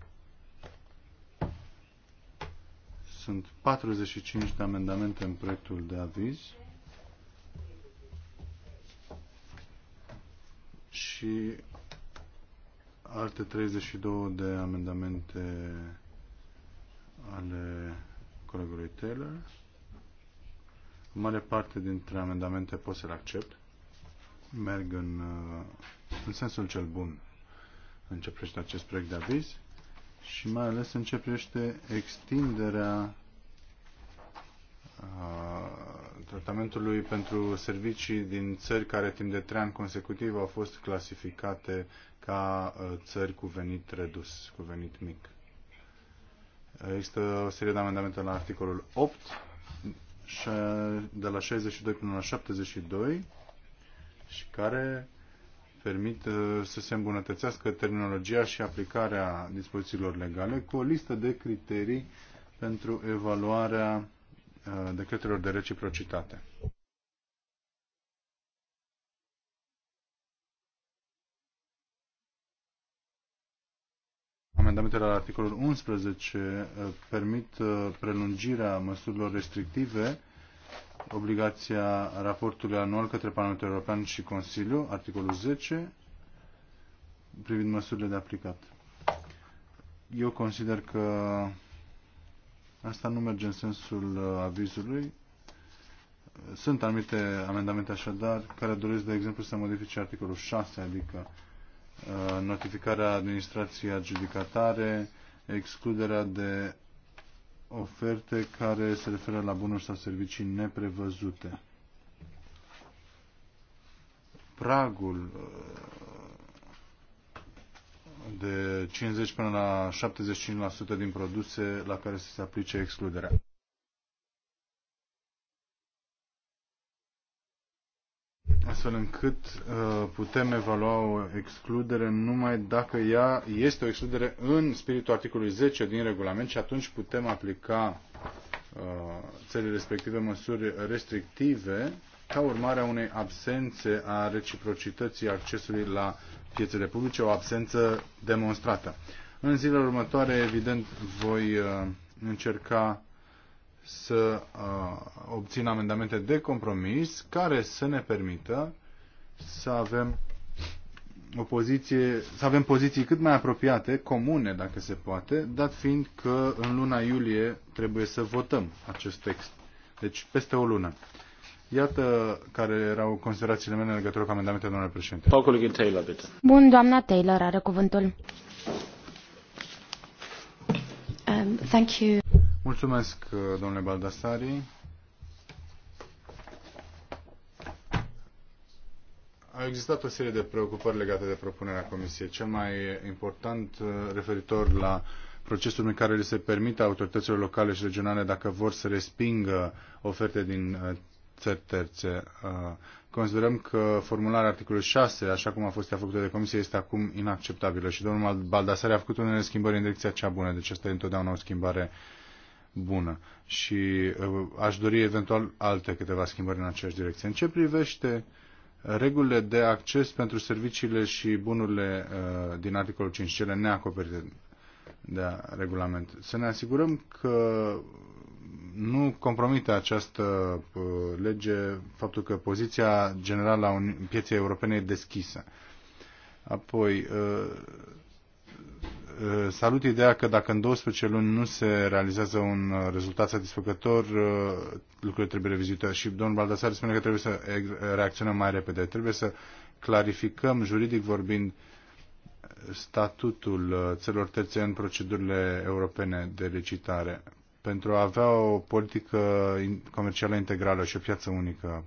Sunt cinci de amendamente în proiectul de aviz. Și alte 32 de amendamente ale colegului Taylor. O mare parte dintre amendamente pot să le accept. Merg în, uh, în sensul cel bun în ce privește acest proiect de aviz și mai ales în ce privește extinderea uh, tratamentului pentru servicii din țări care timp de trei ani consecutiv au fost clasificate ca uh, țări cu venit redus, cu venit mic. Există o serie de amendamente la articolul 8, de la 62 până la 72, și care permit uh, să se îmbunătățească terminologia și aplicarea dispozițiilor legale cu o listă de criterii pentru evaluarea uh, decretelor de reciprocitate. amendamentele la articolul 11 uh, permit uh, prelungirea măsurilor restrictive, obligația raportului anual către Parlamentul European și Consiliu, articolul 10, privind măsurile de aplicat. Eu consider că asta nu merge în sensul uh, avizului. Sunt anumite amendamente așadar care doresc, de exemplu, să modifice articolul 6, adică Uh, notificarea administrației adjudicatare, excluderea de oferte care se referă la bunuri sau servicii neprevăzute. Pragul uh, de 50 până la 75% din produse la care să se aplice excluderea. astfel încât uh, putem evalua o excludere numai dacă ea este o excludere în spiritul articolului 10 din regulament și atunci putem aplica uh, țării respective măsuri restrictive ca urmare a unei absențe a reciprocității accesului la piețele publice, o absență demonstrată. În zilele următoare, evident, voi uh, încerca să obțin amendamente de compromis care să ne permită să avem o poziție, să avem poziții cât mai apropiate, comune dacă se poate, dat fiind că în luna iulie trebuie să votăm acest text. Deci peste o lună. Iată care erau considerațiile mele în legătură cu amendamentele domnule președinte. Taylor, bitte. Bun, doamna Taylor are cuvântul. Um, thank you. Mulțumesc, uh, domnule Baldassari. Au existat o serie de preocupări legate de propunerea Comisiei. Cel mai important uh, referitor la procesul în care le se permite autorităților locale și regionale dacă vor să respingă oferte din uh, țări terțe. Considerăm că formularea articolului 6, așa cum a fost ea făcută de Comisie, este acum inacceptabilă și domnul Baldassare a făcut unele schimbări în direcția cea bună, deci asta e întotdeauna o schimbare uh, bună și uh, aș dori eventual alte câteva schimbări în aceeași direcție. În ce privește regulile de acces pentru serviciile și bunurile uh, din articolul 5, cele neacoperite de regulament, să ne asigurăm că nu compromite această uh, lege faptul că poziția generală a pieței europene e deschisă. Apoi, Eh, salut ideea că dacă în 12 luni nu se realizează un eh, rezultat satisfăcător, eh, lucrurile trebuie revizuite. Și domnul Baldasar spune că trebuie să reacționăm mai repede. Trebuie să clarificăm, juridic vorbind, statutul țărilor terțe în procedurile europene de recitare pentru a avea o politică comercială integrală și o piață unică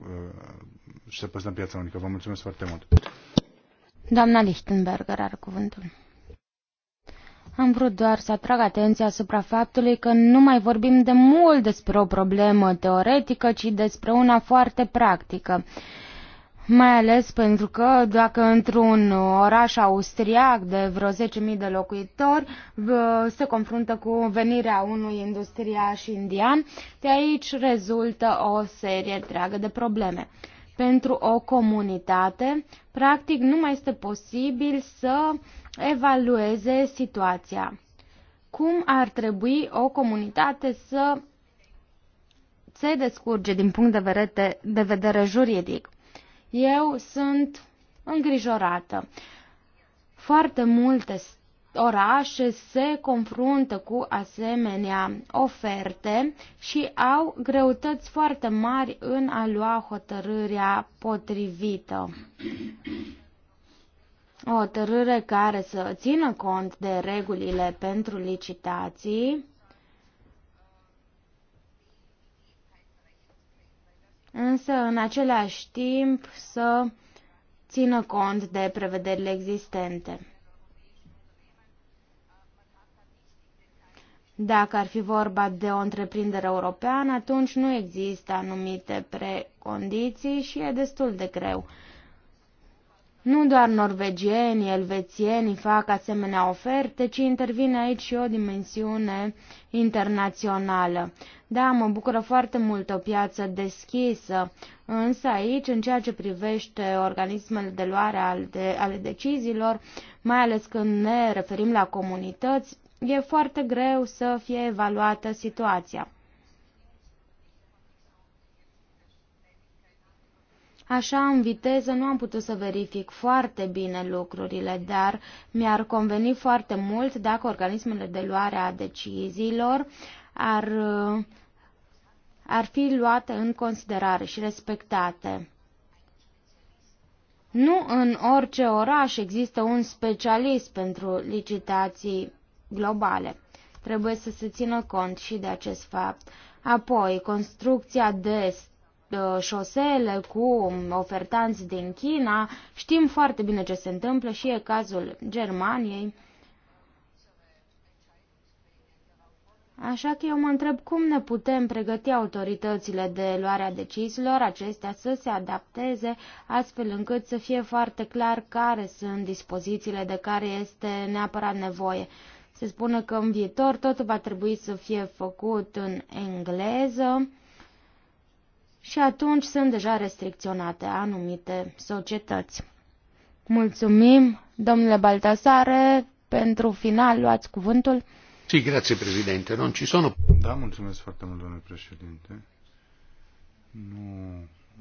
și să păstrăm piața unică. Vă mulțumesc foarte mult. Doamna Lichtenberger are cuvântul. Am vrut doar să atrag atenția asupra faptului că nu mai vorbim de mult despre o problemă teoretică, ci despre una foarte practică. Mai ales pentru că dacă într-un oraș austriac de vreo 10.000 de locuitori se confruntă cu venirea unui industriaș indian, de aici rezultă o serie întreagă de probleme. Pentru o comunitate, practic, nu mai este posibil să evalueze situația. Cum ar trebui o comunitate să se descurge din punct de vedere, de vedere juridic? Eu sunt îngrijorată. Foarte multe orașe se confruntă cu asemenea oferte și au greutăți foarte mari în a lua hotărârea potrivită o hotărâre care să țină cont de regulile pentru licitații, însă în același timp să țină cont de prevederile existente. Dacă ar fi vorba de o întreprindere europeană, atunci nu există anumite precondiții și e destul de greu nu doar norvegienii, elvețienii fac asemenea oferte, ci intervine aici și o dimensiune internațională. Da, mă bucură foarte mult o piață deschisă, însă aici, în ceea ce privește organismele de luare ale deciziilor, mai ales când ne referim la comunități, e foarte greu să fie evaluată situația. Așa, în viteză, nu am putut să verific foarte bine lucrurile, dar mi-ar conveni foarte mult dacă organismele de luare a deciziilor ar, ar fi luate în considerare și respectate. Nu în orice oraș există un specialist pentru licitații globale. Trebuie să se țină cont și de acest fapt. Apoi, construcția de Uh, șosele cu ofertanți din China. Știm foarte bine ce se întâmplă și e cazul Germaniei. Așa că eu mă întreb cum ne putem pregăti autoritățile de luarea deciziilor acestea să se adapteze astfel încât să fie foarte clar care sunt dispozițiile de care este neapărat nevoie. Se spune că în viitor totul va trebui să fie făcut în engleză și atunci sunt deja restricționate anumite societăți. Mulțumim, domnule Baltasare, pentru final luați cuvântul. Sì, grazie Presidente. Non ci sono... Da, mulțumesc foarte mult, domnule președinte. Nu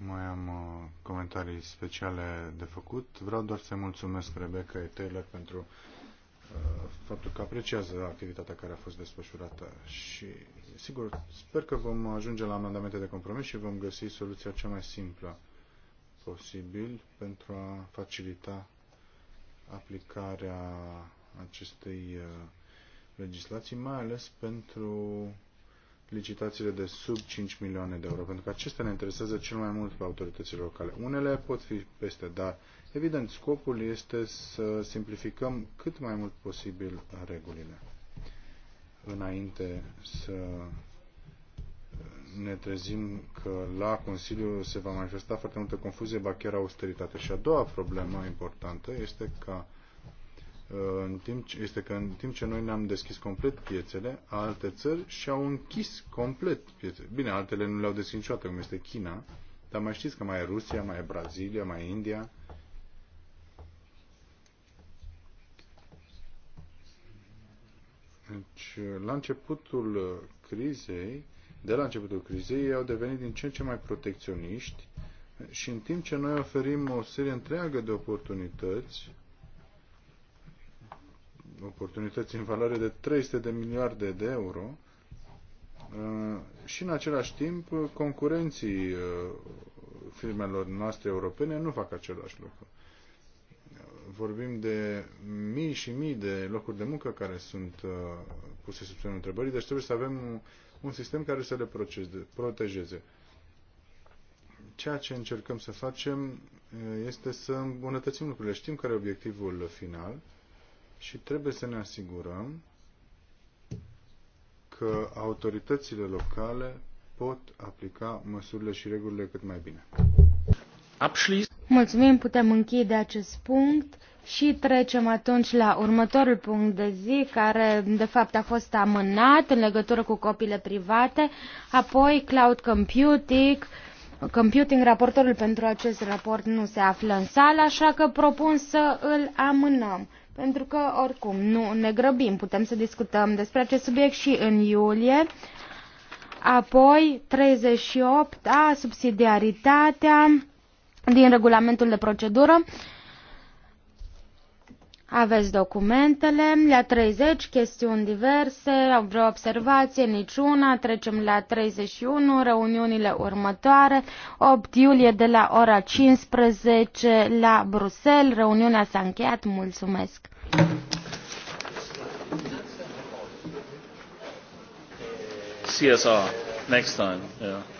mai am uh, comentarii speciale de făcut. Vreau doar să mulțumesc Rebecca e Taylor pentru uh, faptul că apreciază activitatea care a fost desfășurată și sigur, sper că vom ajunge la amendamente de compromis și vom găsi soluția cea mai simplă posibil pentru a facilita aplicarea acestei uh, legislații, mai ales pentru licitațiile de sub 5 milioane de euro, pentru că acestea ne interesează cel mai mult pe autoritățile locale. Unele pot fi peste, dar evident scopul este să simplificăm cât mai mult posibil regulile înainte să ne trezim că la Consiliu se va manifesta foarte multă confuzie, ba chiar austeritate. Și a doua problemă importantă este că uh, în timp ce, este că în timp ce noi ne-am deschis complet piețele, alte țări și-au închis complet piețele. Bine, altele nu le-au deschis niciodată, cum este China, dar mai știți că mai e Rusia, mai e Brazilia, mai e India. Deci, la începutul crizei, de la începutul crizei, ei au devenit din ce în ce mai protecționiști și în timp ce noi oferim o serie întreagă de oportunități, oportunități în valoare de 300 de miliarde de euro, și în același timp concurenții uh, firmelor noastre europene nu fac același lucru vorbim de mii și mii de locuri de muncă care sunt uh, puse sub semnul întrebării, deci trebuie să avem un sistem care să le protejeze. Ceea ce încercăm să facem uh, este să îmbunătățim lucrurile. Știm care e obiectivul final și trebuie să ne asigurăm că autoritățile locale pot aplica măsurile și regulile cât mai bine. Mulțumim, putem închide acest punct și trecem atunci la următorul punct de zi, care de fapt a fost amânat în legătură cu copiile private, apoi cloud computing, computing, raportorul pentru acest raport nu se află în sală, așa că propun să îl amânăm. Pentru că, oricum, nu ne grăbim, putem să discutăm despre acest subiect și în iulie. Apoi, 38, a, subsidiaritatea, din regulamentul de procedură. Aveți documentele, la 30 chestiuni diverse, vreo observație, niciuna, trecem la 31, reuniunile următoare, 8 iulie de la ora 15 la Bruxelles, reuniunea s-a încheiat, mulțumesc! CSR, next time, yeah.